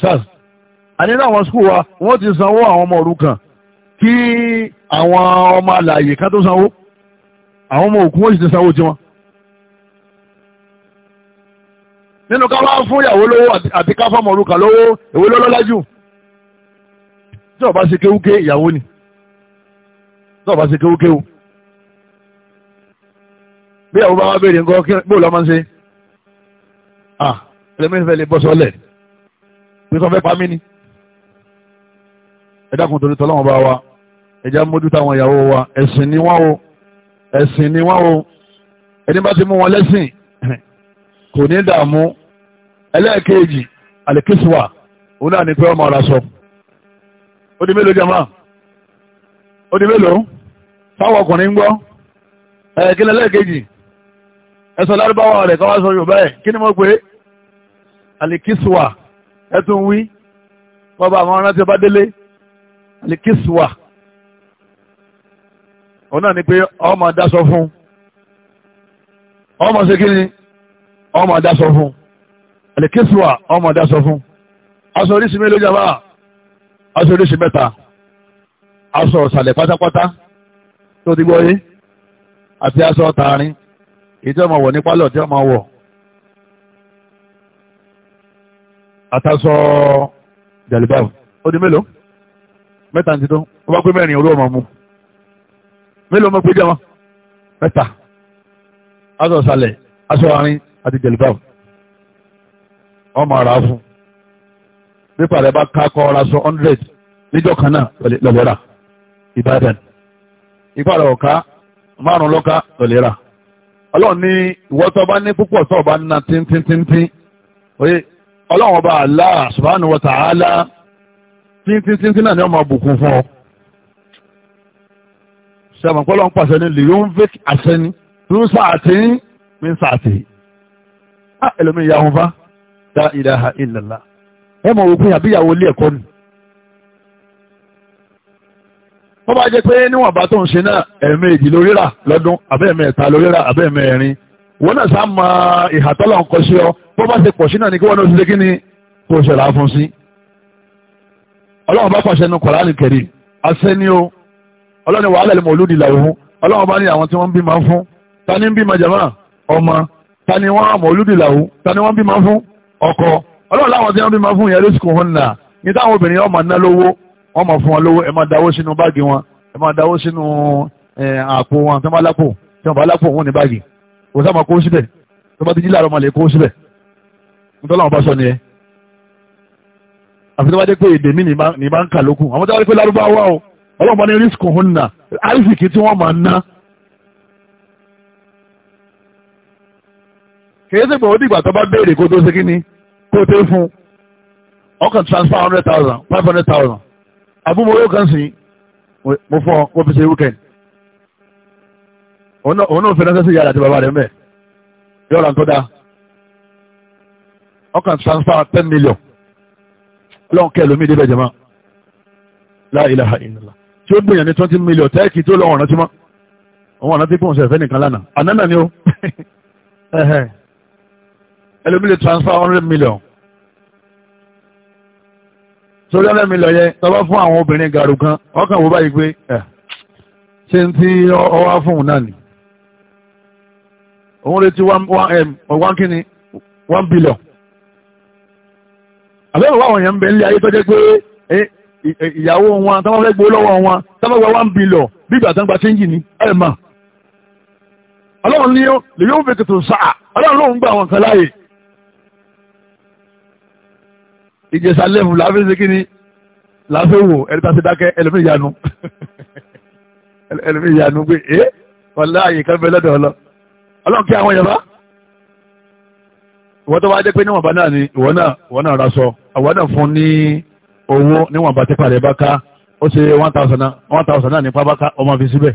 sars àní ní àwọn skul wa wọ́n ti sanwó àwọn ọmọ orúkọ kí àwọn ọmọ àlàyé ká tó sanwó àwọn ọmọ òkú wọ́n sì ti sanwó tiwọn. nínú ká wá fún ìyàwó lówó àti ká fọmọ orúkà lówó èwo ló lọ́lá jù tí ọba ṣe kéwúké ìyàwó ni tí ọba ṣe kéwúkéwú bí ìyàwó bá béèrè nǹkan bóòlù ọmọ ń ṣe ah ẹlẹ́mìí fẹ́ lè bọ́ sọ́lẹ̀ pé sọ fẹ́ pa mí ni ẹ dákun torí tọ́lọ́wọ́n bá wa ẹja mójútó àwọn ìyàwó wa ẹ̀sìn ni wọ́n o ẹ̀sìn ni wọ́n o ẹni bá ti mú wọn lẹ́sìn kò ní dààmú ẹlẹ́ẹ̀kejì àlèkísùwà òun náà ní pé ọmọ ọ̀rà sọ ó di mélòó jama ó di mélòó fáwọn ọkùnrin ń gbọ́ ẹ̀ kí ni ẹlẹ́ẹ̀kejì ẹ lárúbáwá rẹ̀ káwá sọ yorùbá ẹ̀ kí ni mo pè é ẹ tún wí wọ́n bá àwọn aráńtí ọba délé àlèkísùwà òun náà ni pé ọmọ dasọ fún ọmọ ṣe kíni ọmọ dasọ fún àlèkésùwà ọmọ dasọ fún aṣọ oríṣi mélòó jàmbá aṣọ oríṣi mẹ́ta aṣọ ọ̀sàlẹ̀ pátápátá tó ti gbọ́ yé àti aṣọ tààrin èyí tí wọ́n wọ̀ ní pálọ̀ tí wọ́n wọ̀ àtàṣọ jàlùbáwò ó di mélòó mẹ́ta ní ó bá pé mẹ́rin olú ọmọ mu mélòó mo péjọ wọn mẹ́ta aṣọ ọ̀sàlẹ̀ aṣọ àárín àti jẹ̀lúbà wọn máa rà á fún pépà rẹ bá ká kọ́ ọ́ra sọ hundred níjọ́ kan náà lọ́lẹ́ra Ìbàdàn ìpà rẹ ọ̀ka márùn lọ́ka lọ́lẹ́ra ọlọ́run ní ìwọ́tọ́ bá ní púpọ̀ tó bá ná tíntíntín oye ọlọ́run ọba Allah subhanahu wa ta'ala tíntíntín náà ni wọ́n máa bùkún fún ọ sẹ́wọ̀n pọ́lọ́ ń pàṣẹ ní lèyún vic àṣẹni tún sàtì mí sàtì á ẹlòmíì ya wọn fa dá ilaha illallah ẹ mọ̀ òkú yàbí ìyàwó ilé ẹ̀kọ́ ni. wọ́n bá jẹ́ pé níwọ̀n bá tó ń ṣe náà ẹ̀ẹ̀mejì lórí rà lọ́dún abẹ́ẹ̀mẹ́ta lórí rà abẹ́ẹ̀mẹ́rin wọ́n náà sá ma ìhà ń kọ́ ọ bó bá ṣe pọ̀ sí náà ni kí wọ́n náà ṣe kí ni kó ṣẹlẹ̀ á sí. ọlọ́run bá pàṣẹ nu Kùránì kẹrì àṣẹ ni o ọlọ́ni wàhálà lè olódì làwọn ọlọ́wọ́n bá ní àwọn tí wọ́n ń bímọ fún ta ni ń bímọ jàmá ọmọ ta ni wọ́n mọ̀ olódì làwọn ta ni wọ́n bímọ fún ọkọ ọlọ́wọ́n láwọn tí wọ́n bímọ fún yẹn lóṣù kò hàn nà ní táwọn obìnrin ọmọ ná lówó wọ́n mọ̀ fún wọn lówó ẹ máa dáwó sínú báàgì wọn ẹ máa dáwó sínú àpò wọn tí wọ́n bá lápò tí wọ́n bá lápò wọn ní báàgì kò sáà kó síbẹ̀ tó bá ọlọ́pàá ní risk òun nà àìsìkì tí wọ́n máa ná. kìí ṣe pé ó dìgbà tó bá béèrè kó tó ṣe kí ni kó tó fún ọkàn transfer hundred thousand five hundred thousand àbúmọ̀wé kan sìn mo fọ́ kó fi ṣe weekend òun náà fẹ́ràn sẹ́sẹ̀ yàrá àti bàbá rẹ̀ mẹ́ yọ̀ọ̀rà tó dáa ọkàn transfer ten million ọlọ́run kẹ́ lómi débẹ̀ jẹ̀mọ́ la ilaha illallah tí ó gbìyànjú twenty million tẹ́ẹ̀kì tó lọ ọ̀ràn tí mọ́ òun ọ̀ràn tí kò ń ṣe ẹ̀fẹ́ nìkan lánàá ànánà ni ó ẹlòmílẹ̀ transfer hundred million sórí hundred million yẹn tó bá fún àwọn obìnrin gàrú kan ọkàn wò báyìí pé eh, ṣé n tí ọwá fún òun náà ni òun retí one kini one billion àbẹ́wò àwọn èèyàn ń bẹ nílé ayé tó jẹ́ pé. Eh, ìyàwó wọn táwọn fẹ́ gbó lọ́wọ́ wọn táwọn gba one billion bí ìgbà tán gba ṣéǹjì ni ẹ̀ mà ọlọ́run ní lè yóò fẹ́ tètè sáà ọlọ́run lòún gba àwọn kan láàyè ìjẹsà lẹ́fù láàfin ṣe kí ni láàfin wò ẹni tá a ṣe dákẹ́ ẹlẹ́fìn ìyanu ẹlẹ́fìn ìyanu pé ẹ eh, ọ̀la àyè kan bẹ́ẹ̀ lọ́dọ̀ ọlọ́ ọlọ́run kí àwọn yàrá ìwọ́n tó wá jẹ́ pé níwọ̀nba náà ni ìwọ owó níwọ̀n bá tipa rẹ̀ bá ká ó ṣe one thousand one thousand náà nípa bá ká ọmọ fi síbẹ̀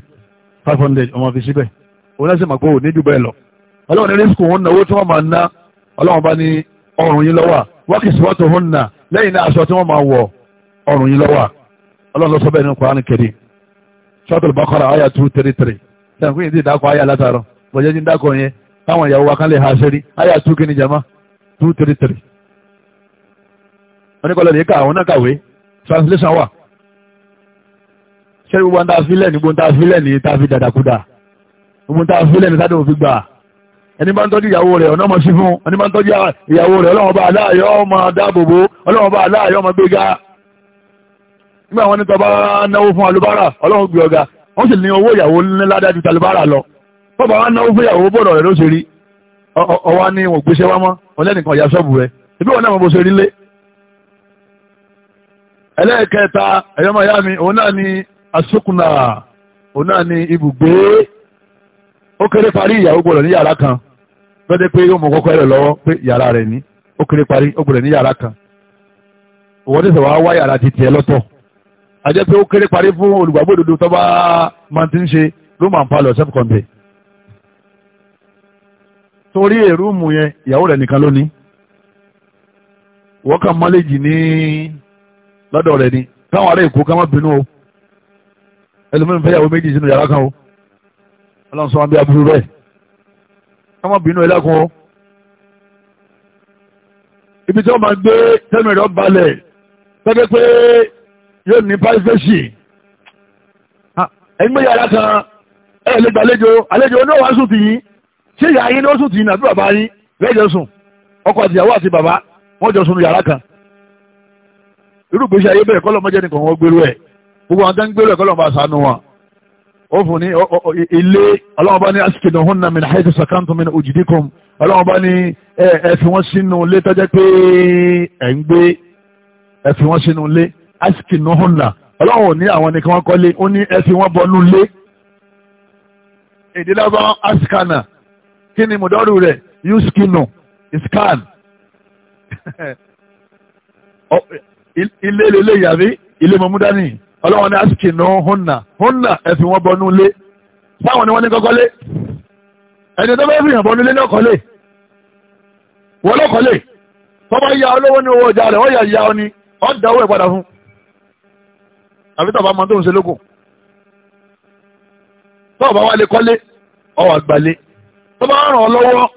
five hundred ọmọ fi síbẹ̀ òun náà sì mọ̀ pé òun ní jù bẹ́ẹ̀ lọ ọlọ́run ní rísíkù òun náwó tí wọ́n máa ná ọlọ́run bá ní ọrùn yín lọ́wọ́ wákìsì wọ́n tó hún nà lẹ́yìn náà aṣọ tí wọ́n máa wọ̀ ọrùn yín lọ́wọ́ ọlọ́run lọ sọ bẹ́ẹ̀ nínú Kùránì Karim Suratul Baqara àyà two three three sẹ́yìn kúnyìn tí ìdákọ̀ àyà látàrọ̀ bọ̀jẹ́ tí ń dákọ̀ yẹn táwọn ìyàwó wa kan lè ha ṣẹ́rí àyà two kìíní jama two three three oníkọ́lọ́ lè ka àwọn náà kàwé translation wà ṣé gbogbo ń ta fílẹ̀ ní gbogbo ń ta fílẹ̀ ní ta fi dàdàkudà gbogbo ń ta fílẹ̀ ní sádùn òfin gbà ẹni bá ń tọ́jú ìyàwó rẹ̀ ọ̀nà ọmọ sí fún ẹni bá ń tọ́jú ìyàwó rẹ̀ ọlọ́wọ́n bá aláàyọ́ ọmọ dáàbòbò ọlọ́wọ́n bá aláàyọ́ ọmọ gbéga nígbà wọn ní tọba náwó fún alubára ọlọ́wọ́n gbé ọ̀gá wọ́n sì ní owó ìyàwó ńlá dájú talubára lọ bọ́bá wọn náwó fún ìyàwó bọ̀rọ̀ rẹ̀ ló ṣe rí ọwá ní wọn gbéṣẹ́ wá mọ́ ọlẹ́nìkan ìyá rẹ̀ ibi wọn náà mọ bó ṣe rí lé ẹlẹ́ẹ̀kẹta ẹ̀yọ́mọ̀ ìyá mi òun náà ni asukuna òun náà ni ibùgbé ó kéré parí ìyàwó gbọ́dọ̀ ní yàrá kan lọ́dẹ pé yóò mọ kọ́kọ́ rẹ̀ lọ́wọ́ pé yàrá rẹ̀ ní ó kéré parí ó yàrá kan òwò tẹ̀sẹ̀ wá yàrá ti tiẹ̀ lọ́tọ̀ àjẹ́ pé ó kéré parí fún olùgbàgbọ́ òdodo tó bá máa ti ń ṣe torí yẹn wọ́n kàn mọ́lẹ́jì ní. lọ́dọ̀ rẹ̀ ni káwọn ará èkó káwọn bínú o ẹlòmíràn fẹ́ yàwó méjì sínú yàrá kan o ọlọ́run sọ wọn bí aburú bẹ́ẹ̀ káwọn bínú ẹ lákun o ibi tí wọ́n máa gbé tẹ́nu ẹ̀rọ balẹ̀ pẹ́pẹ́ pé yóò ní pàṣẹ́sì ẹ̀yin gbé yàrá kan ẹ̀ lè gbàlejò àlejò oní òwà sùn tì yín ṣé ìyá yín ló sùn tì yín àbí bàbá yín bẹ́ẹ̀ jọ sùn ọkọ àtìyàwó àti bàbá wọ́n jọ sùn yàrá kan irú gbèsè ayé bẹ́ẹ̀ kọ́lọ́ mọ́jẹ́ nìkan wọ́n gbèrú ẹ̀ gbogbo àwọn tó ń gbèrú ẹ̀ kọ́lọ́ bá sànú wọn ó fún ní ilé ọlọ́wọ́n bá ní asikinu hunna min haythu sakantum min ujidikum ọlọ́wọ́n bá ní ẹ fi wọ́n sínú ilé tọ́jẹ́ pé ẹ̀ ń gbé ẹ fi wọ́n sínú ilé asikinu hunna ọlọ́wọ́n ní àwọn nìkan wọ́n kọ́lé ó ní ẹ fi wọ́n bọnú ilé èdè lábá ilé lélẹ yàrá ilé mọmúdání ọlọ́wọ́n ní asìkì nù húnà húnà ẹ̀fì wọn bọnú lé sáwọn ni wọ́n ní kọ́kọ́ lé ẹni tó bá fi hàn bọnú lé ní ọkọ̀ lé wọ́n lọ́kọ̀ lé tọ́ba ya olówó ní owó ọjà rẹ̀ wọ́n yà ya ọ ni ọ́ da owó ẹ̀ padà fún àfi tọ́ba máa tó ń ṣe lókun tọ́ba wa lè kọ́lé ọwọ́ àgbàlé tọ́ba ràn ọ́ lọ́wọ́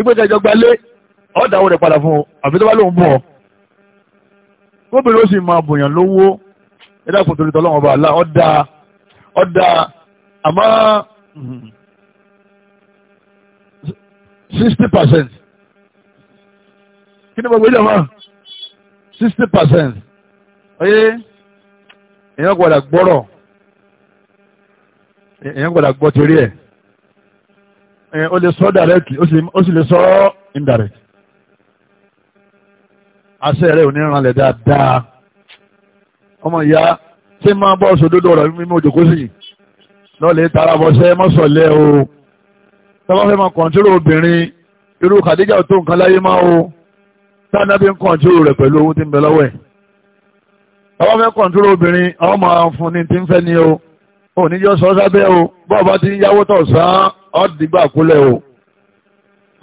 ìgbésẹ̀ ìjọba lé ọ́ da owó rẹ̀ padà fún àfi tọ́ba lóun bù ọ́ obìnrin ó sì máa bòyàn lówó ẹ dákun torí tọ́lọ́wọ́n ọba àlá ọ̀dà ọ̀dà àmọ́ sixty percent kí ni mo gbé jọ̀mọ́ sixty percent oyè èèyàn gbọ́dọ̀ gbọ́rọ̀ èèyàn gbọ́dọ̀ gbọ́ torí ẹ̀ ó lè sọ direct ó sì lè sọ indirect àṣẹ rẹ̀ ò ní ràn lẹ̀ dáadáa ọmọ ìyá tí máa bọ́ sòdodo ọ̀rọ̀ mímú òjòkó sí lọ́ọ̀lẹ̀ tara bọ́sẹ́ mọ́sọ̀lẹ́ o tọ́wọ́ fẹ́ máa kọ̀ǹtírò obìnrin irú kàdíjà tó nǹkan láyé máa o táwọn bí ń kọ̀ǹtírò rẹ̀ pẹ̀lú owó tí ń bẹ lọ́wọ́ ẹ̀ tọ́wọ́ fẹ́ obìnrin àwọn máa fún ni tí ń fẹ́ ni o oníjọ́ sọ sábẹ́ o bọ́ọ̀ bá ti ń yáwó tọ̀ sán ọ́dìgbà kúlẹ̀ o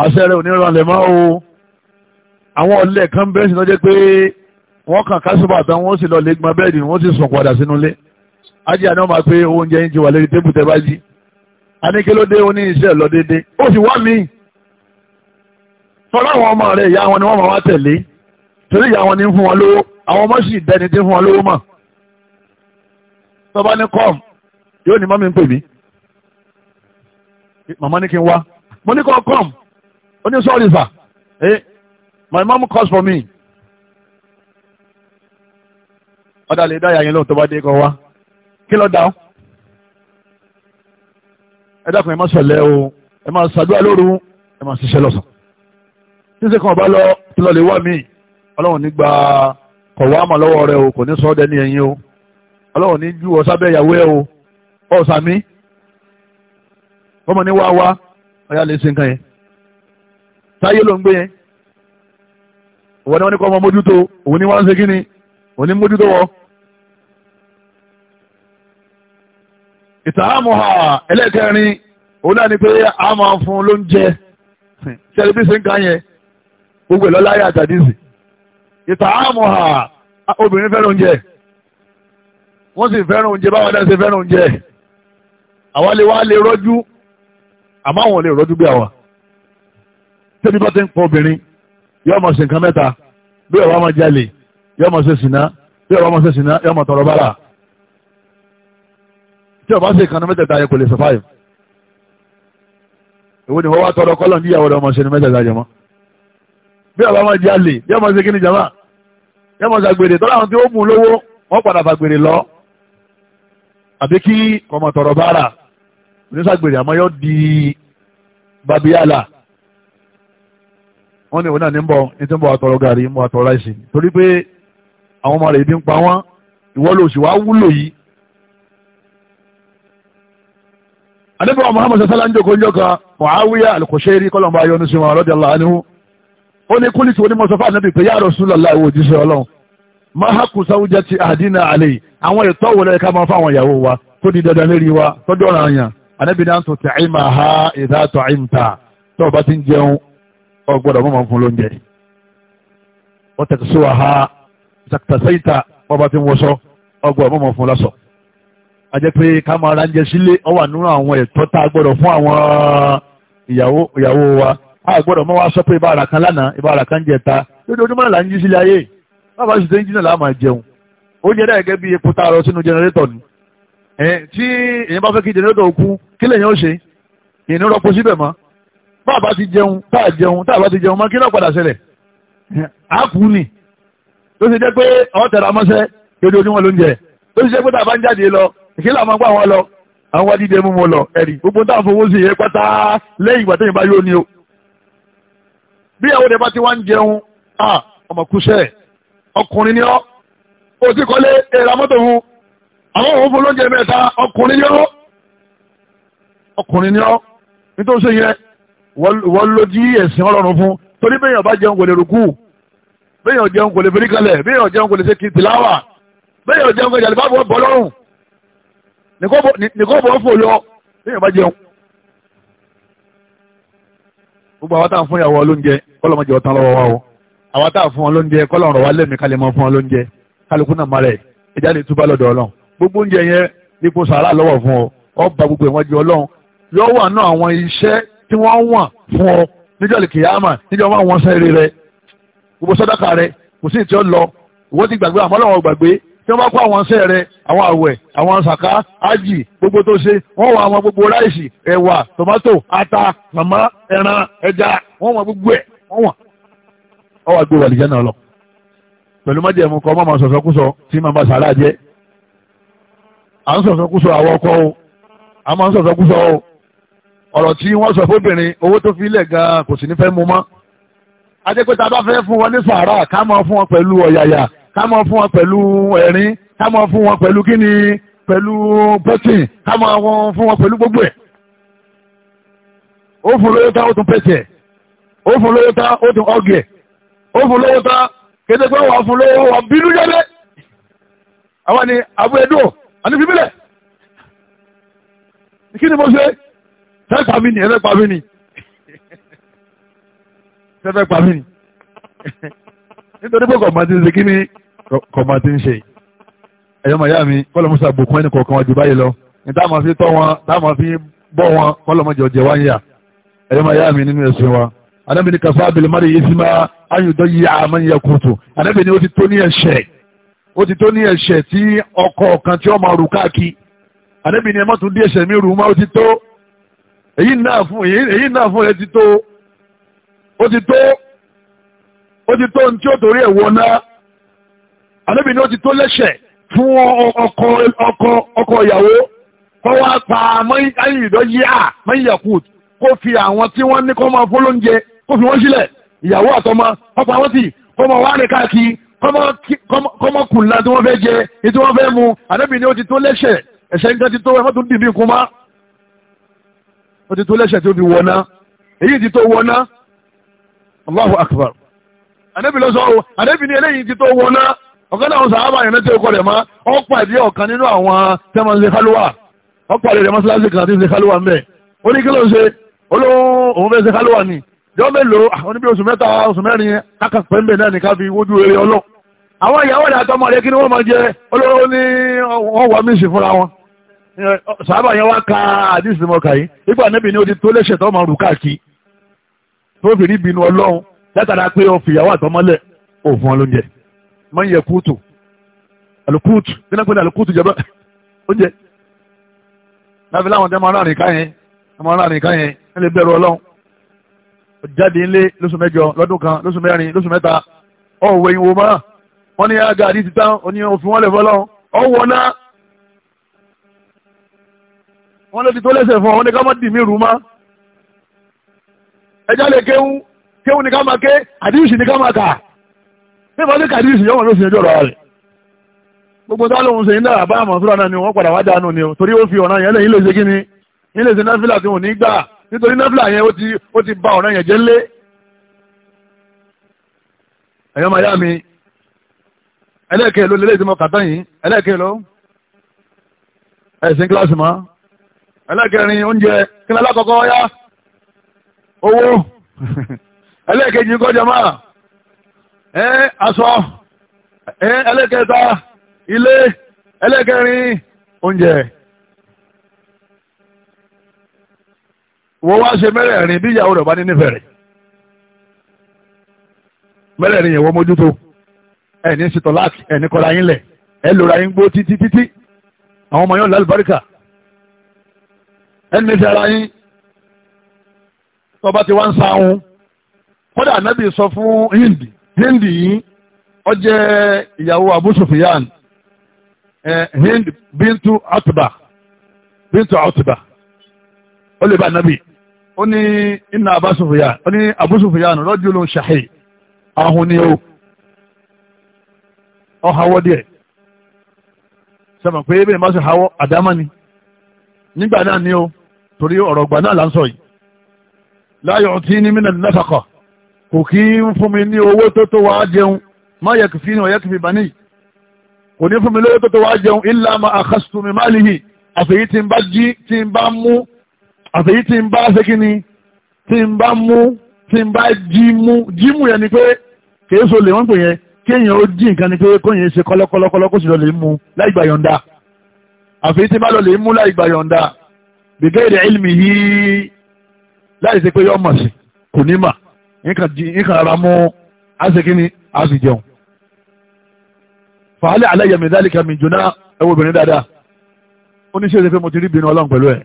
àṣẹ rẹ̀ ò ní máa o àwọn ọ̀lẹ́ kan bẹ́ẹ̀ sì lọ́jẹ́ pé wọ́n kàn kásùbà tán wọ́n sì lọ lè gbọ́n bẹ́ẹ̀dì wọ́n sì sùn padà sínú ilé ajé àná máa pé oúnjẹ yín ti wà lórí tébù tẹ́ bá jí aníkélódé ó ní iṣẹ́ lọ déédé ó sì wá mí tọ́lá àwọn ọmọ rẹ̀ ìyá wọn ni wọ́n máa wá tẹ̀lé torí ìyá wọn ni ń fún wọn lówó àwọn ọmọ sì dẹni tí ń fún wọn lówó mọ̀ tọ́ba ní kọ́m yóò ní mọ́mí ń pè mí màmá ní kí n wá mo ní kọ́ kọ́m ó ní sọ́ọ̀rì sà my mom calls for me. ọ̀dà lè dáyà yín lóhùn tó bá dé kọ́ wá kí ló dá ọ́. ẹ dákun ẹ má sọ̀lẹ́ o ẹ má ṣàdúrà lóru ẹ má ṣiṣẹ́ lọ́sàn. títí kan ọba lọ tí lọ lè wá mí ọlọ́run ní gba kọ̀wá àmọ̀ lọ́wọ́ rẹ o kò ní sọ ọ́ dẹni ẹ̀yìn o ọlọ́run ní ju ọ ìyàwó ẹ o ọ sàmí ọmọ ní wá wá ọ̀yà lè ṣe nǹkan yẹn táyé ló ń gbé yẹn ìwọ ni wọ́n ní kọ́ ọmọ mójútó òun ni wọ́n ń ṣe kí ni òun ni mójútó wọ́. ìtààmù ha ẹlẹ́kẹrin òun náà ni pé a máa fún un lóúnjẹ ṣẹlẹ bí ṣe ń kàn yẹn gbogbo ìlọ́lá yà àtàdísì ìtààmù ha obìnrin fẹ́ràn oúnjẹ wọ́n sì fẹ́ràn oúnjẹ báwọn náà ṣe fẹ́ràn oúnjẹ àwa lè wá lè rọ́jú àmọ́ àwọn lè rọ́jú bí àwa tẹ́bí ti ń pọ̀ obìnrin yóò máa ṣe nǹkan mẹ́ta bí ọba máa jalè yóò máa ṣe sìná bí ọba máa ṣe sìná yóò máa tọrọ bára tí ọba ṣe ìkànnì mẹ́tẹ̀ẹ̀ta yẹ kò lè survive èwo ni wọ́n wá tọrọ kọ́lọ̀ ní ìyàwó rẹ̀ ọmọ ṣe mẹ́tẹ̀ẹ̀ta jẹ mọ́ bí ọba máa jalè yóò máa ṣe kí ni jama yóò máa ṣàgbèrè tọ́lá àwọn tí ó mú lówó wọ́n padà fàgbèrè lọ àbí kí ọmọ tọrọ bára oníṣàgbèrè àmọ́ yóò di babiala wọ́n ní òun náà ní ń bọ̀ ní tí ń bọ̀ àtọ̀rọ̀ gàrí mú àtọ̀rọ̀ láìsí torí pé àwọn ọmọ rẹ̀ ìdí ń pa wọ́n ìwọ ló sì wá wúlò yìí. àdébọ̀ Muhammad sasala ń jókòó njọ́ kan Muawiya al-Kushairi kọ́lọ́mbà ayọ́nu sí wọn radiyallahu ó ní kúlìtì onímọ̀sọ́fà náà pé ya Rasulullah ìwò òjíṣẹ́ ọlọ́run máa hákù sáwùjẹ́ ti àdínà àlè àwọn ètò òwòlẹ́ ká máa fáwọn ìyàwó wa tó di dandan lérí wa tó dọ̀rọ̀ àyàn àdébìnrin àtúntì àìmà ha ìdá àtọ̀ àìmta tó bá ti ń jẹun ọgbọ́dọ̀ mọ́ máa ń fún lóúnjẹ wọ́n tẹ̀tù sí wàhá tàṣẹ́yìntà wọ́n bá ti ń wọṣọ ọgbọ́dọ̀ mọ́ máa fún lọ́sọ̀ a jẹ́ pé ká máa ra oúnjẹ sílé ọ wà nínú àwọn ẹ̀tọ́ tá a gbọ́dọ̀ fún àwọn ìyàwó ìyàwó wa a gbọ́dọ̀ mọ́ wá sọ pé ibàrà kan lánàá ibàrà kan jẹ ta lójoojúmọ́ la ń jí sílé ayé bàbá sì tẹ́yìn jìnnà là máa jẹun oúnjẹ dà gẹ́gẹ́ bí epo tá a rọ sínú jẹnẹrétọ̀ ni tí èèyàn bá fẹ́ kí jẹnẹrétọ̀ kú kí lèèyàn ó ṣe ìnirọ́pọ̀ síbẹ̀ mọ́ bá a bá ti jẹun tá a jẹun tá a bá ti jẹun mọ́ kí náà padà ṣẹlẹ̀ á kú ni tó ṣe jẹ́ pé ọ̀ tẹ̀ra mọ́ṣẹ́ kéde oníwọ̀n ló ń jẹ tó ṣe jẹ́ pé tá a bá ń jáde lọ kí là máa gbà wọn lọ àwọn wá dídé mú wọn lọ ẹ̀rí gbogbo táwọn fowó sí yẹn pátá lẹ́yìn ìgbà tẹ́yìn bá yóò ní o bí àwọn ọdẹ bá ti wá ń jẹun ọmọkúṣẹ́ ọkùnrin ni ọ́ o ti kọ́lé èrà mọ́tò hun àwọn òun fún lóúnjẹ mẹ́ta ọkùnrin ni ọ́ ọkùnrin ni ọ́ nítorí sẹ́yìn wọ́n ló jí ẹ̀sìn ọlọ́run fún torí bẹ́yàn bá jẹun kò lè rúkú bẹ́yàn jẹun kò lè fẹ́rí kalẹ̀ bẹ́yàn jẹun kò lè ṣe tìláwà bẹ́yàn jẹun kò jàlè bá bọ́ lọ́rùn nìkọ́ bọ́ fò lọ bẹ́yàn bá jẹun. gbogbo àwọn táà fún ìyàwó olóúnjẹ kọ́lọ́mọ jẹ ọ̀tán lọ́wọ́ wa o àwọn táà fún olóúnjẹ kọ́lọ́run wa lẹ́mìí kalẹ̀ mọ́ fún olóúnjẹ kálukú náà mara ẹ̀ ẹja lè túbọ̀ tí wọ́n wọ̀n fún ọ níjọ́ lè kìyàmà níjọ́ máa wọ́n sẹ́rí rẹ gbogbo sọ́dọ̀kà rẹ kò sí ìtì ọ lọ ìwọ́n ti gbàgbé àmọ́ lọ́wọ́ gbàgbé tí wọ́n bá kó àwọn sẹ́ rẹ àwọn àwẹ̀ àwọn sàká ájì gbogbo tó ṣe wọ́n wọ àwọn gbogbo ráìsì ẹ̀wà tòmátò ata màmá ẹran ẹja wọ́n wọ gbogbo ẹ̀ wọ́n wọ̀n ọwọ́ àgbé wà lìjẹ́ náà lọ pẹ̀lú májẹ̀mú kọ́ mọ́ máa sọ̀sọ́kúsọ tí màmá sàrà jẹ́ à ń sọ̀sọ́kúsọ àwọn ọkọ o à máa ń sọ̀sọ́kúsọ o ọ̀rọ̀ tí wọ́n sọ fóbìnrin owó tó fi lẹ̀ gan kò sì ní fẹ́ mu mọ́ ajẹ́pẹ́ tá a bá fẹ́ fún wọn ní sàárà ká máa fún wọn pẹ̀lú ọ̀yàyà ká máa fún wọn pẹ̀lú ẹ̀rín ká máa fún wọn pẹ̀lú kíni pẹ̀lú pẹ́tìn ká máa fún wọn pẹ̀lú gbogbo ẹ̀ ó fún lóyún tá ó tún pẹ́tì ó fún lóyún tá ó tún ọ̀gẹ̀ ó fún lóyún tá kété pé wà fún lóyún wà bínú jẹ́lẹ̀ àwọn ni àbúrẹ́dọ̀ àní fífílẹ̀ kí ni mo ṣe fẹ́ pa mí ni ẹ fẹ́ pa mí ni ẹ fẹ́ pa mí ni nítorí pé kọ̀ọ̀mà ti ń ṣe kí ni kọ̀ọ̀mà ti ń ṣe ẹ̀yọ́ màyá mi kọ́lọ̀ musa bùkún ẹnì kọ̀ọ̀kan wájú báyìí lọ ní táwọn fi tọ́ wọn táwọn fi bọ́ wọn kọ́lọ̀ mọ́jọ jẹ wáyé à ẹ̀yọ́ màyá mi nínú ẹ̀sìn wa anábì ní kàfá abèlè mari yìí sí máa má tún èyí náà fún èyí náà fún rẹ ti tó ó ti tó ó ti tó ní tí ó torí ẹ̀ wọ náà àlébi ni ó ti tó lẹ́sẹ̀ fún ọkọ ọkọ ọkọ ìyàwó kó wá pa ayìnbó yíyá mayakut kó fi àwọn tí wọ́n ní kó máa fọ́ lóúnjẹ kó fi wọ́n sílẹ̀ ìyàwó àtọmọ ọ̀pọ̀ àwọn tì kó máa wá rìn káàkiri kó máa kùnlá tí wọ́n fẹ́ jẹ tí wọ́n fẹ́ mu àlébi ni ó ti tó lẹ́sẹ̀ ẹ̀sẹ̀ nǹkan ti tó ẹ̀ mọ́tò ń dì ó ti tó lẹ́sẹ̀ tó fi wọná èyí ti tó wọná Allahu akbar ànábì lọ sọ ọ ànábì ní eléyìí ti tó wọná ọ̀kan náà sàábà yẹn náà tí ó kọ rẹ̀ mọ́ ọ pàdé ọ̀kan nínú àwọn tẹ́mọ̀ ṣe kálúwà ọ pàdé rẹ̀ mọ́ṣáláṣí kan tí ń ṣe kálúwà ń bẹ̀ ó ní kí ló ń ṣe olóhùn òun fẹ́ ṣe kálúwà ni jọ mélòó àwọn ah, níbi oṣù mẹ́ta oṣù mẹ́rin káka pẹ́ńbẹ̀ náà ní ká fi wójú eré ọlọ́ àwọn ìyàwó rẹ̀ àtọmọ rẹ̀ kí ni wọ́n máa jẹ olówó ní ọwọ́ mi sì fúnra wọn sàábà yẹn wá ka àdìsí mọ́ka yìí nígbà níbi ni ó ti tó léṣe tó máa rù káàkiri tó fi rí bínú ọlọ́run látara pé ó fìyàwó àtọmọ́lẹ̀ òfin ọlọ́njẹ máa ń yẹ kúùtù àlùkúùtù bí náà pé àlùkúùtù jẹba oúnjẹ láfi láwọn tẹ́ máa rárìn ká yẹn máa rárìn ká yẹn ẹ lè bẹ̀rù ọlọ́run jáde ńlé lóṣù mẹ́jọ lọ́dún kan lóṣù mẹ́rin lóṣù mẹ́ta ọ̀wẹ̀ ìwò máa wọ́n ní àgàdì ti tán oníyàn òfin wọn lè fọ́ ọlọ́run ọ̀wọ́ náà wọ́n ló ti tó lẹ́sẹ̀ fún ọ wọ́n ní ká má dì mí rú má ẹjá lè kéwú kéwú ní ká máa ké àdíyùsì ní ká máa kà nípa ní kàdíyùsì yọ̀wọ̀n ló sì ẹjọ́ rọ̀ rẹ̀ gbogbo tá lóhun ṣe ń dára bá àmọ̀ fúlànà ni wọ́n padà wá dànù ni o torí ó fi ọ̀nà yẹn lẹ́yìn lè ṣe kí ni ilé ṣe náfìlà tí wọ́n ní gbà nítorí náfìlà yẹn ó ti ba ọ̀nà yẹn jẹ́ lé ẹ̀yọ́ máa yá mi ẹlẹ́ẹ̀kẹ́ ló lélẹ́ẹ̀dẹ́mọ̀ kàtá yìí ẹlẹ́ẹ̀kẹ́ ló ẹ̀sìn kíláàsì máa ẹlẹ́kẹrin oúnjẹ kí lálákọ̀ọ́kọ́ yá owó ẹlẹ́kẹjì kọjá máa ẹ́ aṣọ ẹ́ ẹlẹ́kẹta ilé ẹlẹ́kẹrin oúnjẹ wọ́n wá ṣe mẹ́rẹ̀ẹ̀rin bí ìyàwó rẹ̀ bá ní nífẹ̀ẹ́ rẹ̀ mẹ́rẹ̀ẹ̀rin yẹn wọ́n mójútó ẹ̀ ní ṣètò láti ẹ̀ ní kọ́ra yín lẹ̀ ẹ̀ lóra yín gbó títí títí àwọn ọmọ yóò lálùbáríkà ẹni sẹ́ra yín tọba ti wá ń sáhun hindi hindi yìí ó ìyàwó Abu hindi bintu atuba bintu Utba ó lè ó ní Abu ó ní Abu ahun ni ó ọ̀háwọ́ díẹ̀ sọ ma pé bí ẹ bá ṣe hawọ́ nígbà ni ó. torí ọ̀rọ̀ ọgbà náà là ń sọ yìí láyọ̀ tí ní mínà náfàkọ̀ kò kí ń fún mi ní owó tó tó wá jẹun má yẹ kì fi ní ọ̀yẹ́ kì fi bàní kò ní fún mi lówó tó tó wá jẹun ilá ma àkàṣù má lìhì àfẹ́yí tí ń bá jí tí ń bá mú àfẹ́yí tí ń bá sékíní tí ń bá mú tí ń bá jí mú jí mú yẹn ni pé kìí so lè wọ́n pè yẹn kéèyàn ó jí nǹkan ni pé kóyìn ṣe kọ́lọ́kọ́lọ́kọ́lọ́ kó sì lọ lè mú láì gbà yọ̀ǹda àfẹ́yí tí ń bá lọ lè mú láì gbà yọ̀ǹda bìgẹ́rì ilmi yìí láì ṣe pé yọ mọ̀ sí kò ní mà nǹkan ara mú àṣekínní àṣìjẹun fàálẹ̀ aláyẹ̀mí dálíkà mi jóná ẹwọ obìnrin dáadáa ó ní ṣèṣe pé mo ti rí ìbínú ọlọ́run pẹ̀lú ẹ̀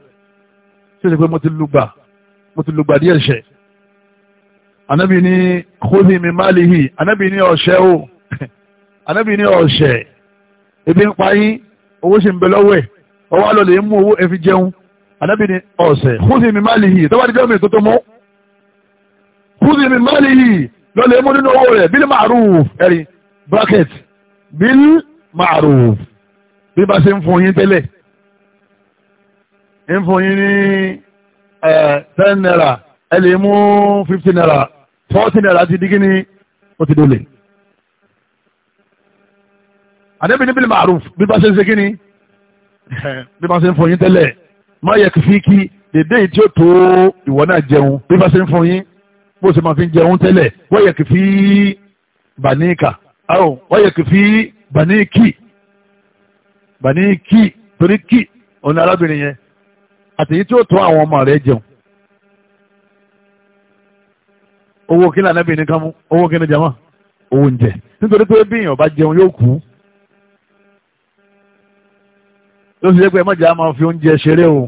ṣèṣe pé mo ti lùgbà mo ti lùgbà díẹ̀ ṣẹ̀ anábì ní kóòsì mi máàlì yìí anábì ní ọ̀ṣẹ́ o anábì ní ọ̀ṣẹ́ ebi ń pa yín owó sì ń bẹ lọ́wọ́ ẹ̀ ọwọ́ àlọ́ lè mú owó ẹ fi jẹun anábì ní ọ̀sẹ̀ húsì mi máàlì yìí tọ́wọ́ adijọ́ mi tó tó mú húsì mi máàlì yìí lọ́lẹ̀ mú nínú owó rẹ̀ bíl ma'ruf ẹ̀rí bracket bíl ma'ruf bí bá ṣe ń fún yín tẹ́lẹ̀ ń fún yín ní ten naira ẹ lè mú fifteen naira fourteen naira ti dígí ní ó ti dole. àdébìnrin bíl ma'ruf bí bá ṣe ń ṣe kí ni bí bá ṣe ń fún yín tẹ́lẹ̀ má yẹ kìfì kí dédé yìí tí ó tó ìwọ náà jẹun bí bá ṣe ń fún yín bó ṣe máa fi jẹun tẹ́lẹ̀ wọ́n yẹ kìfì bàníkà àwọn wọ́n yẹ kìfì bàníkì bàníkì torí kì òun arábìnrin yẹn àtẹ̀yìn tí ó tó àwọn ọmọ rẹ̀ jẹun. owó kí ni ànábìnrin kan mú owó kí ni jama owó oúnjẹ nítorí pé bí èèyàn bá jẹun yóò kú ló ṣe pé mọ̀jà máa fi oúnjẹ ṣeré o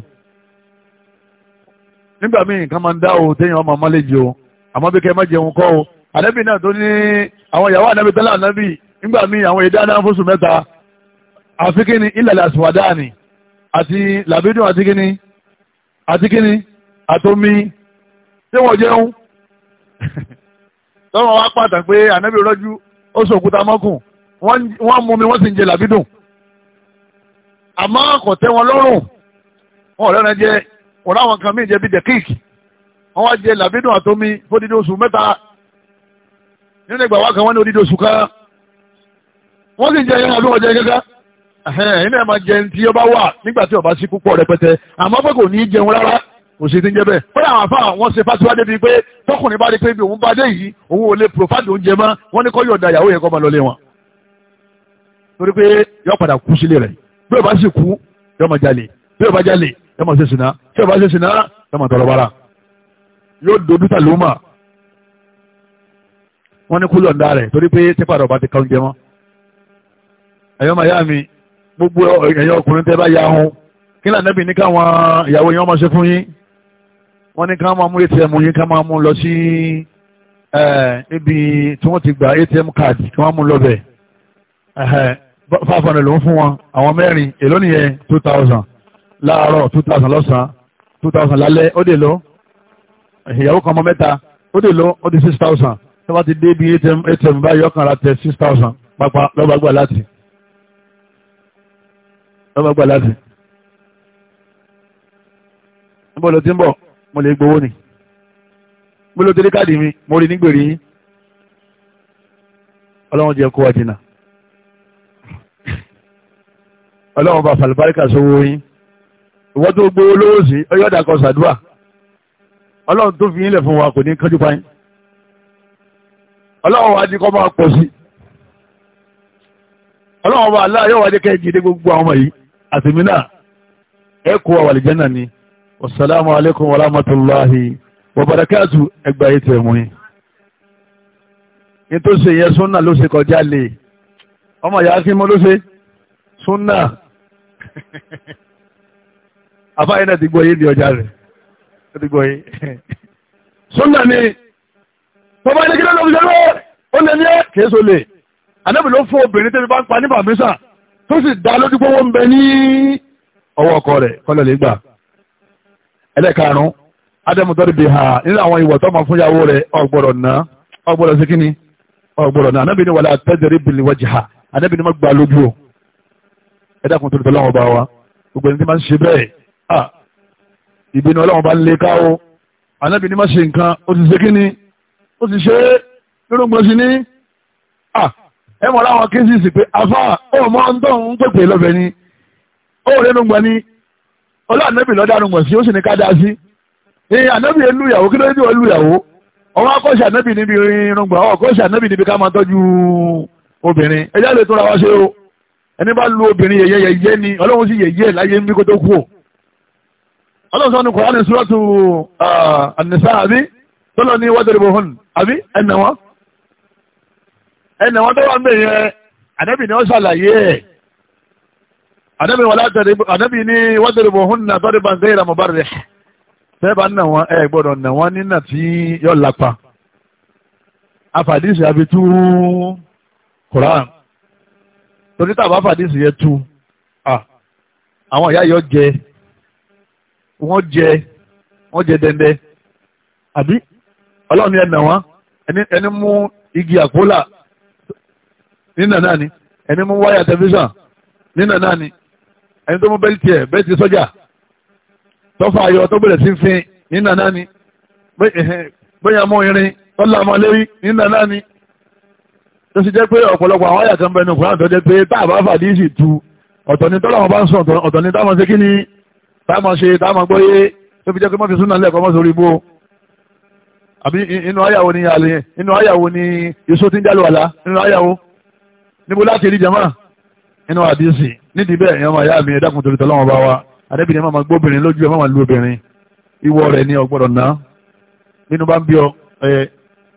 nígbà míì nǹkan máa ń dá o téèyàn ọmọ ọmọlẹ́jì o àmọ́ bí kẹ́ mọ̀jẹ̀ òun kọ́ o ànábì náà tó ní àwọn ìyàwó ànábì tẹ́lẹ̀ ànábì nígbà míì àwọn èdè àná fóṣù mẹ́ta àfi kíni ìlàlẹ̀ àsùwàdáàni àti làbídùn àti kíni àti kíni àtomi tí wọ́n jẹun tọ́wọ́n wá pàtàkì pé ànábì rọ́jú ó sọ òkúta mọ́kùn wọ́n mú mi wọ́n sì ń jẹ làbídùn àmọ́ kò tẹ́ wọn lọ́rùn wọn ò lẹ́nu jẹ wọn láwọn kan míì jẹ bíi dẹ́kíìkì wọn wá jẹ làbídùn àtomi fódìdí oṣù mẹ́ta nínú ìgbà wákan wọn ní odidi oṣù kan wọ́n sì jẹ yẹn àbí wọ́n jẹ gẹ́gẹ́ ẹ̀hìn náà máa jẹun tí ọba wà nígbà tí ọba sí púpọ̀ rẹpẹtẹ àmọ́ pé kò ní í jẹun rárá kò sì ti ń jẹ bẹ́ẹ̀ fúnra àwọn afáà wọ́n ṣe fásitì débi pé tọkùnrin bá rí pé bí òun bá dé yìí òun ò lè profile oúnjẹ mọ́ wọ́n ní kọ́ yọ̀ọ̀dà ìyàwó yẹn kọ́ máa lọ lé wọn torí pé yọ padà kú sílé rẹ̀ yìí bí o bá sì kú yóò máa jalè bí o bá jalè yóò máa ṣe sìnà tí o bá ṣe sìnà yóò máa tọrọ bára yóò dojú tà ló mà wọ́n ní kú yọ̀ǹda rẹ̀ torí pé tipa rẹ̀ ọba ti kàn jẹ mọ́ ẹ̀yọ́ màá yá mi gbogbo ẹ̀yọ́ ọkùnrin tẹ́ bá ya hun kí lànàbì ní káwọn ìyàwó yẹn ọmọ ṣe fún yín wọ́n ní ká máa atm yín ká máa mú lọ sí ibi tí wọ́n ti gba atm card kí wọ́n lọ bẹ̀ five hundred ló ń fún wọn àwọn mẹ́rin èló nìyẹn two thousand láàárọ̀ two thousand lọ́sàn-án two thousand lálẹ́ ó dè lọ ìyàwó kan ọmọ mẹ́ta ó dè lọ ó di six thousand tó bá ti dé bí atm atm báyìí ọkàn ra tẹ six thousand pápá lọ́ba gbà láti lọ́ba gbà láti níbo ló ti ń bọ̀ mo lè gbowó ni mo lo tẹ́lẹ̀ káàdì mi mo rí nígbèrè yín ọlọ́run jẹ́ kó wa jìnnà ọlọ́run bá falùbáríkà sówó yín ìwọ́n tó gbowó lówó sí ọyọ́dà kan ṣàdúrà ọlọ́run tó fi ilẹ̀ fún wa kò ní kánjú pa yín ọlọ́run wa ní kọ́ máa pọ̀ sí ọlọ́run wa aláà yóò wá dé kẹ́ jíde gbogbo àwọn ọmọ yìí àtìmí náà ẹ kó wa wàlìjẹ́ náà ni wasalaamu alaykum wa rahmatulahi wa barakatu ẹgbà yìí tẹ̀ mú yín ní tó ṣe ló ṣe kọjá lè ọmọ yàrá kí mo ló ṣe súnà àbáyé náà ti gbọ́ yé di ọjà rẹ̀ ó ti gbọ́ yé súnà ni bàbá ilé kílódé òfin ṣẹlẹ̀ ó lè ní ẹ kìí so lè anábì ló fún obìnrin tẹ́bi bá ń pa ní bàmísà tó sì dá lójú pé wọ́n ń bẹ ní ọwọ́ ọkọ rẹ̀ kọ́lẹ̀ lè gbà ẹlẹ́karùn-ún ádámù tọ́lú bí ha nínú àwọn ìwọ̀ tó máa fún yàwó rẹ̀ ọgbọ̀rọ̀ náà ọgbọ̀rọ̀ sí kíni ọgbọ̀rọ̀ náà anábì ni wàlá tẹ́jẹ̀rí bìlì wọ́jì ẹ̀dá kan tó lè tọ́lọ́wọ́n bá wa gbogbo ẹni tí máa ń ṣe bẹ́ẹ̀ à ìbínú ọlọ́wọ́n bá lè ká o ànábì ní má ṣe nǹkan ó ti ṣe kí ni ó ti ṣe lórúkọ sí ní à ẹ mọ̀ láwọn kéésìsì pé afá ó mọ ń tọ́ ń pèpè lọ́bẹ̀ ni ó rẹ̀ ló ń gbà ní ọlọ́ ànábì lọ́dọ̀ àrùn gbọ̀n sí ó sì ní ká dá sí ìyẹn ànábì yẹn lùyàwó kí ló dé wọ́n lùyàwó ọwọ́ akọ́ṣẹ́ ànábì níbi irun gbọ̀n ọkọ́ṣẹ́ ànábì níbi ká máa tọ́jú obìnrin ẹni bá lu obìnrin yẹyẹ yẹyẹ ni ọlọ́run sì yẹyẹ láyé ń bí kó tó kú o ọlọ́run sọ́nu kọ́ ọ́nà sùrọ́tù ànìsá àbí tọ́lọ́ ní wọ́n dẹ̀rẹ̀ bọ̀ hàn àbí ẹnà wọn ẹnà wọn tó wà ń bẹ̀ yẹn ànábì ni wọ́n ṣàlàyé ẹ̀ ànábì wọn látàrí ànábì ni wọ́n dẹ̀rẹ̀ bọ̀ hàn náà tọ́lẹ̀ bá ń sẹ́yìn rà bá rẹ̀ fẹ́ẹ́bà nà wọn ẹ gbọ́dọ̀ nà wọn nínà tí yọ torí tàbá fàdísì yẹn tu àwọn ìyá yọ jẹ wọ́n jẹ wọ́n jẹ dẹ́ndẹ́ àbí ọlọ́run yẹn nà wọ́n ẹni ẹni mú igi àpólà nínà náà ni ẹni mú wáyà tẹlifíṣàn nínà náà ni ẹni tó mú bẹ́ẹ̀tì ẹ̀ bẹ́ẹ̀tì sọ́jà tọ́fà ayọ̀ tó bẹ̀rẹ̀ sí fin nínà náà ni bóyá mú irin tọ́lá ọmọ lérí nínà náà ni tó sì jẹ́ pé ọ̀pọ̀lọpọ̀ àwọn àyà kan bẹnu kùnà tó jẹ́ pé tá a bá fàdí sì tu ọ̀tọ̀ ni tọ́lá wọn bá ń sọ ọ̀tọ̀ ni táwọn ṣe kí ni táwọn ṣe táwọn gbọ́yé tó fi jẹ́ pé mọ́ fi súnà lẹ́ẹ̀kọ́ mọ́ sórí bó àbí inú àyàwó ni àlè inú àyàwó ni iṣó tí ń jálò àlá inú àyàwó níbo láti rí jama inú àdísì nídìí bẹ́ẹ̀ ìyẹn máa yá mi ẹ̀dá torí tọ́lọ́wọ́n bá wa adébìnrin máa ma gbóbìnrin lójú ẹ̀ máa ma lu obìnrin ìwọ rẹ̀ ni ọ̀gbọ́dọ̀ ná nínú bá ń bí ọ ẹ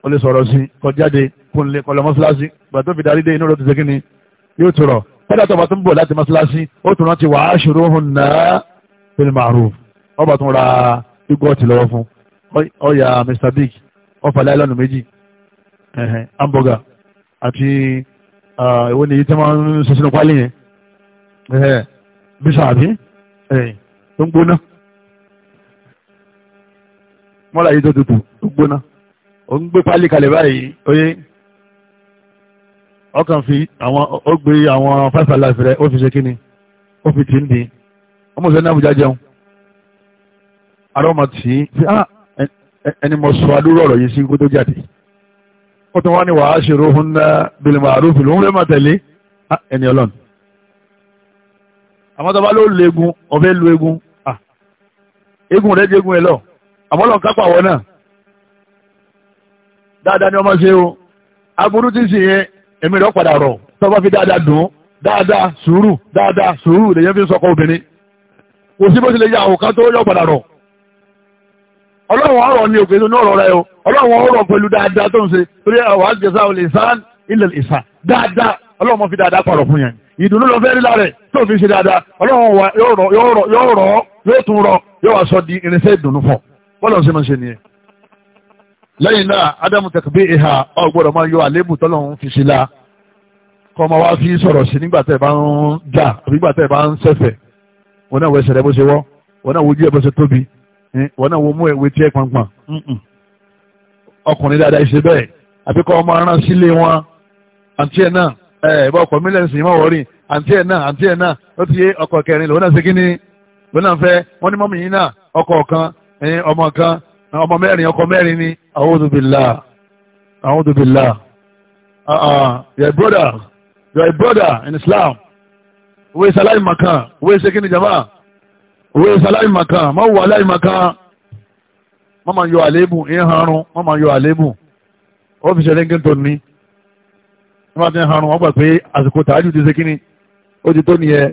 ọ lè sọ̀rọ̀ sí kọjáde Kunle ń lè kọlọ mọ́ṣáláṣí ìgbà tó fi darí dé inú rẹ̀ ti ṣe kí ni yóò tó rọ̀ kọ́dà tó bá tó ń bọ̀ láti mọ́ṣáláṣí ó tún rántí wàá ṣòro hùn náà bil ma'ruf ọba tún ra igbó ọtí lọ́wọ́ fún ọyà Mr Big ọfà láìlọ́nù méjì hamburger àti ìwọ ni èyí tí wọ́n ń ṣe sínú pálí yẹn bísà àbí tó ń gbóná mọ́lá yìí tó tutù tó gbóná ó ń gbé pálí kalẹ̀ báyìí oyé ọkàn fi àwọn ó gbé àwọn five alive rẹ ó fi ṣe kíni ó fi tì ń dín ọmọ ìṣẹ́ ní àbújá jẹun ara ọmọ tì í fi ah ẹni mo sọ adúrú ọ̀rọ̀ yìí sí kó tó jáde ó tún wá ní wàá ṣèrò ohun ná bil ma'ruf ló ń fẹ́ máa tẹ̀lé ah, ẹni ọlọ́run àmọ́ tó bá ló lo egun ọ̀fẹ́ lo egun ah, egun rẹ̀ jẹ́gun ẹ lọ àmọ́ lọ́n kápá wọ náà dáadáa ni ọmọ ṣe o aburú ti sìn yẹn ẹ̀mí rẹ̀ padà rọ̀ tó bá fi dáadáa dùn dáadáa sùúrù dáadáa sùúrù lèyàn fi ń sọkọ obìnrin kò sí bó ti lè ya àwòkán tó yọ padà rọ̀ ọlọ́run ọ̀rọ̀ ni òkè ní ọ̀rọ̀ rẹ o ọlọ́run ọ̀rọ̀ pẹ̀lú dáadáa tó ń ṣe torí àwọn àjẹsà olè sàn ilẹ̀ ìsà dáadáa ọlọ́run mọ́ fi dáadáa pàrọ̀ fún yẹn ìdùnnú lọ fẹ́ rí lára tó fi ṣe dáadáa ọlọ́run wa yóò rọ̀ yóò tún rọ̀ yóò wá sọ di irinṣẹ́ ìdùnnú fọ̀ bọ́lá ọ̀sẹ̀ máa ń ṣe nìyẹn lẹ́yìn náà Adamu tẹ̀kùbí ìhà ọgbọ́dọ̀ máa yọ àlébù tọ́lọ́hún fi sí la kọ́ ma wá fi sọ̀rọ̀ sí nígbà tẹ́ ẹ bá ń jà àbí nígbà tẹ́ ẹ bá ń ṣẹ̀fẹ̀ wọn náà wọ ẹsẹ̀ rẹ bó ṣe wọ́ wọn náà wojú ẹ bó ṣe tóbi wọn náà wo mú ẹwé tí ẹ pọnpọn ọkùnrin dáadáa ṣe bẹ́ẹ̀ àbí kọ́ ọmọ aràn sílé wọn àǹtí ẹ̀ náà ẹ̀ bá ọkọ̀ mílíọ̀nù sì ọmọ kan ọmọ mẹ́rin ni A'udhu billah. A'udhu billah. Uh-uh. You're a brother. You're a brother in Islam. Owó ìṣe aláìmọ̀kan. Owó ìṣe kí ni jàmbá? Owó ìṣe aláìmọ̀kan. Má wù aláìmọ̀kan. Má máa yọ àléébù. Ìyẹn harun. Má máa yọ àléébù. Ó fi ṣe lẹ́gẹ́ tó ní. Wọ́n máa ti harun. Wọ́n gbà pé àsìkò tààjú ti ṣe kí ni? Ó ti tó nìyẹn.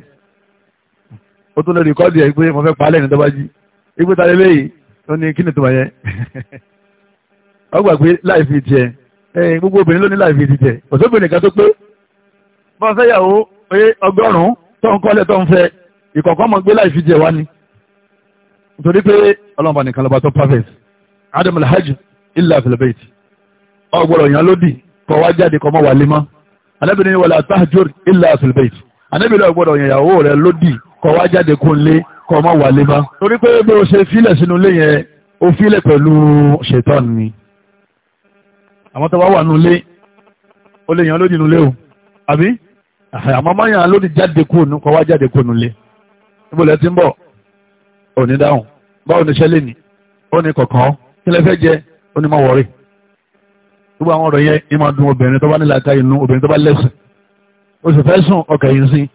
Ó tún lè rìkọ́dì ẹ̀ pé mo fẹ́ pa á lẹ́yìn tó bá jí. Igbó ta lélẹ́yìí. Ó ní kí ni tó ọgbàgbé láìfi tiẹ̀ ẹ̀yìn gbogbo obìnrin ló ní láìfi ti tiẹ̀ òṣèbìnrin kan tó pé bọ́n fẹ́yàwó ọgọ́rùn-ún tó ń kọ́lẹ̀ tó ń fẹ́ ìkọ̀kọ́ mọ̀ gbé láìfi tiẹ̀ wá ni nítorí pé ọlọ́mọba nìkan lọ́ba tó perfect adam alhaj illa filibait ọgbọ̀rọ̀ yàn lódì kọ wá jáde kọ mọ́ wà lé mọ́ anábìnrin wala tahjur illa filibait anábìnrin ọgbọ̀rọ̀ yàn yàwó rẹ̀ lódì kọ wá jáde kó lé kọ mọ́ wà lé mọ́ torí pé bí o ṣe fílẹ̀ sínú lé yẹn o fílẹ̀ pẹ̀lú ṣètọ́ni àwọn tó bá wà nù lé ó lè yàn lódì nù lé o àbí àmọ́ má yàn lódì jáde kó nù kọ́ wá jáde kó nù lé níbo lẹ́ ti ń bọ̀ ò ní dáhùn báwo ni sẹ́lẹ̀ ni ó ní kọ̀ọ̀kan kí lẹ fẹ́ jẹ ó ní má wọ̀rí gbogbo àwọn ọ̀rọ̀ yẹn ní máa dùn obìnrin tó bá nílà ká inú obìnrin tó bá lẹ́sìn ó sì fẹ́ sùn ọkàn yìí sí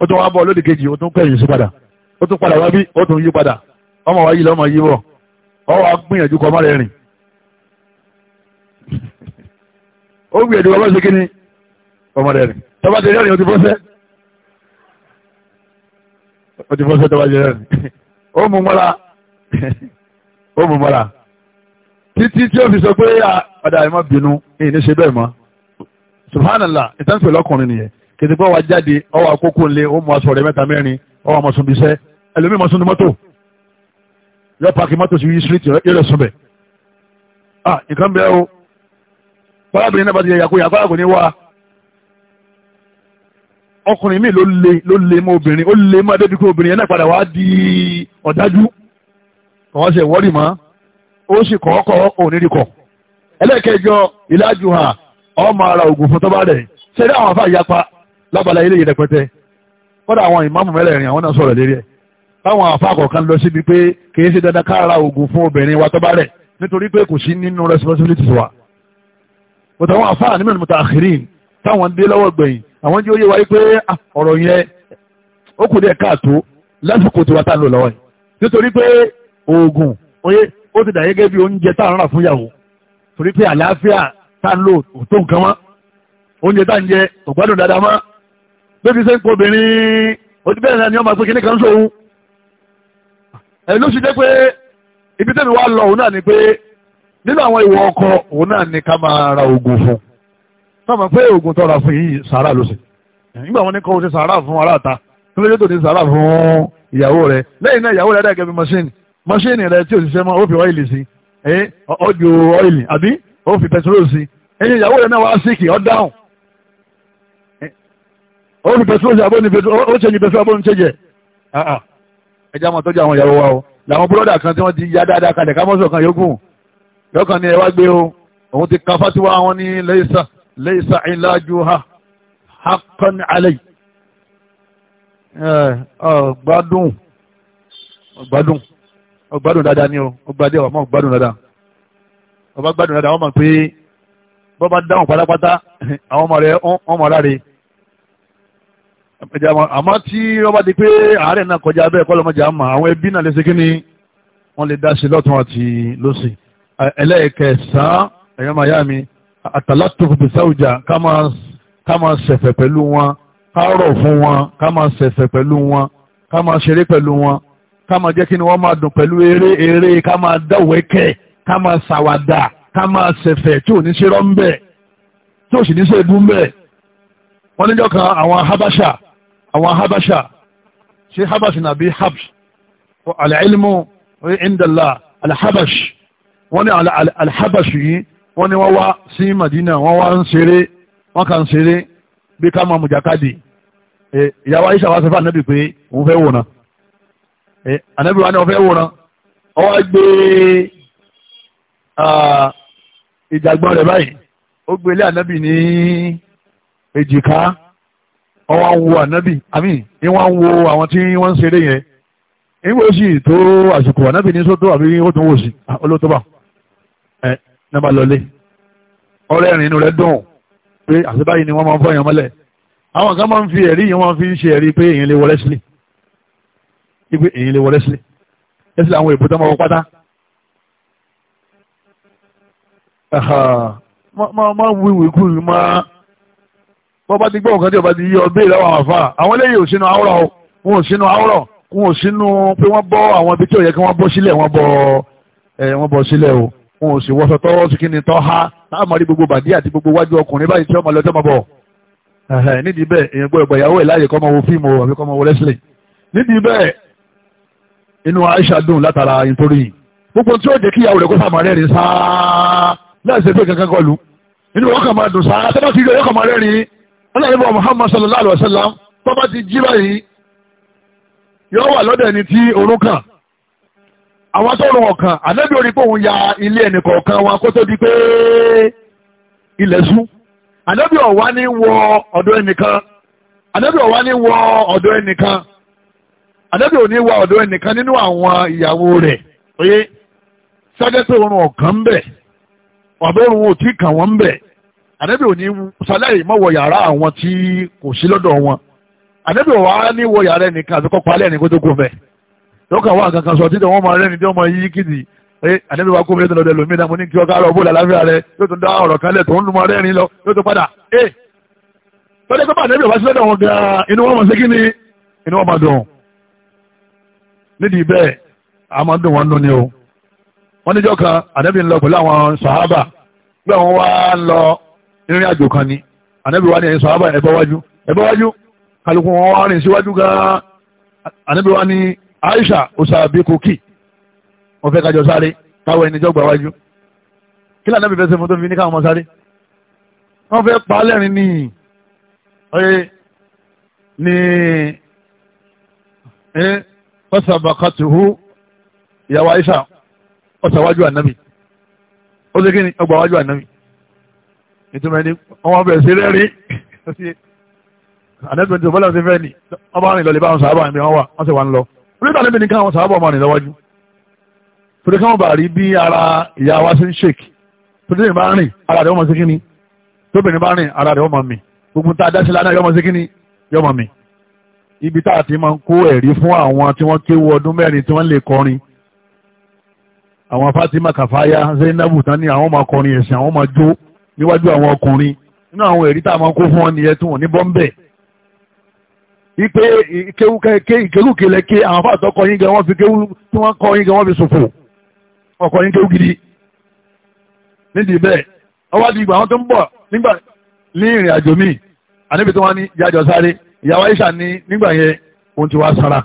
ó tún wá bọ̀ lódì kejì ó tún kẹ̀yìn sí padà ó tún padà wá bí ó tún yí padà ọmọ wa yí lọ́mọ yí wọ̀ ọ wá gbìyànjú kọ́ mọ́rẹ̀ ó gbé ẹ̀dùn ọlọ́sẹ̀ kí ni ọmọ rẹ̀ rẹ̀ tọ́ba ti rẹ́rìn ó ti bọ́sẹ̀ ó ti bọ́sẹ̀ tọ́ba ti rẹ́rìn ó mú mọ́ra ó mú mọ́ra títí tí ó fi sọ pé ọ̀dà ẹ̀ má bínú èyí ní ṣe bẹ́ẹ̀ mọ́ subhanallah ìtànfẹ̀ lọ́kùnrin nìyẹn kìtì pé wà jáde ọwọ́ àkókò ńlẹ̀ ó mú aṣọ rẹ̀ mẹ́ta mẹ́rin ọwọ́ àmọ̀sùnbíṣẹ́ ẹlòmíì mọ̀sùn mọ́tò yọ pàkì mọ́tò sí yí street yọ lọ sùn bẹ̀ ah nǹkan bẹ́ẹ̀ o bárábìnrin náà bá ti yẹ yàkóyà fáwọn kò ní wá ọkùnrin mi ló le ló le mọ obìnrin ó le mọ débi pé obìnrin yẹn náà padà wá di ọ̀dájú kàn ṣe wọ́ọ̀rì mọ́ ó sì kọ́ ọkọ̀ òníri kọ̀ ẹlẹ́kẹjọ ìlàjú hàn ọmọ ara ògùn fún tọ́ba rẹ̀ ṣẹlẹ̀ àwọn afá ìyapa lábala ilé yìí rẹpẹtẹ kọ́dà àwọn ìmáàmù mẹ́rẹ̀ẹ̀rin àwọn náà sọ̀rọ̀ lérí ẹ̀ táwọn afá kọ̀ọ̀kan lọ síbi pé kì í ṣe dandan ká ògùn fún obìnrin wa tọ́ba rẹ̀ nítorí pé kò sí nínú responsibilities wa bọ̀tà àwọn àfáà nínú ìmọ̀ta àkìrín táwọn dé lọ́wọ́ gbẹ̀yìn àwọn jẹ́ oyé wáyé pé ah, ọ̀rọ̀ yẹn ó kù díẹ̀ káàtó lásìkò tí wàá tà lò lọ́wọ́ yìí nítorí pé oògùn oyé ó ti dà gẹ́gẹ́ bí oúnjẹ tá à ń rà fún yàwó torí pé àlàáfíà tá à ń lò tó nǹkan mọ́ oúnjẹ tá à ń jẹ ògbádùn dáadáa mọ́ bébí sẹ́ńpọ̀ obìnrin òtí bẹ́ẹ̀ ni wọ́n máa pé kíní kan sóhun ẹ̀ ló ṣe nínú àwọn ìwọ ọkọ òun náà ni ká máa ra oògùn fún sọmọ pé oògùn tó ra fún yìí sàárà ló ṣe nígbà wọn ní kọ́ ọ ṣe sàárà fún aráàta nígbà yóò tó ní sàárà fún ìyàwó rẹ lẹ́yìn náà ìyàwó rẹ dàgẹ́ bí mọ́ṣíìnì mọ́ṣíìnì rẹ tí òṣìṣẹ́ mọ́ ó fi ọ́ìlì sí ẹ ọ́dì ọ́ìlì àbí ó fi pẹtrol sí ẹ̀yìn ìyàwó rẹ náà wá síkì ọ́ dáhùn ó ní pẹtrol sí abóni pẹtrol ó ṣe ní pẹtrol abóni ṣe jẹ ẹjẹ àwọn tọ́jú àwọn ìyàwó wa o làwọn búrọ́dà kan tí wọ́n ti yá dáadáa kalẹ̀ ká kan yókùn yọkàn ni ẹ wá gbé o òun ti ka fatiwa wọn ní leisa leisa ìlàjú ha hakan alay ọgbádùn ọgbádùn ọgbádùn dáadáa ni o ọgbádé ọmọ ọgbádùn dáadáa ọba gbádùn dáadáa wọn mọ̀ pé bọ́ bá dáhùn pátápátá àwọn ọmọ rẹ̀ ọmọ ráre àmọ́ tí wọ́n bá di pé àárẹ̀ náà kọjá abẹ́ ẹ̀kọ́ lọ́mọdé àmọ́ àwọn ẹbí náà lè ṣe kí ni wọ́n lè dá sí lọ́tún àti lọ́sìn ẹlẹ́ẹ̀kẹsàn-án ẹ̀yọ́ máa yá mi àtàlátòkù bìsáwùjà ká máa ṣẹ̀fẹ̀ pẹ̀lú wọn ká rọ̀ fún wọn ká máa ṣẹ̀fẹ̀ pẹ̀lú wọn ká máa ṣeré pẹ̀lú wọn ká máa jẹ́ kí ni wọ́n máa dùn pẹ̀lú eré eré ká máa dáwẹ́kẹ̀ ká máa ṣàwàdà ká máa ṣẹ̀fẹ̀ tí ò ní ṣe rọ́ńbẹ̀ tí ò sì ní ṣe ebú mbẹ̀ wọ́n níjọ́ kan àwọn habasha àwọn habasha ṣé habash nàbí habsh alẹ́ ilmu indala alhabash wọ́n ní alhabashi yìí wọ́n ní wọ́n wá sí Madina wọ́n wá ń ṣeré wọ́n kà ń ṣeré bí ká máa mùjàkadì ìyàwó Aisha wa sẹ́fà anábì pé òun fẹ́ wòran anábì wa ni wọ́n fẹ́ wòran wọ́n wá gbé ah, ìjàgbọ́n rẹ̀ báyìí ó gbé ilé anábì ní èjìká wọ́n wá ń wo anábì àmì ni wọ́n ń wo àwọn tí wọ́n ń ṣeré yẹn nígbà sì tó àsìkò anábì ní sótó àbí ó tún wò sí ah, olótóbà ẹ ní bá lọlé ọ̀rẹ́ ẹ̀rìn inú rẹ̀ dùn pé àti ni wọ́n máa ń fọyàn mọ́lẹ̀ àwọn kan máa ń fi ẹ̀rí yìí wọ́n fi ń ṣe ẹ̀rí pé èyí lè wọlé sílẹ̀ ipe èyí lè wọlé sílẹ̀ ẹ̀sìn àwọn èbúté ọmọ pátá máa ń wíwì kú máa bọ́ bá ti gbọ́ nǹkan tí ọba ti yí ọ béèrè àwọn àfa àwọn eléyìí ò sínú àwòrán o wọn ò sínú àwòrán wọn ò sínú pé wọ́n bọ́ àwọn ibi tí ò yẹ kí wọ́n bọ́ sílẹ̀ wọ́n bọ́ sílẹ̀ o wọn ò sì wọṣọ tọ́wọ́ sí kíni tọ́ ha táwọn máa rí gbogbo bàdí àti gbogbo wájú ọkùnrin báyìí tí ọmọ lọ tọ́mọ bọ̀ nídìí bẹ́ẹ̀ èèyàn gbọ́dọ̀ gbọ́ ìyàwó ẹ̀ láàyè kọ́ ọmọ wo fíìmù àbí kọ́ ọmọ wo wrestling nídìí bẹ́ẹ̀ inú Aisha dùn látara nítorí gbogbo tí ó jẹ́ kíyàwó rẹ̀ kó sàmà rẹ́rìn sáá láìsí pé kankan kọlu inú wọn kàn máa dùn sáá tọ́ba ti rí ọyọ́ kàn máa rẹ́rìn ọlọ́yẹ̀bọ̀ Muhammad sallallahu alayhi wa sallam tọ́ba ti jí báyìí yọ wà lọ́dọ̀ ẹni tí orun kàn àwọn tó rùn ọ̀kan ànábì orí pé òun ya ilé ẹnì kọ̀ọ̀kan wọn kó tó di pé ilẹ̀ sú ànábì ọ̀wá ní wọ ọ̀dọ̀ ẹnìkan ànábì ọ̀wá ní wọ ọ̀dọ̀ ẹnìkan ànábì òní wọ ọ̀dọ̀ ẹnìkan nínú àwọn ìyàwó rẹ̀ oyé ságẹ́sẹ̀ òrùn ọ̀kan ń bẹ̀ ọ̀bẹ̀ òrùn ò tí kàn wọ́n ń bẹ̀ ànábì òní sáláì mọ̀wọ̀ yàrá àwọn tí kò sí lọ́dọ̀ wọn ànábì ọ̀wá ní wọ yàrá ẹnìkan àti kọ́pọ̀ alẹ́ ẹnì lọ́kàn wà kankan sọ títẹ̀ wọ́n máa rẹ́ni tí wọ́n máa yí kìdì ẹ ànábi wa kó mi lẹ́tọ̀ lọ́dẹ lómi náà mo ní kí ọkà rọ̀ bó làlàáfíà rẹ yóò tún dá ọ̀rọ̀ kan lẹ̀ tó ń lu máa rẹ́ni lọ yóò tún padà ẹ tọ́jú pé bàtẹ́bí ọba sílẹ̀ wọn gan inú wọn máa ṣe kí ni inú wọn máa dùn nídìí bẹ́ẹ̀ a máa dùn wọn nù ni o wọ́n níjọ́ kan ànábi ń lọ pẹ̀lú àwọn sàhábà gbé àwọn wá lọ ìrìn àjò kan ni ànábi wa ní ẹ̀yin sàhábà ẹ̀bọ́ wájú ẹ̀bọ́ wájú kálukú wọn wá rìn síwájú gan ànábi wa ní Aisha osabi koki wọ́n fẹ́ kájọ sáré káwọ ẹni jọgbà wájú kí lànà bí fẹsẹ̀ fún tó fi ní káwọn ọmọ sáré wọ́n fẹ́ pa á lẹ́rìn ní ọyẹ ní ẹ ọsàbàkàtúhù ìyàwó Aisha ọsàwájú ànábì ó ṣe kí ni ọgbà wájú ànábì ìtumọ̀ ẹni wọ́n bẹ̀rẹ̀ sí rẹ́rìn àdẹ́gbẹ̀ntì ọ̀bọ̀lá ti fẹ́ ni ọba rìn lọ lè bá wọn sọ àbá ìbí wọn wà wọ́n sì wà ń lọ orí tàbí nìkan àwọn sàábọ̀ máa rìn lọ́wọ́jú torí káwọn bá rí bí ara ìyá wa ṣe ń ṣèkì torí tèmi bá rìn ara rẹ̀ ọmọ sí kíni tóbìnrin bá rìn ara rẹ̀ ọmọ mi gbogbo tá a dáṣe lánàá yọmọ sí kíni yọmọ mi ibi tá a ti máa ń kó ẹ̀rí fún àwọn tí wọ́n kéwu ọdún mẹ́rin tí wọ́n lè kọrin àwọn Fatima Kafaya Zainabu tán ni àwọn máa kọrin ẹ̀sìn àwọn máa jó níwájú àwọn ọkùnrin nínú àwọn ẹ̀rí tá a máa kó fún ọ nìyẹn tí wọ́n ní bọ́m̀bẹ̀ẹ́ ipe ìkéwú kẹ́kẹ́ ìkéwúkẹ́ lẹ́kẹ́ àwọn afáàtọ́ kọ yín gẹ́ wọ́n fi kéwú tí wọ́n kọ yín gẹ́ fi ṣòfò ọkọ̀ yín gidi nídìí bẹ́ẹ̀ ọwọ́ di ìgbà wọn tó ń bọ̀ nígbà ní ìrìn àjò míì àníbi tí wọ́n ní jájọ sáré ìyàwó Aisha ní nígbà yẹn òun ti wá sára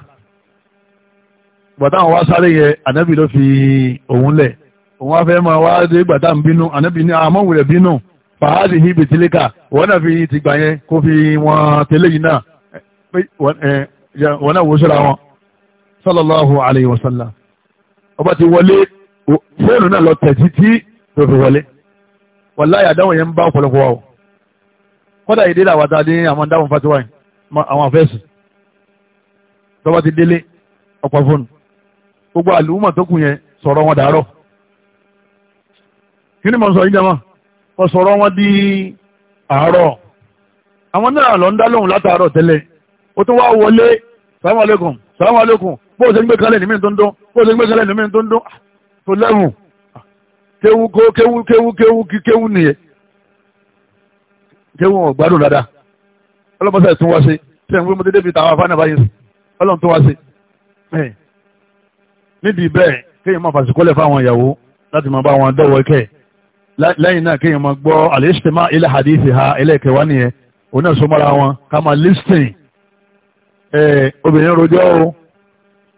gbàtà àwọn wá sáré yẹn ànábì ló fi òun lẹ̀ òun wá fẹ́ máa wá dé gbàtà ń bínú ànábì ní àmọ́wùrẹ̀ bínú fàhádìí híbi tílíkà náà fi ti gbà yẹn kó fi wọn tẹ́lẹ̀ yìí náà wọn náà wò síra wọn sallallahu alayhi wa sallam ọba ti wọlé fóònù náà lọ tẹ̀sí tí tó fi wọlé wàláyà àdáwọn yẹn ń bá ọ̀pọ̀lọpọ̀ wa o kọ́dà ìdílé àwàdà ní àwọn dáhùn fatiwa yìí àwọn àfẹ́sì tọ́ba ti délé ọ̀pọ̀ fóònù gbogbo àlùmọ̀ tó kù yẹn sọ̀rọ̀ wọn dàárọ̀ kí ni mo sọ yín jẹ́ mọ́ sọ̀rọ̀ wọn di àárọ̀ àwọn náà lọ ń dá lóhùn látàárọ̀ tẹ́lẹ̀ ó tún wá wọlé salamu aleykum salamu aleykum bó o ṣe ń gbé kalẹ̀ nìmí tó ń dún bó o ṣe ń gbé kalẹ̀ nìmí tó ń dún ah, tó lẹ́rùn ah, kéwu kéwu kéwu kéwu kéwu nìyẹn kéwu wọn gbádùn dáadáa ọlọ́mọṣẹ́ tún wá sí ṣé ń gbé mọ́tò débi tàwa fáná báyìí ọlọ́run tún wá sí nídìí bẹ́ẹ̀ kéèyàn máa fàṣíkọ́lẹ̀ fáwọn ìyàwó láti máa bá wọn dọ́wọ́ kẹ́ẹ̀ lẹ́yìn náà kéèyàn máa gbọ́ àlèṣèmá ilé hadithi ha ilé ìkẹwàá nìyẹn òun náà sọmọ́ra wọn ká máa listing obìnrin rojọ́ o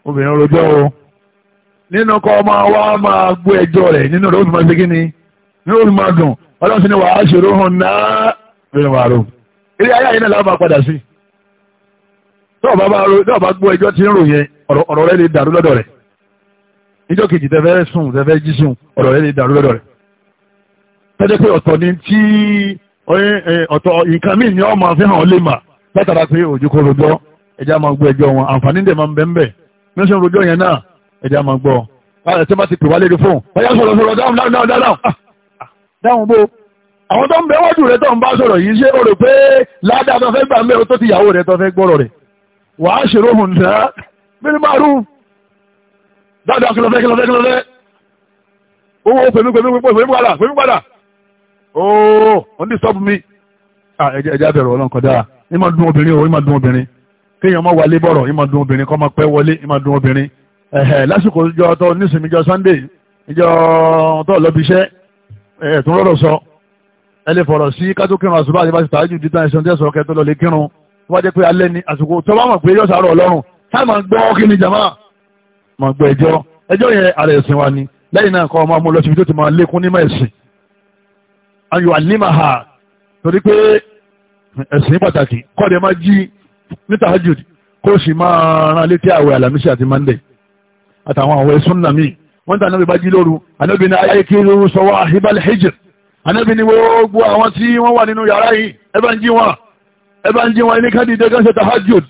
obìnrin rojọ́ o nínú kọ́ ọmọ wa máa gbọ́ ẹjọ́ rẹ̀ nínú rẹ̀ ó fi máa ṣe kí ni nínú ó fi máa dùn ọlọ́run sì ni wàá ṣòro hàn náà lórí wàá rò eré ayé àyè náà làwọn máa padà sí bá ẹjọ́ ń rò yẹn ọ̀rọ̀ rẹ̀ lè dàrú lọ́dọ̀ rẹ̀ kejì sùn jí sùn ọ̀rọ̀ rẹ̀ lè dàrú lọ́dọ̀ rẹ̀ tẹ́jẹ́ pé ọ̀tọ̀ ni tí ọ̀tọ̀ nǹkan míì ni ẹjá máa gbọ́ ẹjọ́ wọn àǹfààní dẹ̀ máa ń bẹ ń bẹ ní sọ rojọ́ yẹn náà ẹjá máa gbọ́ ẹ tẹ́ bá ti pè wá lérí fóun ọyá sọ̀rọ̀ sọ̀rọ̀ dáhùn dáhùn dáhùn dáhùn ah, dáhùn bó àwọn tó ń bẹ wájú rẹ tó ń bá sọ̀rọ̀ yìí ṣé o rò pé ládàá tó fẹ́ gbà ń bẹ o tó ti yàwó rẹ tó fẹ́ gbọ́rọ̀ rẹ wà á ṣèrò hùn náà bíi márùn dáadáa kìlọ̀fẹ́ kìlọ̀fẹ́ kìlọ̀fẹ́ owó pèmí pèmí pèmí padà pèmí padà ooo ò ní sọ́ọ̀bù mi ẹ̀jẹ̀ bẹ̀rù ọlọ́nkọ̀dá ìmọ̀ dùn obìnrin o ìmọ̀ dùn obìnrin kéèyàn máa wálé bọ̀rọ̀ ìmọ̀ dùn obìnrin kọ́ máa pẹ́ wọlé ìmọ̀ dùn obìnrin ẹ̀hẹ̀ lásìkò ìjọ tó nísìnyí ìjọ Sunday ìjọ tó lọ́bi iṣẹ́ ẹ̀ tó rọ̀rọ̀ sọ ẹ lè fọ̀rọ̀ sí kátó kírun àṣùbà àti bàtà àjù dídá ẹ̀sán tẹ́ sọ̀rọ̀ kẹtọ́ lọ́lẹ̀ kírun tó bá jẹ́ pé alẹ́ ni àsìkò tó bá mọ̀ pé yóò sàárọ̀ ọlọ́run táì máa gbọ́ kí ni jàmá máa gbọ́ ẹjọ́ ẹjọ́ yẹn ara ẹ̀sìn wa ni lẹ́yìn náà kọ́ ọmọ ọmọ lọ síbi tó ti máa ní tahajud kó sì máa ran létí àwẹ̀ alamisi àti mande àtàwọn àwẹ̀ sunna mi wọ́n tà anábì bá jí lóru anábì ní ayé kiri sọwọ́ ahibal hijr anábì ní gbogbo àwọn tí wọ́n wà nínú yàrá yìí ẹ bá ń jí wọn ẹ bá ń jí wọn ní kádìdé kan ṣe tahajud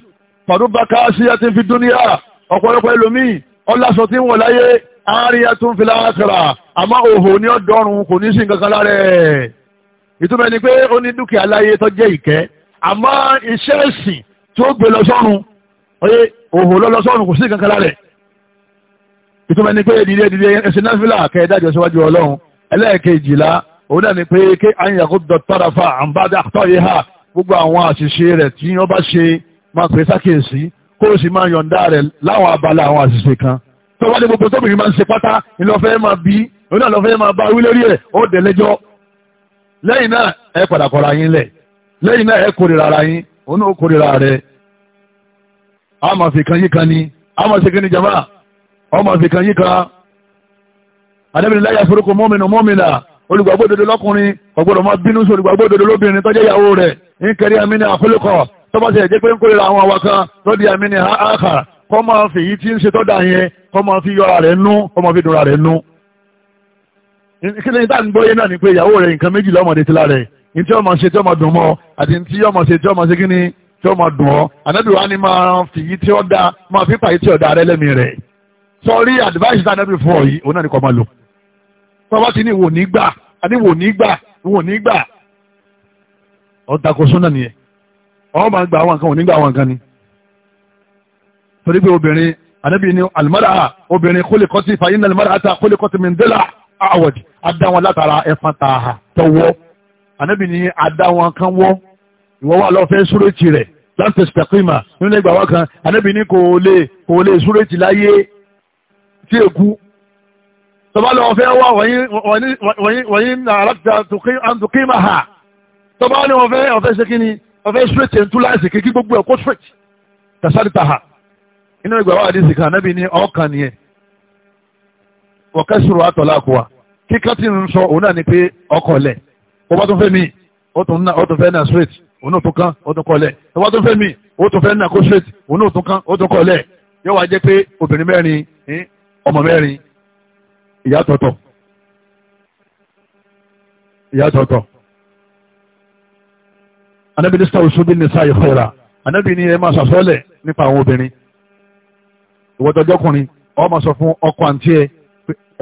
faruba káàsì àti fi dúníyà ọ̀pọ̀lọpọ̀ ẹlòmíì ọlásọ tí ń wọ̀ láyé àárín ẹtún fi láàkàrà àmọ́ òhò ní ọ̀dọ́rùn kò ní sí nǹkan kan lára ẹ̀ ìtumọ̀ ni pé ó ní dúkìá láyé tó jẹ́ ìkẹ́ àmọ́ iṣẹ́ ẹ̀sìn tí ó gbé lọ sọ́run oyé òhò lọ lọ sọ́run kò sí kankan lárẹ̀ ìtumọ̀ ni pé ìdílé ìdílé ẹsẹ̀ náfìlà kẹ́ẹ̀dájọ́ síwájú ọlọ́run ẹlẹ́ẹ̀kejìlá òun náà ni pé kí àyìnyàkó dọ̀tọ́rafa àǹbádà àtọ́yé ha gbogbo àwọn àṣìṣe rẹ̀ tí wọ́n bá ṣe máa pè sákèsí kó o sì máa yọ̀ǹda rẹ̀ láwọn abala àwọn àṣìṣe kan tó bá ní gbogbo tóbìnrin máa ń ṣe pátá ìlọ́fẹ́ máa bí òun náà lọ́fẹ́ máa bá wí lórí ẹ̀ ó dẹ̀ lẹ́jọ́ lẹ́yìn náà ẹ padà kọ̀ra yín lẹ̀ lẹ́yìn náà ẹ kórìíra ara yín òun náà kórìíra rẹ̀ a máa fi kan yíkan ni a máa ṣe kí ni jama a máa fi kan yíkan adébìnrin láyà forúkọ mọ́mìnà mọ́mìnà olùgbàgbọ́ òdodo lọ́kùnrin ọ̀gbọ́dọ̀ máa bínú sí olùgbàgbọ́ òdodo lóbìnrin tọ́jẹ́ ìyàwó rẹ̀ ń kẹrí àmì ní àkólókọ̀ tó bá ṣe jẹ́ pé ń kórìíra àwọn àwa kan tó di àmì ní àkà kọ́ máa fi èyí tí ń ṣe tọ́da yẹn kọ́ máa fi yọra rẹ̀ nú kọ́ máa fi dùnra rẹ̀ nú. kí ni táà ń gbọ́ yé náà ni pé ìyàwó rẹ̀ nǹkan méjì lọ́mọdé ti lára rẹ̀ ní tí ọmọ ṣe tí ọmọ dùn mọ́ àti ní tí ọmọ ṣe tí ọmọ ṣe kí ni tí ọmọ dùn ọ́ ànábì wa ni máa fi yí tí ó da máa fi pàyí tí ó da rẹ lẹ́mí rẹ̀ sọrí advice tá ànábì fún ọ yìí òun náà ni kò máa lò tọ́wọ́ ti ní wò ní gbà àní wò ní gbà wò ní gbà ọ̀dàkóso náà nìyẹn ọ̀hún máa gba àwọn nǹkan òní gba àwọn nǹkan ni torí pé obìnrin ànábì ni alimara obìnrin kólé kọ́tì fàyín alimara ta kólé kọ́tì mi ń délà àwọ̀dì adáwọn látara ẹ̀fọn tààhà tọwọ́ ànábì ní adá wọn kan wọ́ ìwọ́ wà lọ́ọ́ fẹ́ súrètì rẹ̀ láti stakima nínú ẹgbàá wa kan ànábì ní kò lè kò lè súrètì láyé tí èkú tọ́ba lọ́ọ́ fẹ́ wá wọ̀nyí àràkìtà àtùkìmà ha tọ́ba ní wọ́n fẹ́ ọ̀fẹ́ ṣe kíni ọ̀fẹ́ súrètì ẹ̀ ń tú láìsí kíkí gbogbo ẹ̀ kó súrètì tàṣàdìtà ha inú ìgbà wà àdìsí kan ànábì ní ọ̀kan nìyẹn wọ̀kẹ́sùrù àtọ̀lá kò wá kíkà tí ń sọ òun náà ni pé ọkọ̀ lẹ̀ ó bá tún fẹ́ mi ó tún ná ó tún fẹ́ ná straight òun náà tún kán ó tún kọ́lẹ̀ ó bá tún fẹ́ mi ó tún fẹ́ ná kó straight òun náà tún kán ó tún kọ́lẹ̀ yóò wá jẹ́ pé obìnrin mẹ́rin ọmọ mẹ́rin ìyá tọ̀tọ̀ ìyá tọ̀tọ̀ anabi ní sáwọ́ sóbí ní sáyé fẹ́ra anabi ní ẹ máa sàsọ́lẹ̀ nípa àwọn obìnrin ìwọ́tọ̀jọ́kùnrin ọ máa sọ fún ọkọ àǹtí ẹ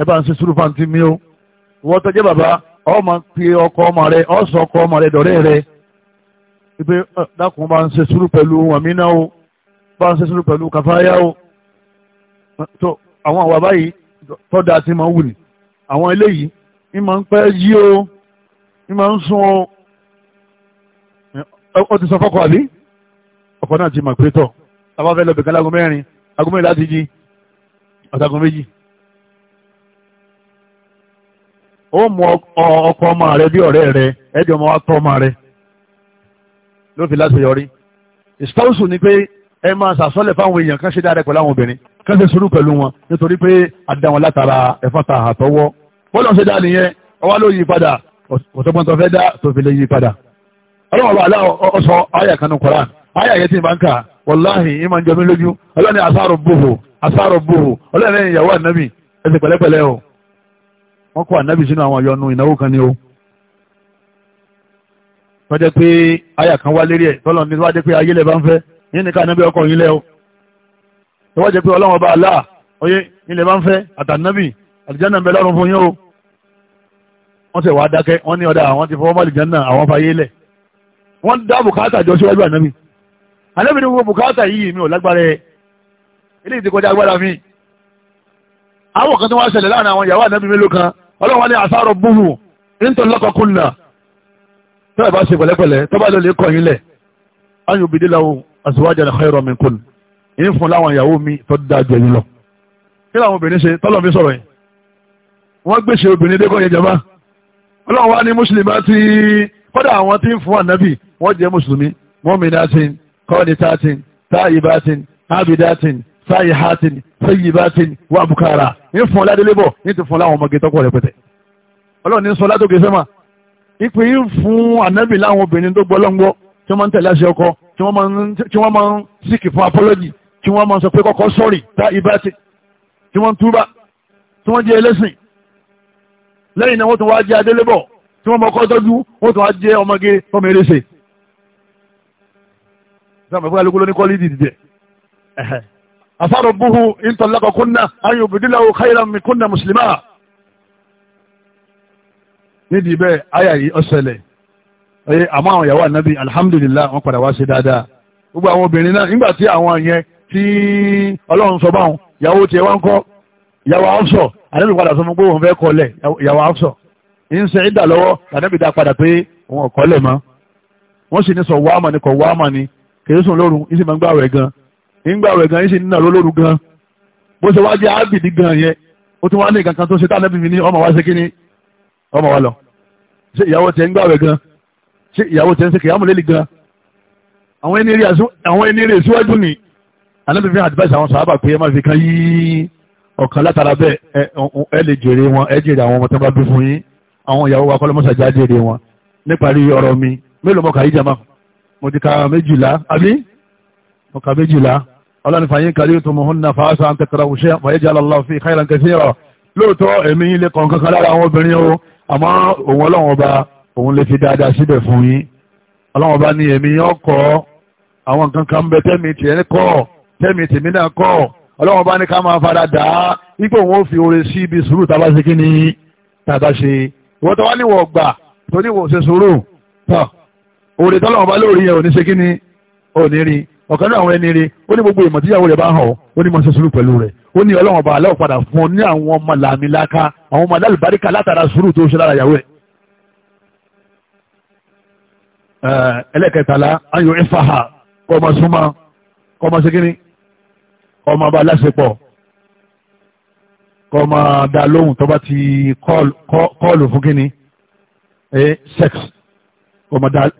ẹ bá ń ṣe sùúrù fáǹtí mi ó ìwọ́tọ̀jẹ́ bàbá ọmọ pe ọkọ ọmọ rẹ ọsọ ọkọ ọmọ rẹ dọ̀rẹ́ rẹ ipe dákun bá ń ṣe sùúrù pẹ̀lú wàmínà o bá ń ṣe sùúrù pẹ̀lú kàfáyà o tó àwọn àwa báyìí tọ́da ti máa ń wù ní àwọn eléyìí ní máa ń pẹ́ yí o ní máa ń sún o ó ti sọ fọ́kọ àbí ọkọ náà ti mà pé tọ̀ àbáfẹ́ lọ bẹ̀kẹ́ lágùn mẹ́rin agùn láti jí ọ̀tàgùn méjì o mú ọkọ ọmọ rẹ bí ọ̀rẹ́ rẹ ẹjọ́ ọmọ wa ebi ọmọ rẹ ló fi láṣeyọrí ìsítọ́ọ̀sù ni pé ẹ máa ṣàsọ́lẹ̀ fáwọn èèyàn kan ṣe dáadáa pẹ̀lú àwọn obìnrin kan ṣe sùúrù pẹ̀lú wọn nítorí pé adá wọn látara ta àtọwọ́ bọ́lá ṣe dá nìyẹn ọwọ́ ló yí padà fẹ́ dá tó fi lè yí padà aláwọ̀ wọ́n kó ànábì sínú àwọn àyọnu ìnáwó kan ni o tọ́jẹ́ pé àyà kan wá lérí ẹ̀ tọ́lọ̀ ní wájẹ́ pé ayé lẹ̀ bá ń fẹ́ yín ní ká ànábì ọkọ̀ yín lẹ́ o tọ́wọ́jẹ́ pé ọlọ́run ọba àlá oyé ilẹ̀ bá ń fẹ́ àtànábì àlìjáná ń lọ́rùn fún yín o wọ́n sì wá dákẹ́ wọ́n ní ọ̀dà àwọn ti fọwọ́ bá àlìjáná àwọn fayé lẹ̀ wọ́n dá bùkátà jọ síwájú àwọn kan tí wọ́n ṣẹlẹ̀ láàrin àwọn ìyàwó ànábì mélòó kan ọlọ́wọ́n ní àṣàrò búhù nítorí lọ́kọ̀ọ́kùn náà tó ẹ̀ bá ṣe pẹ̀lẹ́pẹ̀lẹ́ tó bá lọ lè kọ̀yìn lẹ̀ ayò bìdí làwọn àṣìwájà ní khayran min kun yìí fún láwọn ìyàwó mi tó dáa jẹ yìí lọ. kí làwọn obìnrin ṣe tọ́lọ̀ mi sọ̀rọ̀ yìí wọ́n gbèsè obìnrin dẹ́kọ̀ yẹn jama ọlọ́wọ́n wá ní mùsùlùmí àti kọ́dà àwọn tí ń fún ànábì wọ́n jẹ́ mùsùlùmí mọ́mìnà sáyé hàtì ni sẹ́yìn bá ti ni wà bùkárà ní fún ọládélé bọ̀ ní ti fún láwọn ọmọge tọ́kọ̀ rẹpẹtẹ ọlọ́run ní sọ látòkè sẹ́mà ìpè yín fún ànábì láwọn obìnrin tó gbọ́ lọ́ngbọ́ tí wọ́n máa ń tẹ̀lé àṣẹ ọkọ tí wọ́n máa ń síkì fún apọ́lọ́jì tí wọ́n máa ń sọ pé kọ́kọ́ sọ́ọ̀rì tá ibà ti tí wọ́n ń túbà tí wọ́n jẹ́ ẹlẹ́sìn lẹ́yìn náà wọ́n tún wá jẹ́ adélébọ̀ tí wọ́n mọ̀kọ́ tọ́jú wọ́n tún wá jẹ́ ọmọge ọmọ eréṣe. sáà mọ̀ fún alukó ní kọ́lí dìde àsáró búhu ìntọ́lákọ̀ kúnná ayé òbídíláwò káyìlá mi kúnná mùsùlùmá. nídìí bẹ́ẹ̀ àyà yìí ọ̀sẹ̀lẹ̀ ẹ̀yẹ àmọ́ àwọn ìyàwó ànábì alhamdulillah wọ́n padà wá sí dáadáa gbogbo àwọn obìnrin náà nígbà tí àwọn yẹn tí ọlọ́run sọ báwọn ìyàwó tiẹ̀ wá ń kọ́ ìyàwó afsọ ànábì padà sọ fún pé òun fẹ́ kọ́lẹ̀ ìyàwó afsọ ń ṣe ìdà lọ́wọ́ ànábì dá padà pé òun ọ̀kọ́lẹ̀ mọ́ wọ́n sì ní sọ wáàmà ni kọ̀ wáàmà ni kèésùn lóru ìsìn máa ń gbàwẹ̀ gan nígbà rẹ̀ gan yín sì nínà lólóru gan bó ṣe wá jẹ́ ábìdí gan yẹn ó tún wá ní kankan tó ṣe tánà bíbí ní ọmọ wa ṣe kíní ọmọ wa lọ ṣe ìyàwó tẹ̀ ń gbà rẹ̀ gan ṣe ìyàwó tẹ̀ ń ṣe kìyàmù lélẹ̀ gan àwọn ẹni rè síwájú ni anábì fi àdìbàṣà àwọn sàábà pé ẹ má fi kan yí ọ̀kan látara bẹ́ẹ̀ ẹ lè jèrè wọn ẹ jèrè àwọn ọmọ tó bá bí fún yín àwọn ìyàwó wa kọ́lọ́mọ́sà já jèrè wọn níparí ọ̀rọ̀ mi mélòó mọ́ka yìí jama mo ti ka méjìlá àbí ọkà méjìlá ọlọ́nifà yín kàrí tó mọ̀ hún náà fàáṣà ń tẹ̀kọ̀rọ̀ òṣè fàyẹ́jà lọ́lọ́ fi khayran kathira lóòótọ́ ẹ̀mí yín lè kọ̀ọ̀kan kan lára àwọn obìnrin o àmọ́ òun ọlọ́run ọba òun lè fi dáadáa síbẹ̀ fún yín ọlọ́run ọba ní ẹ̀mí yín ọkọ̀ àwọn nǹkan kan bẹ tẹ́mi tiẹ̀ kọ́ tẹ́mi tèmi náà kọ́ ọlọ́run ọba ní ká máa fara dà á ipò òun ó fi oore sí ibi sùúrù tá a bá ṣe kí ni tá a bá ṣe ìwọ́n tó wá níwọ̀ gbà tó níwọ̀ ṣe sùúrù tán òòrè tọ́lọ́run ọba lórí yẹn ò ní ṣe kí ni ò ní rí i ọ̀kan náà àwọn ẹni rẹ ó ní gbogbo ìmọ̀ tíyàwó rẹ̀ bá hàn ó ní máa ṣe sùúrù pẹ̀lú rẹ̀ ó ní ọlọ́run ọba aláwọ̀ padà fún ọ ní àwọn ọmọ làmìlaka àwọn ọmọ alálùbáríkà látara sùúrù tó ṣe lára ìyàwó rẹ̀. ẹlẹ́kẹtàlá ayò ìfàhà kọ́mọ súnmọ́ kọ́mọ ṣẹ́gínní kọ́mọ ọba aláṣepọ̀ kọ́mọ dá lóhùn tó bá ti kọ́ọ̀lù fún kínní sex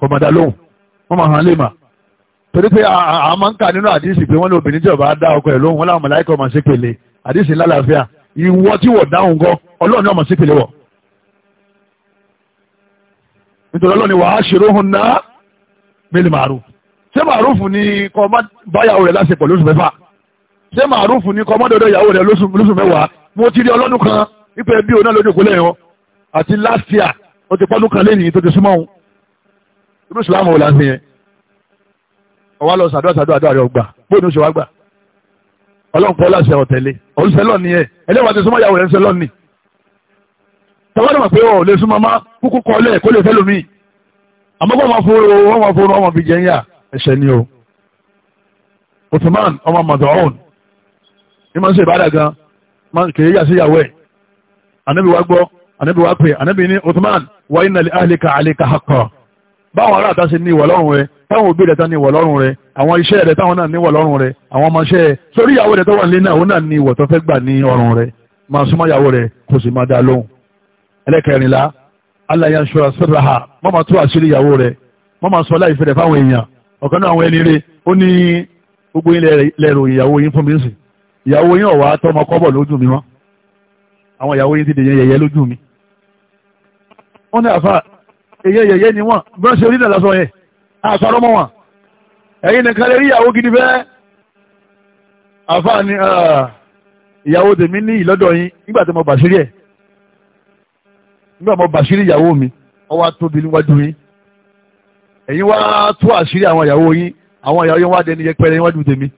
kọ́mọ dá lóhùn wọ́n máa hàn lè mà torí pé a máa ń kà nínú àdìsí pé wọ́n ní obìnrin tí ọba dá ọkọ ẹ̀ lóhùn wọn láwọn mọ̀láìkọ̀ máa ṣe pèlè àdìsí lálàáfíà ìwọ tí wọ́n dáhùn gan ọlọ́run náà máa ṣe pèlè wọ̀. nítorí ọlọ́run ni wàá ṣeré hun náà bẹ́ẹ̀ni màrú ṣé màrúfù ni kọ́ ọmọ báyàwó rẹ̀ láṣepọ̀ lóṣù mẹ́fà ṣé màrúfù ni kọ́ ọmọ dọ́dọ̀ ìyàwó rẹ̀ lóṣù mẹ́wàá mo ti rí ọlọ́dún kan wípé bí òun náà lójú ìpínlẹ̀ yẹn àti last year ó ti pọ́dún kan lẹ́yìn tó ti súnmọ́ òun irú ìsìlámù wò láti ọwọ́ lọ sàdúrà sàdúrà àdúrà rẹ̀ ọgbà bóun ló ṣe wá gbà ọlọ́run kọ́ láṣẹ ọ̀tẹ̀lé òṣèlọ́ ni ẹ ẹlẹ́wàá ti súnmọ́ ìyàwó rẹ̀ ń ṣẹlọ́ ni tọ́wọ́dọ̀ mọ̀ pé ọ̀ lè súnmọ́ má kúkú kọ́ lẹ̀ kó lè fẹ́ lómi àmọ́ kó wọn fòrò wọn wọn fòrò wọn fi jẹ yín à ẹ̀ṣẹ̀ ni o Uthman ọmọ mọ̀tọ́hún báwọn ará àtàṣe ní ìwà lọ́rùn rẹ táwọn òbí rẹ tán ní ìwà lọ́rùn rẹ àwọn iṣẹ́ rẹ táwọn náà ní ìwà lọ́rùn rẹ àwọn ọmọọṣẹ́ sórí ìyàwó rẹ tó wà nílé náà òun náà ní ìwà tó fẹ́ gbà ní ọrùn rẹ máa súnmọ́ ìyàwó rẹ kò sì máa dá lóhùn. ẹlẹ́kẹrìnlá aláya ṣọ́ra sọ́raha wọ́n máa tú àṣírí ìyàwó rẹ wọ́n máa sọ láìfẹ́ rẹ fáwọn èèyàn ọ̀kan náà àwọn ẹni rẹ ó ní gbogbo yín lẹ́rù ìyàwó yín fún mi sìn ìyàwó yín ọ̀wá tọmọ kọ́bọ̀ lójú mi wọ́n àwọn ìyàwó yín ti dèyàn yẹ̀yẹ́ lójú mi. wọ́n ní àfa èyẹ yẹyẹ ni wọ́n bí wọ́n ṣe orí dàda sọ yẹn àṣàrọ̀ mọ́ wọn ẹ̀yin nìkan lè rí ìyàwó gidi fẹ́ àfáà ni ìyàwó tèmi ní ìlọ́dọ̀ yín nígbà tí mo bàṣírí ẹ̀ nígbà mo bàṣírí ìyàwó mi ó wá tóbi níwájú yín ẹ̀yin wá tú àṣírí àwọn ìyàwó yín àwọn ìyàwó yín wá dẹni yẹpẹrẹ níwájú tèmi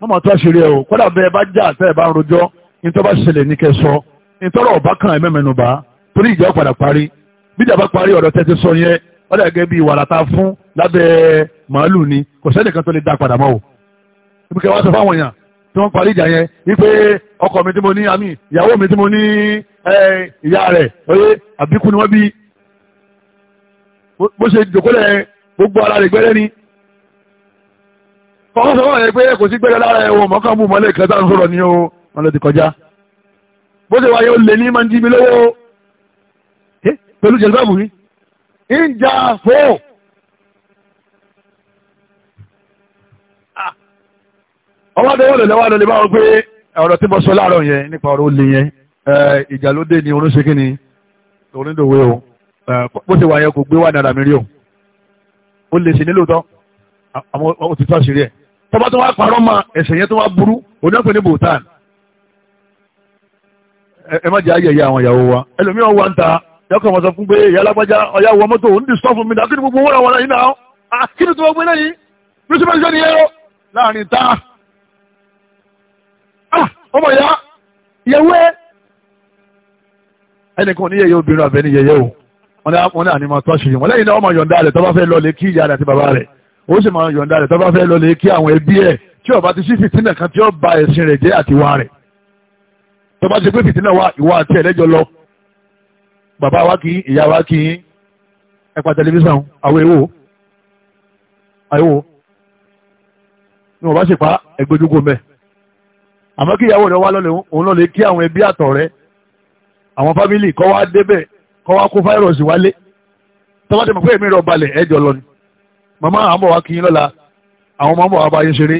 wọ́n máa tó àṣírí ẹ̀ o kódà bẹ́ẹ̀ bá jà tẹ́ ẹ̀ bá ń rojọ́ nítorí bá ṣẹlẹ̀ ní kẹ́ nítorí ọ̀bá kan ẹ̀ mẹ́mẹ́nu bá torí ìjà padà parí bíjà bá parí ọ̀rọ̀ tẹ́tí sọ yẹn wọ́n dà gẹ́gẹ́ bí wàrà ta fún lábẹ́ màálù ni kò sẹ́nìkan tó lè dá padà mọ́ o ibi kẹwàá sọ fáwọn èèyàn tí wọ́n parí ìjà yẹn wípé ọkọ mi tí mo ní àmì ìyàwó mi tí mo ní ìyá rẹ̀ oye àbíkú ni wọ́n bí bó ṣe jòkólẹ̀ gbogbo ara rẹ̀ gbẹ́rẹ́ ni kọ́kọ́ sọ fún àwọn ẹgbẹ́ kò sí gbẹ́rẹ́ lára ẹ̀wọ̀n mọ́kànbù mọ́lẹ̀ kẹta ń sọ̀rọ̀ ni ó wọn ti kọjá bó ṣe wáyé ó lè ní máa ń jí mi lówó pẹ̀lú jẹ̀lúbàbù ni ń jà fò. Ah. ọwọ́ adéwọ́ lè lọ́wọ́ lọ́lẹ́ báwọn pé ọ̀rọ̀ tí mo sọ láàárọ̀ yẹn nípa ọ̀rọ̀ olè yẹn ìjà ló dé ni onídòwe o bó ṣe wà yẹn kò gbé wà náírà mi rí o ó lè ṣe nílò tán àwọn òtítọ́ àṣírí ẹ̀ tọ́ba tó wá parọ́ mọ́ ẹ̀sẹ̀ yẹn tó ayẹyẹ àwọn ìyàwó wa ẹlòmíràn wá ń ta yọkọ̀ wọn sọ fún pé ìyá alágbájá ọ̀yá wọ mọ́tò ń disturb mi náà kí ni gbogbo wọ́n àwọn ẹ̀yìn náà ah, kí ni tó wọ́n gbé lẹ́yìn principal jọ nìyẹn o láàrin ta ah, ọmọ ìyá ìyẹ̀wò ẹ ẹnìkan ní yẹyẹ obìnrin àbẹ ní yẹyẹ o wọn ní wọn ní àní máa tó àṣeyọ wọn lẹ́yìn náà wọn máa yọ̀ǹda rẹ̀ tó bá fẹ́ lọ lè kí ìyá àti bàbá rẹ̀ ó sì máa yọ̀ǹda rẹ̀ tó fẹ́ lọ kí àwọn ẹbí ẹ̀ tí ó ti sí fìtínà kan tí ó ba ẹ̀sìn rẹ̀ jẹ́ àtiwá rẹ̀ tó ti pé fìtínà wa ìwà àti ẹ̀lẹ́jọ lọ bàbá wa kì í ìyá wa kì í ẹ pa tẹlifíṣàn àwọn èèwò àìwò ni wọ́n bá ṣèpá ẹgbẹ́júgbò mẹ́ àmọ́ kí ìyàwó rẹ̀ wá lọ́lẹ̀ òun lọ́lẹ̀ kí àwọn ẹbí àtọ̀ rẹ̀ àwọn fámìlì kọ́ wá débẹ̀ kọ́ wá kó fáírọ̀sì wálé tọ́wọ́ tẹ̀ mọ̀ pé èmi rọ̀ balẹ̀ ẹjọ́ lọ ni màmá àmọ́ wa kì í lọ́la àwọn ọmọ àmọ́ wa bá yín ṣeré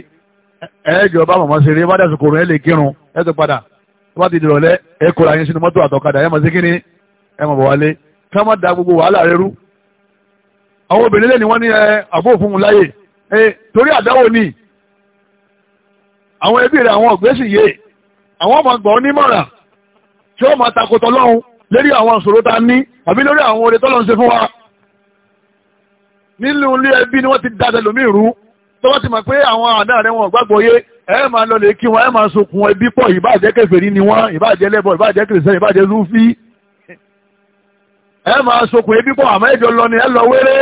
ẹjọ́ bá màmá ṣeré bá dàsùkò rẹ̀ lè kírun ẹ̀ tó padà tó bá ẹ kóra yín sínú mọ́tò àtọ̀kadà ẹ̀ mọ̀ sí kíní ẹ̀wọ̀n bọ̀ wálé ká má da gbogbo wàhálà rẹ rú àwọn obìnrin lẹ́ni wọ́n ní ẹ àbó òfin mu láyè ẹ torí àdáwò ni àwọn ẹbí rẹ àwọn ọ̀gbẹ́sì yé àwọn ọmọ gbọ̀n onímọ̀ràn tí ó máa takòtò lọ́hùn lórí àwọn ìṣòro tá a ní àbí lórí àwọn oore tọ́lọ́ ń ṣe fún wa nílùú ilé ẹbí ni wọ́n ti da tẹlòmíì rú tó bá ti mọ̀ pé àwọn àdá rẹ wọn gbàgbọ́ yé ẹ máa lọ lè kí wọn ẹ máa sokùn ẹbí pọ̀ ìbáàjẹ́ kèfèrí ni wọ́n ìbáàjẹ́ lẹ́bọ̀ ìbáàjẹ́ kìrìsẹ́ ìbáàjẹ́ zúfì ẹ máa sokùn ebi pọ̀ àmọ́ ìjọ lọ ni ẹ lọ wéré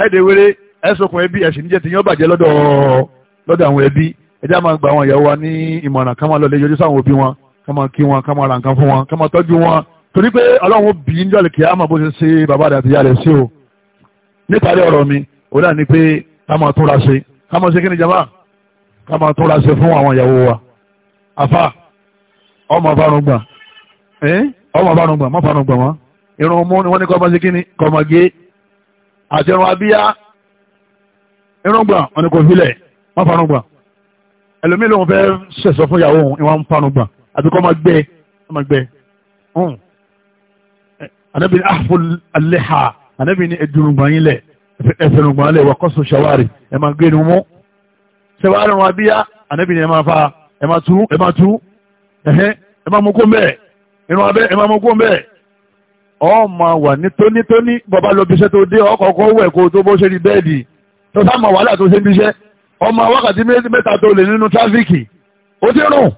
ẹ dé wéré ẹ sokùn ebi ẹ̀sìn níjẹ́ tìyàn bàjẹ́ lọ́dọ̀ lọ́dọ̀ àwọn ẹbí ẹjẹ́ máa gba àwọn ìyàwó wa ní ìmọ̀ràn ká máa lọ lè yọjú sáwọn òbí wọn ká máa kí wọn ká máa ra nǹkan fún wọn ká máa tọ́jú wọn torí pé ọlọ́run bí ń jọ̀lẹ̀ kí á máa bó ṣe ṣe bàbá rẹ̀ àti ìyá rẹ̀ sí o níparí ọ̀rọ̀ mi ó dà ní pé ká máa túnra ṣe ká máa ṣe kí ni jama ká máa túnra ṣe fún àwọn ìyàwó wa afa ọmọ farungbà ọmọ farungbà má farungbà wọn irun mú ni wọ́n ní kọ́ máa ṣe kíni kọ́ máa gé àti irun abíyá irun gbà wọ́n ní kò fílẹ̀ wọ́n fanu gbà ẹlòmíì lòun fẹ́ ṣẹ̀ṣọ́ fún ìyàwó òun ìwọ̀n fanu gbà àti kọ́ máa gbẹ kọ́ máa gbẹ anabi hmm. ni ahful aleha anabi ni edurungba yin lẹ ẹfẹrungba lẹ wakọsọ shawari ẹ máa gbé irun mú sẹwàárẹ̀ wọn abíyá anabi ni ẹ máa fa ẹ máa tú ẹ máa tú ẹ máa mú kó mbẹ irun abẹ ẹ máa mú kó mbẹ ọmọ wà ní tónítóní bọ́bá lọ bíṣẹ́ tó dé ọkọ̀ọ̀kọ̀ wẹ̀ kó tó bó ṣe rí bẹ́ẹ̀dì tó sáàmọ̀ wàhálà tó ṣe ń bíṣẹ́ ọmọ wákàtí mẹ́ta tó lè nínú tráfíkì ó ti rùn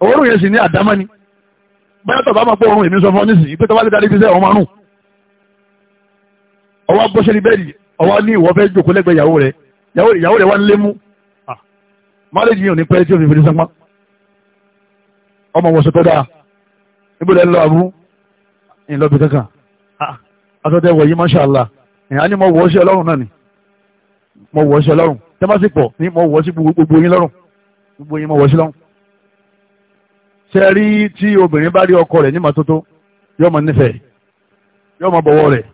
òórùn yẹn sì ní àdámọ́ni bóyá tọ̀bá máa pọ̀ òórùn èmi sọ fún ọ nísìnyí pé tọ́ba ti darí bíṣẹ́ ọmọ rùn ọwọ́ bó ṣe rí bẹ́ẹ̀dì ọwọ́ ní ìwọ fẹ́ jòkó lẹ́gbẹ̀ẹ́ ìyàwó rẹ̀ ìyàwó rẹ̀ wá ń lé mú máléjì yìí ìlọ́bi kankan àtọ́tẹ́ ah, wọ̀nyí mashallah ẹ̀yìn á ní mo wọ̀ ọ́ sí ọlọ́run náà ni mo wọ̀ ọ́ sí ọlọ́run tẹ́ bá sì pọ̀ ní mo wọ̀ ọ́ sí gbogbo yín lọ́rùn gbogbo yín mo wọ̀ ọ́ sí lọ́rùn. ṣe rí tí obìnrin bá rí ọkọ rẹ̀ ní màtótó yóò máa nífẹ̀ẹ́ yóò máa bọ̀wọ̀ rẹ̀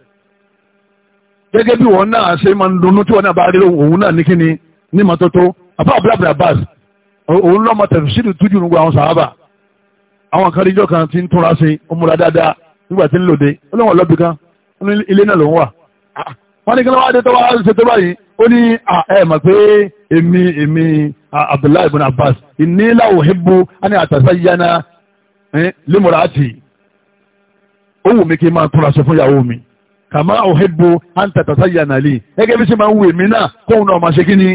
gẹ́gẹ́ bí wọn náà ṣe máa ń dunnú tí wọn náà bá rí òun náà ní kíni ní màtótó àbá àbúrà bàs òun lọ́mọ tẹ̀síìlì tújù nù àwọn sàhábà àwọn kan ríjọ́ kan ti ń túnra sí ó dáadáa nígbà tí ń lòde ó lọ́wọ́ lọ́bì kan ó ní ilé náà ló ń wà wọ́n ní kí ló wá dé tó wá ṣe tó báyìí ó ní ẹ mọ̀ pé èmi èmi Abdullahi ibn Abbas ìnílá òhìnbó á ní àtàṣà yánná lémùrà àti ó wù mí kí n máa túnra sọ fún ìyàwó mi kàmá òhìnbó á ń tàtàṣà yánná lè gẹ́gẹ́ bí ṣe máa ń wù èmi náà kóun náà máa ṣe kí ni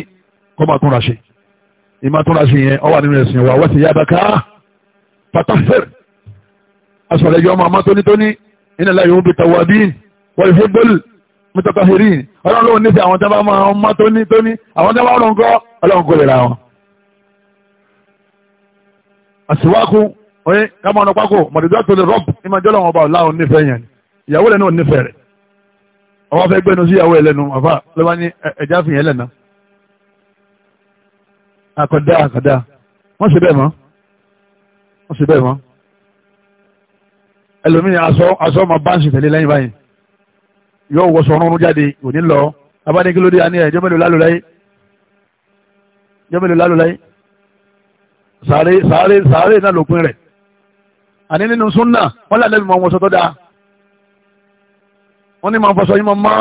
kó máa túnra ṣe ìmá túnra ṣe yẹn ó wà nínú ẹ̀sìn wa wọ́n ti yá bàkà fatahir asọ̀rẹ̀jọ́ ọmọ àmọ́ tónítóní iná láyé òun bí tàwádí wọ́n ìfẹ́ bọ́ọ̀lù mítọ́kàfẹ́rì ọlọ́run ló ní sí àwọn tẹ́bá máa ń mọ́ tónítóní àwọn tẹ́bá ọ̀rọ̀ ńkọ́ ọlọ́run kò lè ra wọn. àsìwákú oye kámọ ọ̀nà pákó mọ̀tẹ́jọ́ tó lè rọ́ọ̀bù ní máa jọ́lọ́wọ́n ọba ọ̀làwọn nífẹ̀ẹ́ yẹn ìyàwó rẹ̀ náà nífẹ̀ẹ́ rẹ̀ ọwọ́ fẹ́ gbẹ́nu sí ìyàwó ẹlòmíì aṣọ aṣọ ọmọ báńsì tẹ̀lé lẹ́yìn báyìí yóò wọṣọ ọrùn jáde òní lọ abánikílódé àní ẹ̀ jọ́mẹ́lò lálùláyé jọ́mẹ́lò lálùláyé sàárè sàárè sàárè náà lòpin rẹ̀ àní nínú súnà wọ́n lálẹ́ mi mọ wọn sọ́tọ́ dáa wọ́n ní máa fọṣọ yín mọ́ mọ́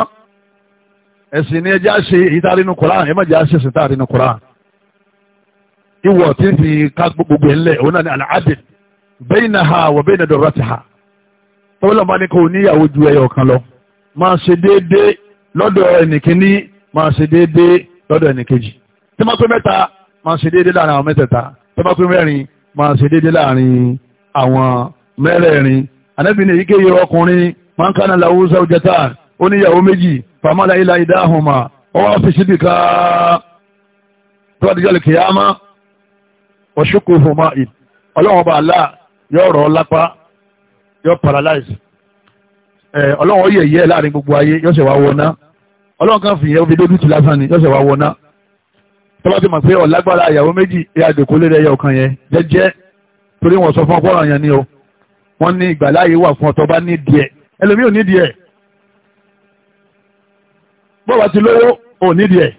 ẹ̀sìn ni ẹjẹ́ àṣe èyí tá a rí nu Kùránì ẹ̀ má jẹ́ àṣe ẹ̀sìn tá a rí nu Kùránì ìwọ̀ tí ń fi ká gbogbo ẹ̀ ńlẹ̀ òun náà ni àlàádìí bẹ́ẹ̀ náà ha wọ̀ bẹ́ẹ̀ náà dọ̀rọ̀ ti ha tọ́wọ́lọ́ bá ní kò níyàwó ju ẹyọ kan lọ máa ṣe déédéé lọ́dọ̀ ẹnìkíní máa ṣe déédéé lọ́dọ̀ ẹnìkejì tí máa pé mẹ́ta máa ṣe déédéé láàrin àwọn mẹ́tẹ̀ẹ̀ta tí máa pé mẹ́rin máa ṣe déédéé láàrin àwọn mẹ́rẹ̀ẹ̀rin ànábì ní èyíkéyìí ọkùnrin máa ń kánà làwọn zawjata ó níyàwó méjì fàmálà ilà ìdáhùnmá wọ́n wá fi síbi ká tó yọ paralyze ẹ eh, ọlọ́run ọyẹ yẹ láàrin gbogbo ayé yọ sẹ̀ wá wọná ọlọ́run kan fìyẹ́ fi dójú ti lásán ni yọ sẹ̀ wá wọná tọ́lá ti mọ̀ pé ọ̀lágbára ìyàwó méjì ẹ àjòkó lé ẹyọ kan yẹn jẹ́jẹ́ torí wọn sọ fún ọpọ́ràn yẹn ni o wọ́n ní ìgbàláyé wà fún ọtọ́ bá ní díẹ̀ ẹlòmíì ò ní díẹ̀ bọ́ọ̀bá ti lówó ò ní díẹ̀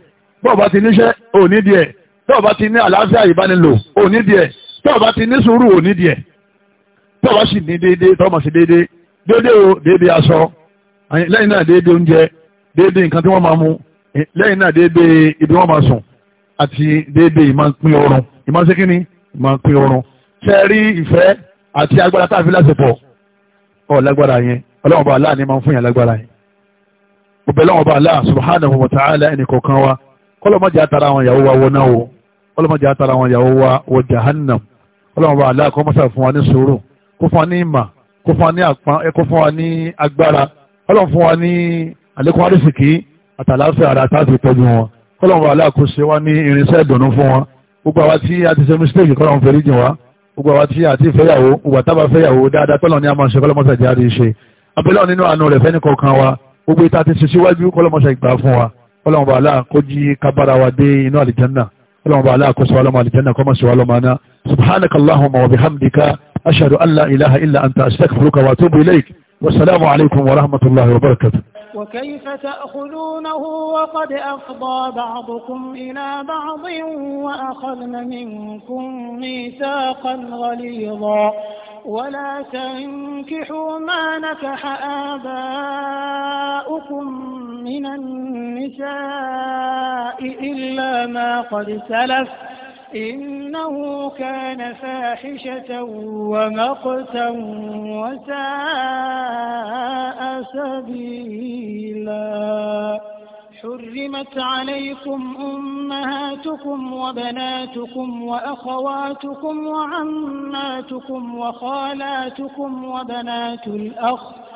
bọ́ọ̀bá ti níṣẹ́ ò ní díẹ̀ bọ́ọ̀bá ti ní àlàáfíà ìbánilò ò ní díẹ̀ bọ́ọ̀bá ti ní sùúrù ò ní díẹ̀ tọ́wọ́ sì ní déédéé tọ́wọ́ sì déédéé déédéé o déédéé aṣọ lẹ́yìn náà déédéé oúnjẹ déédéé nǹkan tí wọ́n máa mu lẹ́yìn náà déédéé ibi wọ́n máa sùn àti déédéé ìmọ̀pin oorun ìmọ̀sẹ́kínní ìmọ̀pin oorun ṣe rí ìfẹ́ àti agbára tá a fi lásìpọ̀ ọ̀ lágbára yẹn ọlọ́wọ́n bá aláà ní máa ń fún yàn lágbára yẹn òbẹ̀ lọ́wọ́n bá aláà subhanahu wa ta'ala ẹnì kọ̀ọ̀kan wa kọ́lọ́mọ́jà àtàrà àwọn ìyàwó wa wọná o kọ́lọ́mọ́jà àtàrà àwọn ìyàwó wa wọ jahannam ọlọ́wọ́n bá aláà kọ́ fún wa ní sùúrù kó fún wa ní ìmà kó fún wa ní àpọn kó fún wa ní agbára ọlọ́run fún wa ní àlékún àrísìkí àtàláfẹ́ ara táàfin tọ́jú wọn kọ́lọ́run wà láàkóso wa ní irinṣẹ́ ìdùnnú fún wọn gbogbo àwa tí a ti ṣe mistake kọ́lọ́run fẹ́rí jìn wá gbogbo àwa tí a ti fẹ́yàwó gbogbo àtàbà fẹ́yàwó dáadáa tọ́lọ̀ ní a máa ṣe kọ́lọ́mọ́sà jẹ́ àrí ṣe abẹ́lẹ́ nínú àánú rẹ̀ fẹ́ni kọ̀ọ̀kan wa gbogbo ìta ti ṣe síwájú kọ́lọ́mọ́sà ìgbà fún wa kọ́lọ́run wà láàkójí kábàrà wa dé inú àlìjánná kọ́lọ́run wà láàkóso wa lọ́mọ àlìjánná kọ́mọ́sì wa lọ́mọ aná subhanakallahumma wa bihamdika أشهد أن لا إله إلا أنت أستغفرك وأتوب إليك والسلام عليكم ورحمة الله وبركاته وكيف تأخذونه وقد أفضى بعضكم إلى بعض وأخذن منكم ميثاقا غليظا ولا تنكحوا ما نكح آباؤكم من النساء إلا ما قد سلف إنه كان فاحشة ومقتا وساء سبيلا حرمت عليكم أمهاتكم وبناتكم وأخواتكم وعماتكم وخالاتكم وبنات الأخ